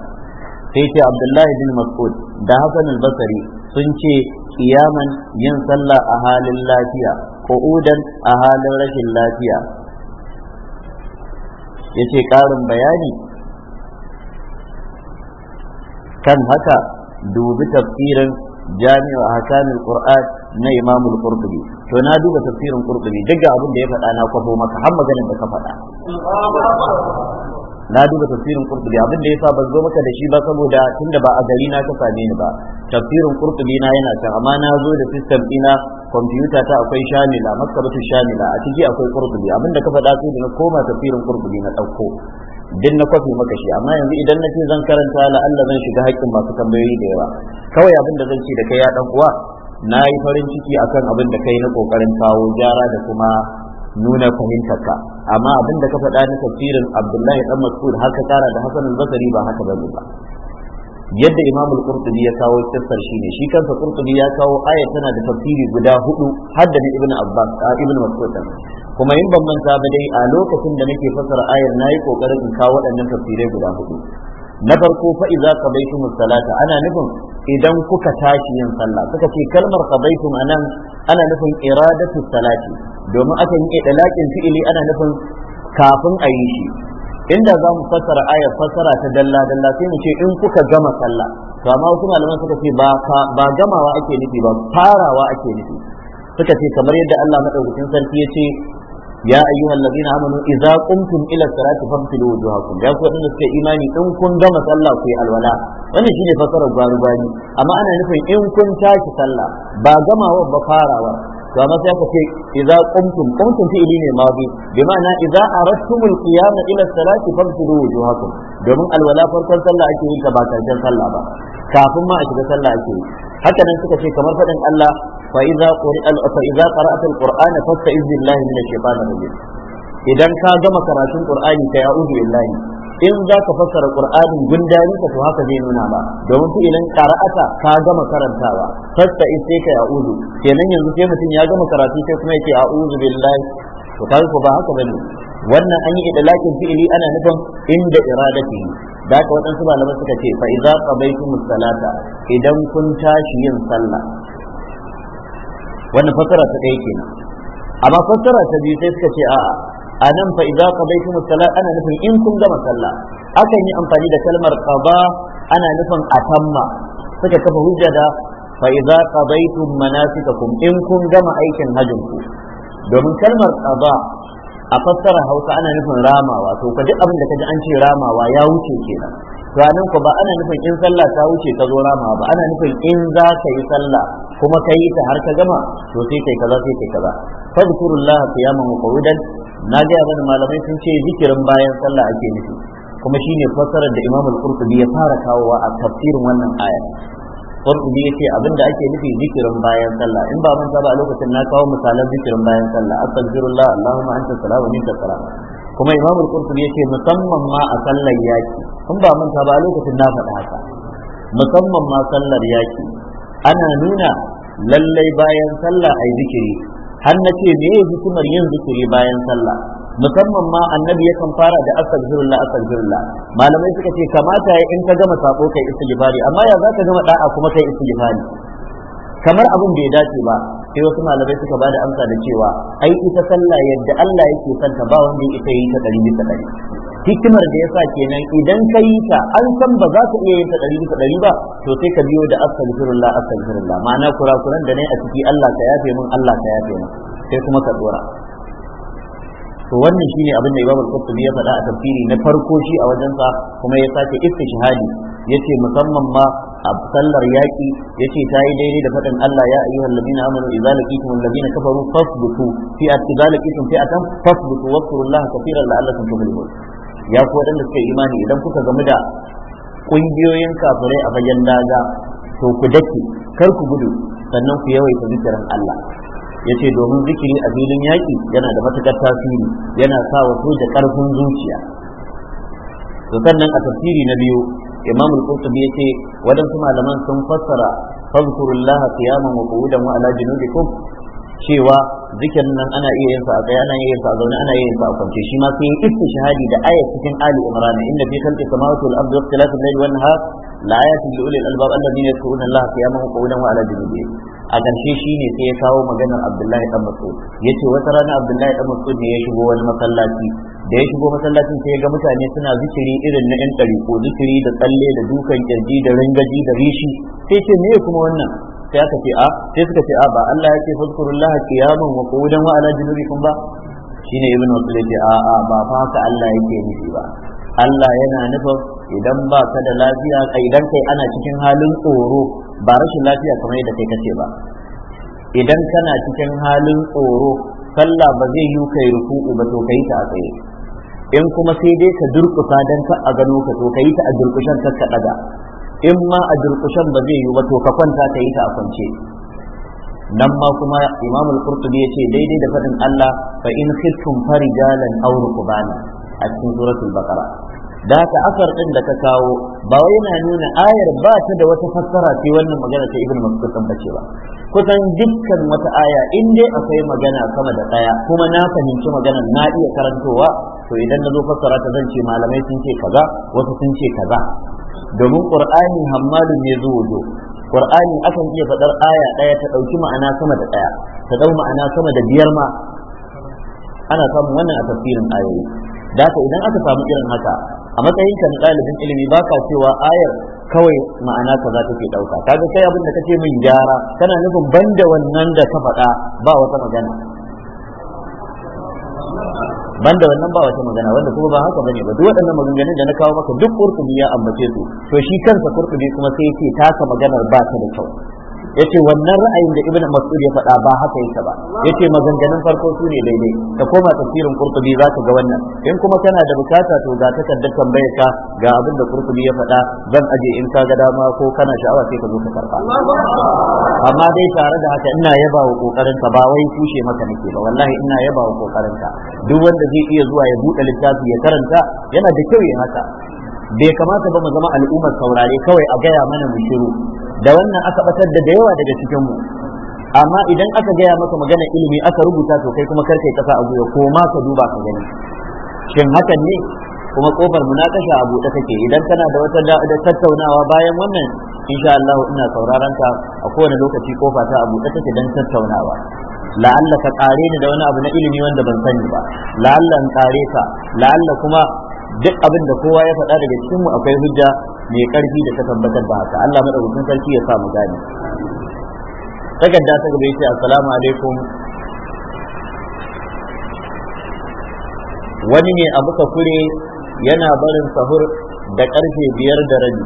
sai ce abdullahi bin mas'ud da hasan al-basri sun ce kiyaman yin sallah a halin lafiya qu'udan a halin rashin lafiya yace karin bayani kan haka dubi tafsirin jami'u ahkamil qur'an na imamul al to na duba tafsirin qurtubi daga abin da ya faɗa na kwafo maka har maganar da ka faɗa na duba tafsirin qurtubi abin da yasa ban zo maka da shi ba saboda tunda ba a gari na ka same ni ba tafsirin qurtubi na yana ta, amma na zo da system dina kwamfuta ta akwai shamila maktabatu shamila a ciki akwai qurtubi abin da ka faɗa sai na koma tafsirin qurtubi na ɗauko din na kwafi maka shi amma yanzu idan na ce zan karanta la Allah zan shiga haƙƙin masu tambayoyi da yawa kawai abin da zan ci da kai ya dan uwa na yi farin ciki akan abin da kai na kokarin kawo gyara da kuma nuna fahimtarka amma abin da ka faɗa ni tafsirin abdullahi dan mas'ud haka kara da hasan al-basri ba haka bane ba yadda imam al-qurtubi ya kawo tafsir ne shi kansa qurtubi ya kawo aya tana da tafsiri guda hudu har da ibn abbas ibn mas'ud kuma in ban manta ba dai a lokacin da nake fassara ayar nayi kokarin in kawo waɗannan tafsirai guda hudu na farko fa idza qadaytum salata ana nufin idan kuka tashi yin sallah suka ce kalmar qadaytum anan ana nufin iradatu salati domin akan yi idlaqin fi'ili ana nufin kafin a yi shi inda za mu fassara aya fassara ta dalla dalla sai mu ce in kuka gama sallah to amma wasu malaman suka ce ba ba gamawa ake nufi ba farawa ake nufi suka ce kamar yadda Allah madaukakin sarki ya ce ya ayyuhal ladina amanu kun qumtum ila salati fagsilu wujuhakum ya ku wadanda suka imani in kun gama sallah ku yi alwala wannan shine fasarar gwari gwari amma ana nufin in kun tashi sallah ba gamawa ba farawa to amma sai aka ce idza qumtum qumtum fi'li ne madi bi ma'ana idza aradtum al-qiyam ila salati farsudu wujuhakum domin alwala farkon sallah ake yi ta ba karshen sallah ba kafin ma a shiga sallah ake yi haka nan suka ce kamar fadin Allah fa idza quri'a fa idza qara'ta al-qur'ana fasta'iz billahi minash shaitanir rajim idan ka gama karatun qur'ani ka ya'udhu billahi in za ka fassara qur'anin gundarin ka to haka zai nuna ba domin fi'ilin qara'ata ka gama karantawa fasta in sai kai a'udhu kenan yanzu sai mutum ya gama karatu sai kuma yake a'udhu billahi to kai ko ba haka bane wannan an yi idlakin fi'ili ana nufin inda iradati da ka waɗansu malaman suka ce fa idza qabaytu musallata idan kun tashi yin sallah wannan fassara ta ɗaya kenan amma fassara ta biyu sai suka ce a'a a nan fa idza qadaytum as-salat ana nufin in kun gama sallah akan yi amfani da kalmar qada ana nufin atamma suka kafa hujja da fa idza qadaytum manasikakum in kun gama aikin hajjin ku domin kalmar qada a fassara Hausa ana nufin ramawa to ka duk abin da ka ji an ce ramawa ya wuce kenan to ku ba ana nufin in sallah ta wuce ka zo ramawa ba ana nufin in za ka yi sallah kuma ka yi ta har ka gama to sai kai kaza sai kai kaza fadkurullaha qiyaman wa na ga mana malamai sun ce zikirin bayan sallah ake nufi kuma shine fassarar da Imam al-Qurtubi ya fara kawowa a tafsirin wannan aya Qurtubi yace abinda ake nufi zikirin bayan sallah in ba mun saba a lokacin na kawo misalan zikirin bayan sallah astaghfirullah allahumma anta salamu minka salam kuma Imam al-Qurtubi yace musamman ma a sallar yaki in ba mun saba a lokacin na faɗa haka musamman ma sallar yaki ana nuna lallai bayan sallah ai zikiri har na ce me hikimar yin zikiri bayan sallah musamman ma annabi yakan fara da astaghfirullah astaghfirullah malamai suka ce kamata ya in ka gama sako kai istighfari amma ya zaka gama da'a kuma kai istighfari kamar abin bai dace ba sai wasu malamai suka bada amsa da cewa ai ita sallah yadda Allah yake santa ta ba wanda ya yi ta dari bisa dari hikimar da yasa kenan idan ka yi ta an san ba za ka iya yin ta ɗari bisa ɗari ba to sai ka biyo da astaghfirullah astaghfirullah ma'ana kurakuran da ne a ciki Allah ka yafe min Allah ka yafe min sai kuma ka dora to wannan shine abin da Imam al-Qurtubi ya faɗa a tafsiri na farko shi a wajensa kuma ya sake istishhadi yace musamman ma a sallar yaki yace ta yi daidai da faɗin Allah ya ayyuhal ladina amanu idza laqitum alladina kafaru fasbutu fi atqalaqitum fi'atan fasbutu waqtullaha kaseeran la'allakum tuflihun ya ku waɗanda suka imani idan kuka gamu da ƙungiyoyin kafirai a fagen daga to ku dake kar ku gudu sannan ku yawaita zikirin Allah ya ce domin zikiri a filin yaƙi yana da matuƙar tasiri yana sa wa soja ƙarfin zuciya to sannan a tafsiri na biyu imam al-qurtubi ya ce waɗansu malaman sun fassara fadhkurullaha qiyaman wa qu'udan wa ala junubikum cewa zikirin nan ana iya yin sa a tsaye ana iya yin sa a zaune ana iya yin sa a kwance shi ma sai istishhadi da ayat cikin ali imran inna fi khalqi samawati wal ardi ikhtilafi al-layli wan nahar la ayatin li ulil albab alladhina yadhkuruna allaha qiyaman wa qu'udan wa ala junubihim a ƙarshe shi ne sai ya kawo maganar abdullahi dan mas'ud yace wata rana abdullahi dan mas'ud ne ya shigo wani masallaci da ya shigo masallacin sai ya ga mutane suna zikiri irin na yan ko zikiri da tsalle da dukan kirji da rangaji da rishi sai ce me kuma wannan sai aka ce a ah, sai suka ce a ah, ba Allah ya ce fadkurullaha qiyaman wa qu'udan wa ala junubikum ba shine ibn Abdul ya ce a a ba fa haka Allah yake nufi ba Allah yana nufin idan ba ka da lafiya idan kai ana cikin halin tsoro ba rashin lafiya kamar yadda kai kace ba idan kana cikin halin tsoro sallah ba zai yi kai ruku'u ba to kai ta tsaye in kuma sai dai ka durkusa dan ka a gano ka to kai ta a durkushan ka ka daga in ma a durkushen ba zai yi ba to ka kwanta ka yi ta a kwance nan ma kuma imam al-qurtubi ya ce daidai da faɗin Allah fa in khiftum farijalan aw rukbana a cikin suratul baqara da ka asar din da ka kawo ba wai yana nuna ayar ba ta da wata fassara ce wannan magana ta ibnu mas'ud kan bace ba kusan dukkan wata aya in dai akwai magana sama da daya kuma na fahimci maganar na iya karantowa to idan na zo fassara ta zan ce malamai sun ce kaza wasu sun ce kaza domin qur'ani hammalun ne zo qur'ani akan iya faɗar aya ɗaya ta ɗauki ma'ana sama da ɗaya ta ɗau ma'ana sama da biyar ma ana samun wannan a tafsirin ayoyi da idan aka samu irin haka a matsayin ka na ɗalibin ilimi ba ka cewa ayar kawai ma'ana kaza ke ɗauka kaga sai abin da ce min gyara kana nufin banda wannan da ka faɗa ba wata magana banda wannan ba wata magana wanda kuma ba haka bane ba duk waɗannan maganganun da na kawo maka duk kurkubi ya ambace su to shi kansa kurkubi kuma sai yake taka maganar ba ta da kyau yace wannan ra'ayin da ibnu mas'ud ya faɗa ba haka yake ba yace maganganun farko su ne daidai ka koma tafsirin qurtubi zaka ga wannan in kuma kana da bukata to ga takardar tambayar ka ga abin da qurtubi ya faɗa zan aje in ka ga dama ko kana sha'awa sai ka zo ka karba amma dai tare da haka ina yaba wa kokarin ka ba wai kushe maka nake ba wallahi ina yaba wa kokarin ka duk wanda zai iya zuwa ya buɗe littafi ya karanta yana da kyau ya haka bai kamata ba mu zama al'ummar saurare kawai a gaya mana mu shiru da wannan aka batar da da yawa daga cikin mu amma idan aka gaya maka magana ilimi aka rubuta to kai kuma karkai kasa a gwiwa ko ma ka duba ka gani shin hakan ne kuma kofar munakasha a buɗe take idan kana da wata da tattaunawa bayan wannan insha Allah ina sauraron ka a kowane lokaci kofa ta a buɗe take dan tattaunawa la'alla ka kare ni da wani abu na ilimi wanda ban sani ba la'alla in kare ka la'alla kuma duk abin da kowa ya faɗa daga cikinmu akwai hujja mai ƙarfi da ta tabbatar da haka Allah madaukakin sarki ya sa mu gane takarda ta gaba yace assalamu alaikum wani ne abu ka kure yana barin sahur da ƙarfe biyar da rabi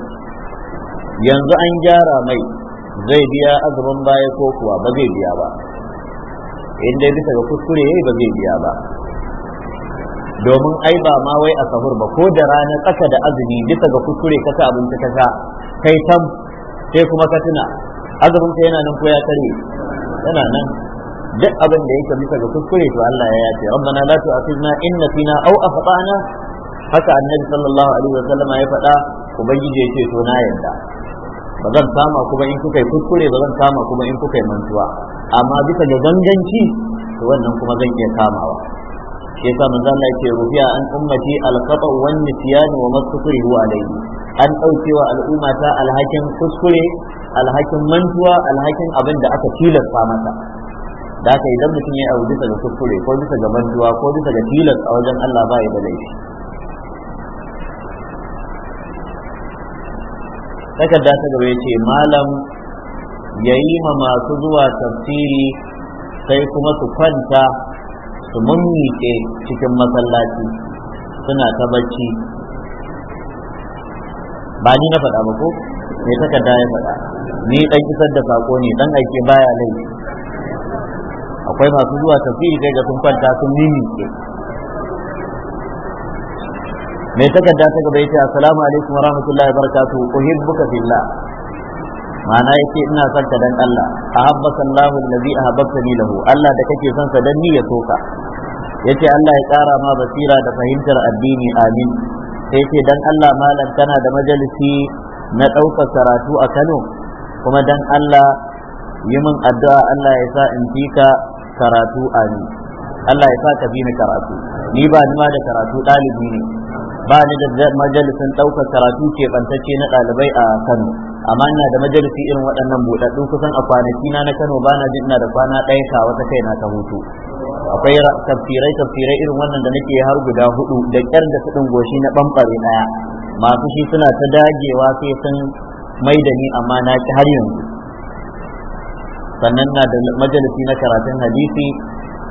yanzu an gyara mai zai biya azumin baya ko kuwa ba zai biya ba in dai bisa ga kuskure yayi ba zai biya ba domin ai ba ma wai a sahur ba ko da rana tsaka da azumi bisa ga kuskure kasa abinci kasa kai tam sai kuma ka tuna azumin ka yana nan ko ya tare yana nan duk abin da yake bisa ga kuskure to Allah ya yace rabbana la tu'akhidna in nasina aw akhtana haka annabi sallallahu alaihi wa ya faɗa ubangiji yace to na yarda ba zan sama kuma in kuka yi kuskure ba zan sama kuma in kuka yi mantuwa amma bisa ga ganganci to wannan kuma zan iya kamawa shi yasa manzo Allah yake rufiya an ummati alqata wan nisyan wa masfuri huwa alayhi an daukewa al'umma ta alhakin kuskure alhakin mantuwa alhakin abin da aka tilasta mata da haka idan mutum ya abu bisa kuskure ko bisa ga mantuwa ko bisa ga tilas a wajen Allah ba ya da laifi takarda ta gaba yace malam yayi ma masu zuwa tafsiri sai kuma su kwanta su mummiƙe cikin masallaci suna ta bacci ba ni na faɗa ba ko me takarda ya faɗa ni dan isar da sako ne dan aike baya laifi akwai masu zuwa tafiri kai ga sun kwanta sun mimike Me takarda ta gaba ce assalamu alaikum wa rahmatullahi wa barakatuh uhibbuka fillah ma'ana yake ina son ka dan Allah a ahabbaka Allahu allazi ahabbtani lahu Allah da kake son sa dan ni ya soka yace Allah ya kara ma basira da fahimtar addini amin sai ce dan Allah malam kana da majalisi na dauka karatu a Kano kuma dan Allah yi min addu'a Allah ya sa in fi ka karatu amin Allah ya sa ka bi ni karatu ni ba ni ma da karatu dalibi ne ba ni da majalisin ɗaukar karatu ke bantacce na ɗalibai a Kano amma ina da majalisi irin waɗannan buɗaɗɗu kusan a kwanaki na na Kano ba na jin ina da kwana ɗaya ka wata kai na ta hutu akwai tafsirai tafsirai irin wannan da nake har guda hudu da kyar da su goshi na ɓamɓare ɗaya. masu shi suna ta dagewa sai sun mai da ni amma na ki har yanzu sannan na da majalisi na karatun hadisi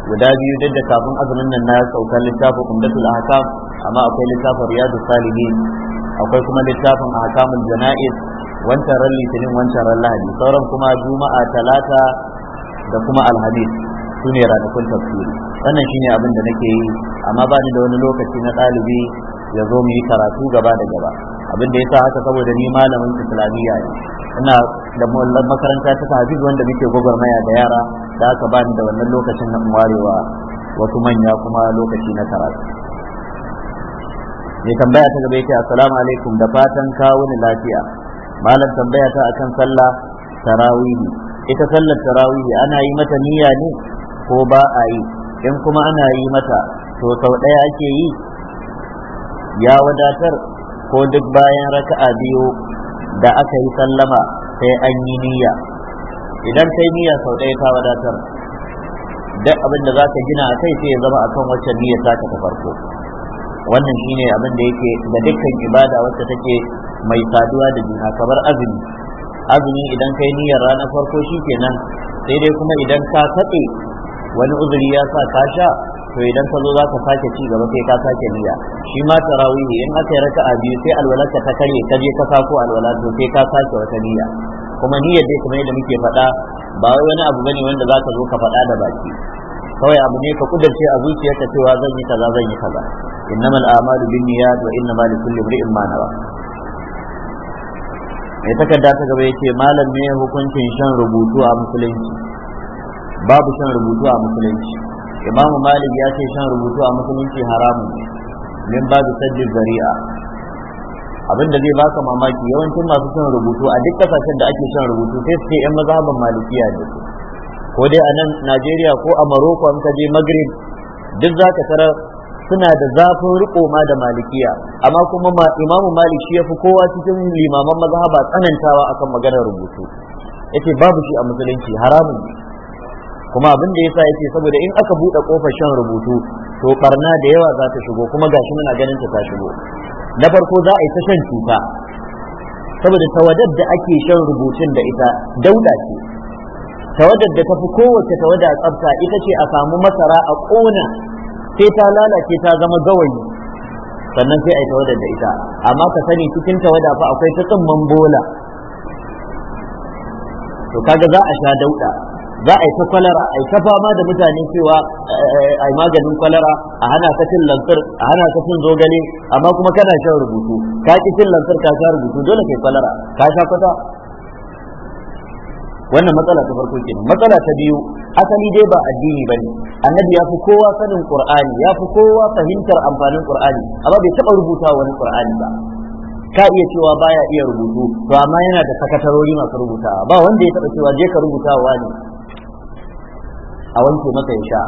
guda biyu duk da kafin azumin nan na saukar littafin umdatul ahkam amma akwai littafin riyadu salihin akwai kuma littafin ahkamul jana'iz wancan ran litinin wancan ran lahadi sauran kuma juma'a talata da kuma alhamis su ne ranakun tafsiri wannan shine abin da nake yi amma ba ni da wani lokaci na ɗalibi ya zo mu yi karatu gaba da gaba abin da sa haka saboda ni malamin islamiyya ne ina da makaranta ta tahfiz wanda muke gwagwarmaya da yara da aka bani da wannan lokacin na warewa wasu manya kuma lokaci na karatu mai tambaya ta gaba yake assalamu alaikum da fatan kawo ni lafiya malam tambaya ta akan sallah tarawihi ita sallar tarawihi ana yi mata niyya ne ko ba a yi in kuma ana yi mata to sau ɗaya ake yi ya wadatar ko duk bayan raka'a biyu da aka yi sallama sai an yi niyya idan kai niyya sau ɗaya ta wadatar duk abin da za ka gina a kai sai ya zama akan wacce niyya ta ta farko wannan shine abin da yake da dukkan ibada wacce take mai saduwa da juna kamar azumi azumi idan kai niyyar ranar farko shikenan sai dai kuma idan ka katse wani uzuri ya sa ka sha to idan ka zo za ka sake ci gaba sai ka sake niyya shi ma tarawih in aka yi a biyu sai alwalarka ta karye ka je ka ko alwala to sai ka sake wata niyya kuma niyyar dai kuma yadda muke faɗa ba wani abu bane wanda za ka zo ka faɗa da baki kawai abu ne ka kudurce a zuciyarka cewa zan yi kaza zan yi kaza innamal a'malu binniyat wa innamal likulli imrin ma nawa mai takarda ta gaba yace malam ne hukuncin shan rubutu a musulunci babu shan rubutu a musulunci imam malik ya ce shan rubutu a musulunci haramun ne min babu saddin zari'a abin da zai baka mamaki yawancin masu shan rubutu a duk kasashen da ake shan rubutu sai su ce yan mazhaban malikiya ne ko dai a nan Najeriya ko a Maroko an kaje Maghrib duk ka tara suna da zafin riko ma da malikiya amma kuma imamu malik shi fi kowa cikin limaman mazhaba tsanantawa akan maganar rubutu yace babu shi a musulunci haramun kuma abin da yasa yace saboda in aka bude kofar shan rubutu to barna da yawa za ta shigo kuma gashi muna ganin ta ta shigo na farko za a yi ta shan cuta saboda tawadar da ake shan rubutun da ita daula ce tawadar da tafi kowace tawada tsafta ita ce a samu masara a ƙona sai ta lalace ta zama gawayi sannan sai a yi tawadar da ita amma ka sani cikin tawada fa akwai ta tsumman bola to kaga za a sha dauda za a yi ta kwalara a yi ta fama da mutane cewa eh, eh, a maganin kwalara a hana ka cin lantar a hana ka cin zogale amma kuma kana shan rubutu ka ki cin lantar ka sha rubutu dole kai kwalara ka sha kwata wannan matsala ta farko ke matsala ta biyu asali dai ba addini ba ne annabi ya fi kowa sanin qur'ani ya fi kowa fahimtar amfanin qur'ani amma bai taba rubuta wani qur'ani ba ka iya cewa baya iya rubutu to amma yana da sakatarori masu rubutawa ba wanda ya taba cewa je ka rubuta wa ne a wanke maka ya sha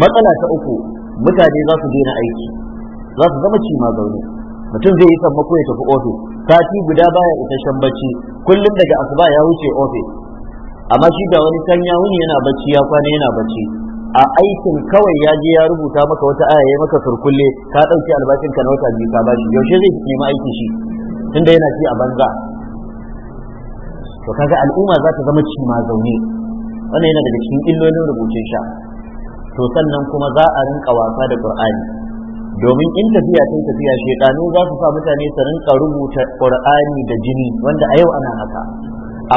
matsala ta uku mutane za su daina aiki za su zama cima zaune mutum zai yi sammako ya tafi ofis sati guda baya isasshen bacci kullum daga asuba ya wuce ofis amma shi ga wani san ya wuni yana bacci ya kwana yana bacci a aikin kawai ya je ya rubuta maka wata aya ya maka surkulle ka ɗauki albashin ka na wata biyu ka bashi yaushe zai nemi aiki shi tunda yana ci a banza to kaga al'umma za ta zama ci ma zaune wannan yana daga cikin illolin rubutun sha to sannan kuma za a rinka wasa da qur'ani domin in tafiya sai tafiya shekanu za su sa mutane su rinka rubuta qur'ani da jini wanda a yau ana haka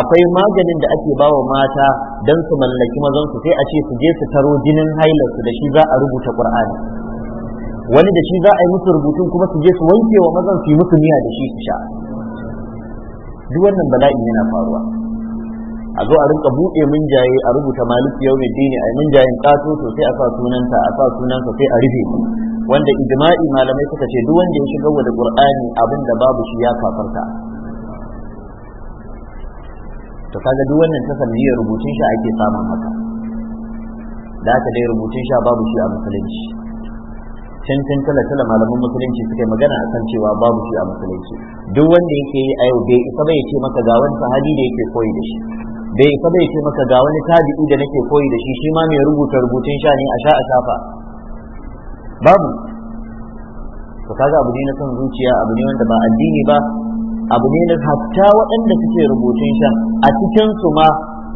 akwai maganin da ake bawa mata don su mallaki mazan su sai a ce su je su taro jinin hailar su da shi za a rubuta qur'ani wani da shi za a yi musu rubutun kuma su je su wanke wa mazan su yi musu niyya da shi su sha duk wannan bala'i yana faruwa a zo a rinka buɗe minjaye a rubuta maliki yau mai dini a minjayen ƙato sosai a sa sunanta a sa sunansa sai a rufe wanda ijma'i malamai suka ce duk wanda ya shiga da qur'ani abin da babu shi ya kafarta to kaga duk wannan ta rubutun shi ake samun haka da aka dai rubutun sha babu shi a musulunci can can tala malaman musulunci suka yi magana akan cewa babu shi a musulunci duk wanda yake yi a yau bai isa bai ce maka ga wani sahabi da yake koyi da shi bai isa bai ce maka ga wani tabi'i da nake koyi da shi shi ma mai rubuta rubutun sha ne a sha a shafa babu to kaga abu ne na son zuciya abu ne wanda ba addini ba abu ne na hatta waɗanda suke rubutun shan a cikin su ma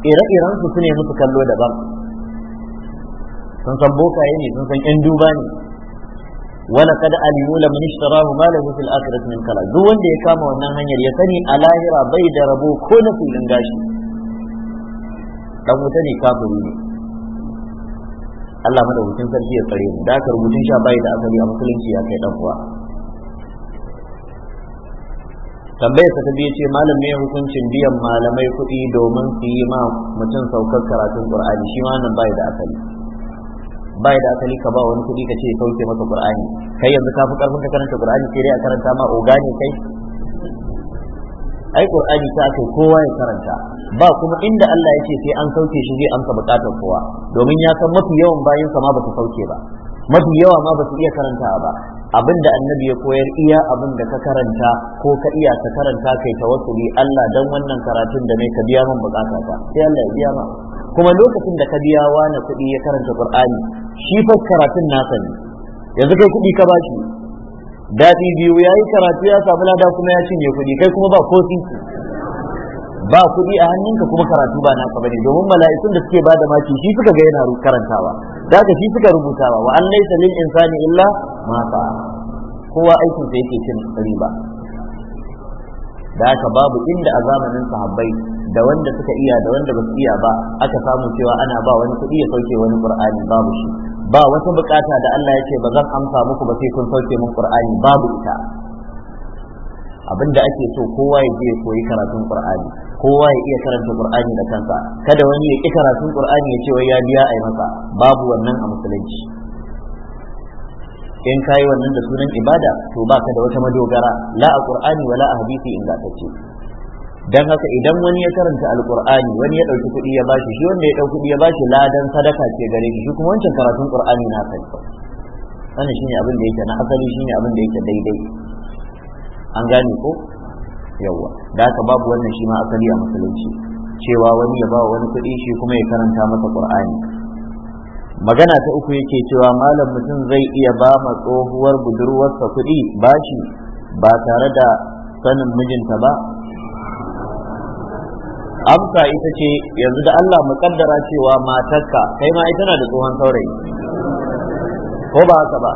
ire-iren su sune musu kallo daban sun san bokaye ne sun san yan duba ne wala kada alimu lam man ishtarahu ma lahu fil akhirati min kala duk wanda ya kama wannan hanyar ya sani a lahira bai da rabo ko na kullun gashi dan wuta ne kafiri ne Allah madaukakin sarki ya tsare mu da aka rubutun sha bai da asali a musulunci ya kai dan uwa tambayar ta biyu ce malam mai hukuncin biyan malamai kuɗi domin su yi ma mutum saukar karatun qur'ani shi ma nan bai da asali bai da asali ka ba wani kuɗi ka ce sauke masa qur'ani kai yanzu ka fi karfin ka karanta qur'ani sai dai a karanta ma ogani kai ai qur'ani ta kai kowa ya karanta ba kuma inda Allah yake sai an sauke shi zai amsa bukatar kowa domin ya san mafi yawan bayin sa ma ba su sauke ba mafi yawa ma ba su iya karanta ba abinda annabi ya koyar iya abin da ka karanta ko ka iya ka karanta kai tawassuli Allah dan wannan karatun da ne ka biya min bukatata sai Allah ya biya ma kuma lokacin da ka biya na kuɗi ya karanta Qur'ani shi fa karatun nasa ne yanzu kai kuɗi ka bashi daɗi biyu ya yi karatu ya samu lada kuma ya cinye kuɗi kai kuma ba ko ba kuɗi a hannunka kuma karatu ba naka bane domin mala'ikun da suke bada maki shi suka ga yana karantawa daga shi suka rubutawa wa an laysa lil insani illa ma kowa aikin sa yake cin riba da haka babu inda a zamanin sahabbai da wanda suka iya da wanda ba su iya ba aka samu cewa ana ba wani kuɗi ya sauke wani qur'ani babu shi ba wata bukata da Allah ya ce ba zan amsa muku ba sai kun sauke min Qur'ani babu ita abinda ake so kowa ya je koyi karatun Qur'ani kowa ya iya karanta Qur'ani da kansa kada wani ya ki karatun Qur'ani ya ce wai ya biya ai masa babu wannan a musulunci in kayi wannan da sunan ibada to baka da wata madogara la a Qur'ani wala a hadisi ingantacce dan haka idan wani ya karanta alqur'ani wani ya dauki kuɗi ya bashi shi wanda ya dauki kuɗi ya bashi ladan sadaka ce gare shi kuma wancan karatun qur'ani na kai wannan shine abin da yake na asali shine abin da yake daidai an gane ko yawa da haka babu wannan shi ma asali a musulunci cewa wani ya ba wani kuɗi shi kuma ya karanta masa qur'ani magana ta uku yake cewa malam mutum zai iya ba ma tsohuwar budurwarsa kuɗi bashi ba tare da sanin mijinta ba amsa ita ce yanzu da Allah mu kaddara cewa matarka kai ma ita na da tsohon saurayi ko ba haka ba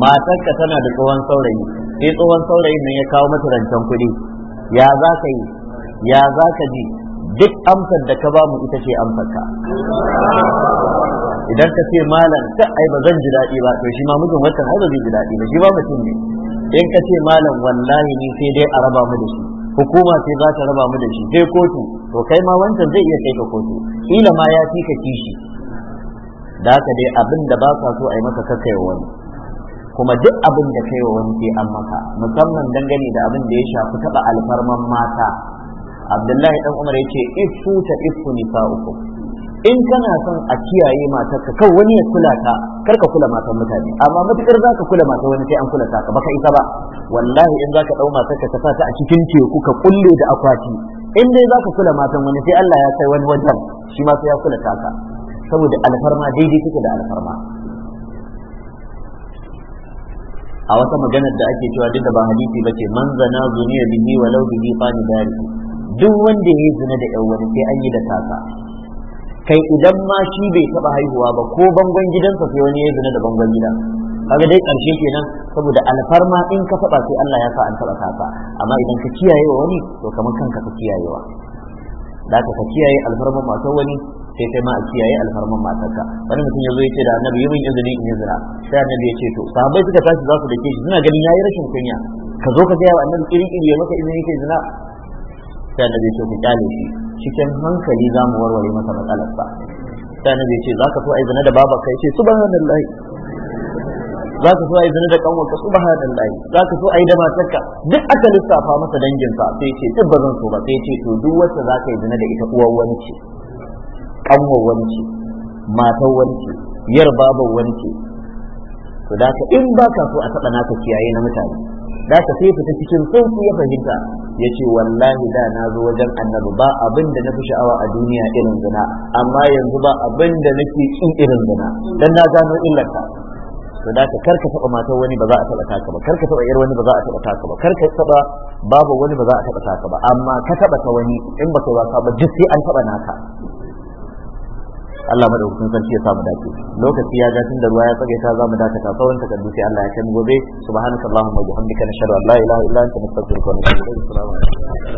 matarka tana da tsohon saurayi sai tsohon saurayin nan ya kawo mata rancen kuɗi ya za ka yi ya za ka ji duk amsar da ka ba mu ita ce amsarka idan ka ce malam ta ai ba zan ji daɗi ba to shi ma mijin wata har ba zai ji daɗi ba shi ba mutum ne in ka ce malam wallahi ni sai dai a raba mu da shi hukuma sai za ta raba mu da shi sai kotu to kai ma wancan zai iya kai ka kotu kila ma ya fi ka kishi da haka dai abin da ba sa so a yi maka kakkaiwa wani kuma duk abin da kai wani sai an maka musamman dangane da abin da ya shafi taba alfarman mata abdullahi dan umar yace ifu ta ifu uku. in kana son a kiyaye matarka kan wani ya kula ta kar kula matan mutane amma matukar zaka kula matan wani sai an kula ta baka isa ba wallahi in zaka dau matarka ka ta a cikin teku ka kulle da akwati in dai zaka kula matan wani sai Allah ya kai wani wajen shi ma sai ya kula ta ka saboda alfarma daidai take da alfarma a wata maganar da ake cewa duk da ba hadisi bace man zana zuniya bihi walau bihi fani dari duk wanda yayi zina da yan wani sai an yi da tasa kai idan ma shi bai taba haihuwa ba ko bangon gidansa sai wani ya zina da bangon gidan kaga dai karshe kenan saboda alfarma in ka taba sai Allah ya sa an taba ka amma idan ka kiyaye wa wani to kamar kanka ka kiyayewa da ka kiyaye alfarman matan wani sai kai ma a kiyaye alfarman ka. wani mutum ya zo ya ce da annabi yi min izini in yi zina sai annabi ya ce to sahabbai suka tashi za su dake shi suna ganin yayi rashin kunya ka zo ka ga annabi kiri kiri ya maka izini kai zina sai da ce ku kyale shi cikin hankali za mu warware masa matsalar sa sai annabi ce za ka so a zina da baba kai ce subhanallahi za ka so a zina da ka subhanallahi za ka so a yi da matarka duk aka lissafa masa danginsa sai ce duk bazan so ba sai ce to duk wacce za ka izina zina da ita uwar wani ce kanwar wani matar wani yar babar wani to da ka in ba ka so a taɓa naka kiyaye na mutane da ka sai fita cikin sauki ya fahimta ya ce wallahi da na zo wajen annabi ba abin da na fi sha'awa a duniya irin zina amma yanzu ba abin da nake kin irin zina dan na gano illarta to da ka karka taba matar wani ba za a taba taka ba karka taba yar wani ba za a taba taka ba karka taba babu wani ba za a taba taka ba amma ka taba ta wani in ba ka ba duk sai an taba naka Allah madaukakin sarki ya samu dace lokaci ya ga tun da ruwa ya tsage ta zamu dace ta tsawon ta kaddu sai Allah ya kai gobe subhanakallahumma wa bihamdika nashhadu an la ilaha illa anta nastaghfiruka wa natubu ilaik assalamu alaikum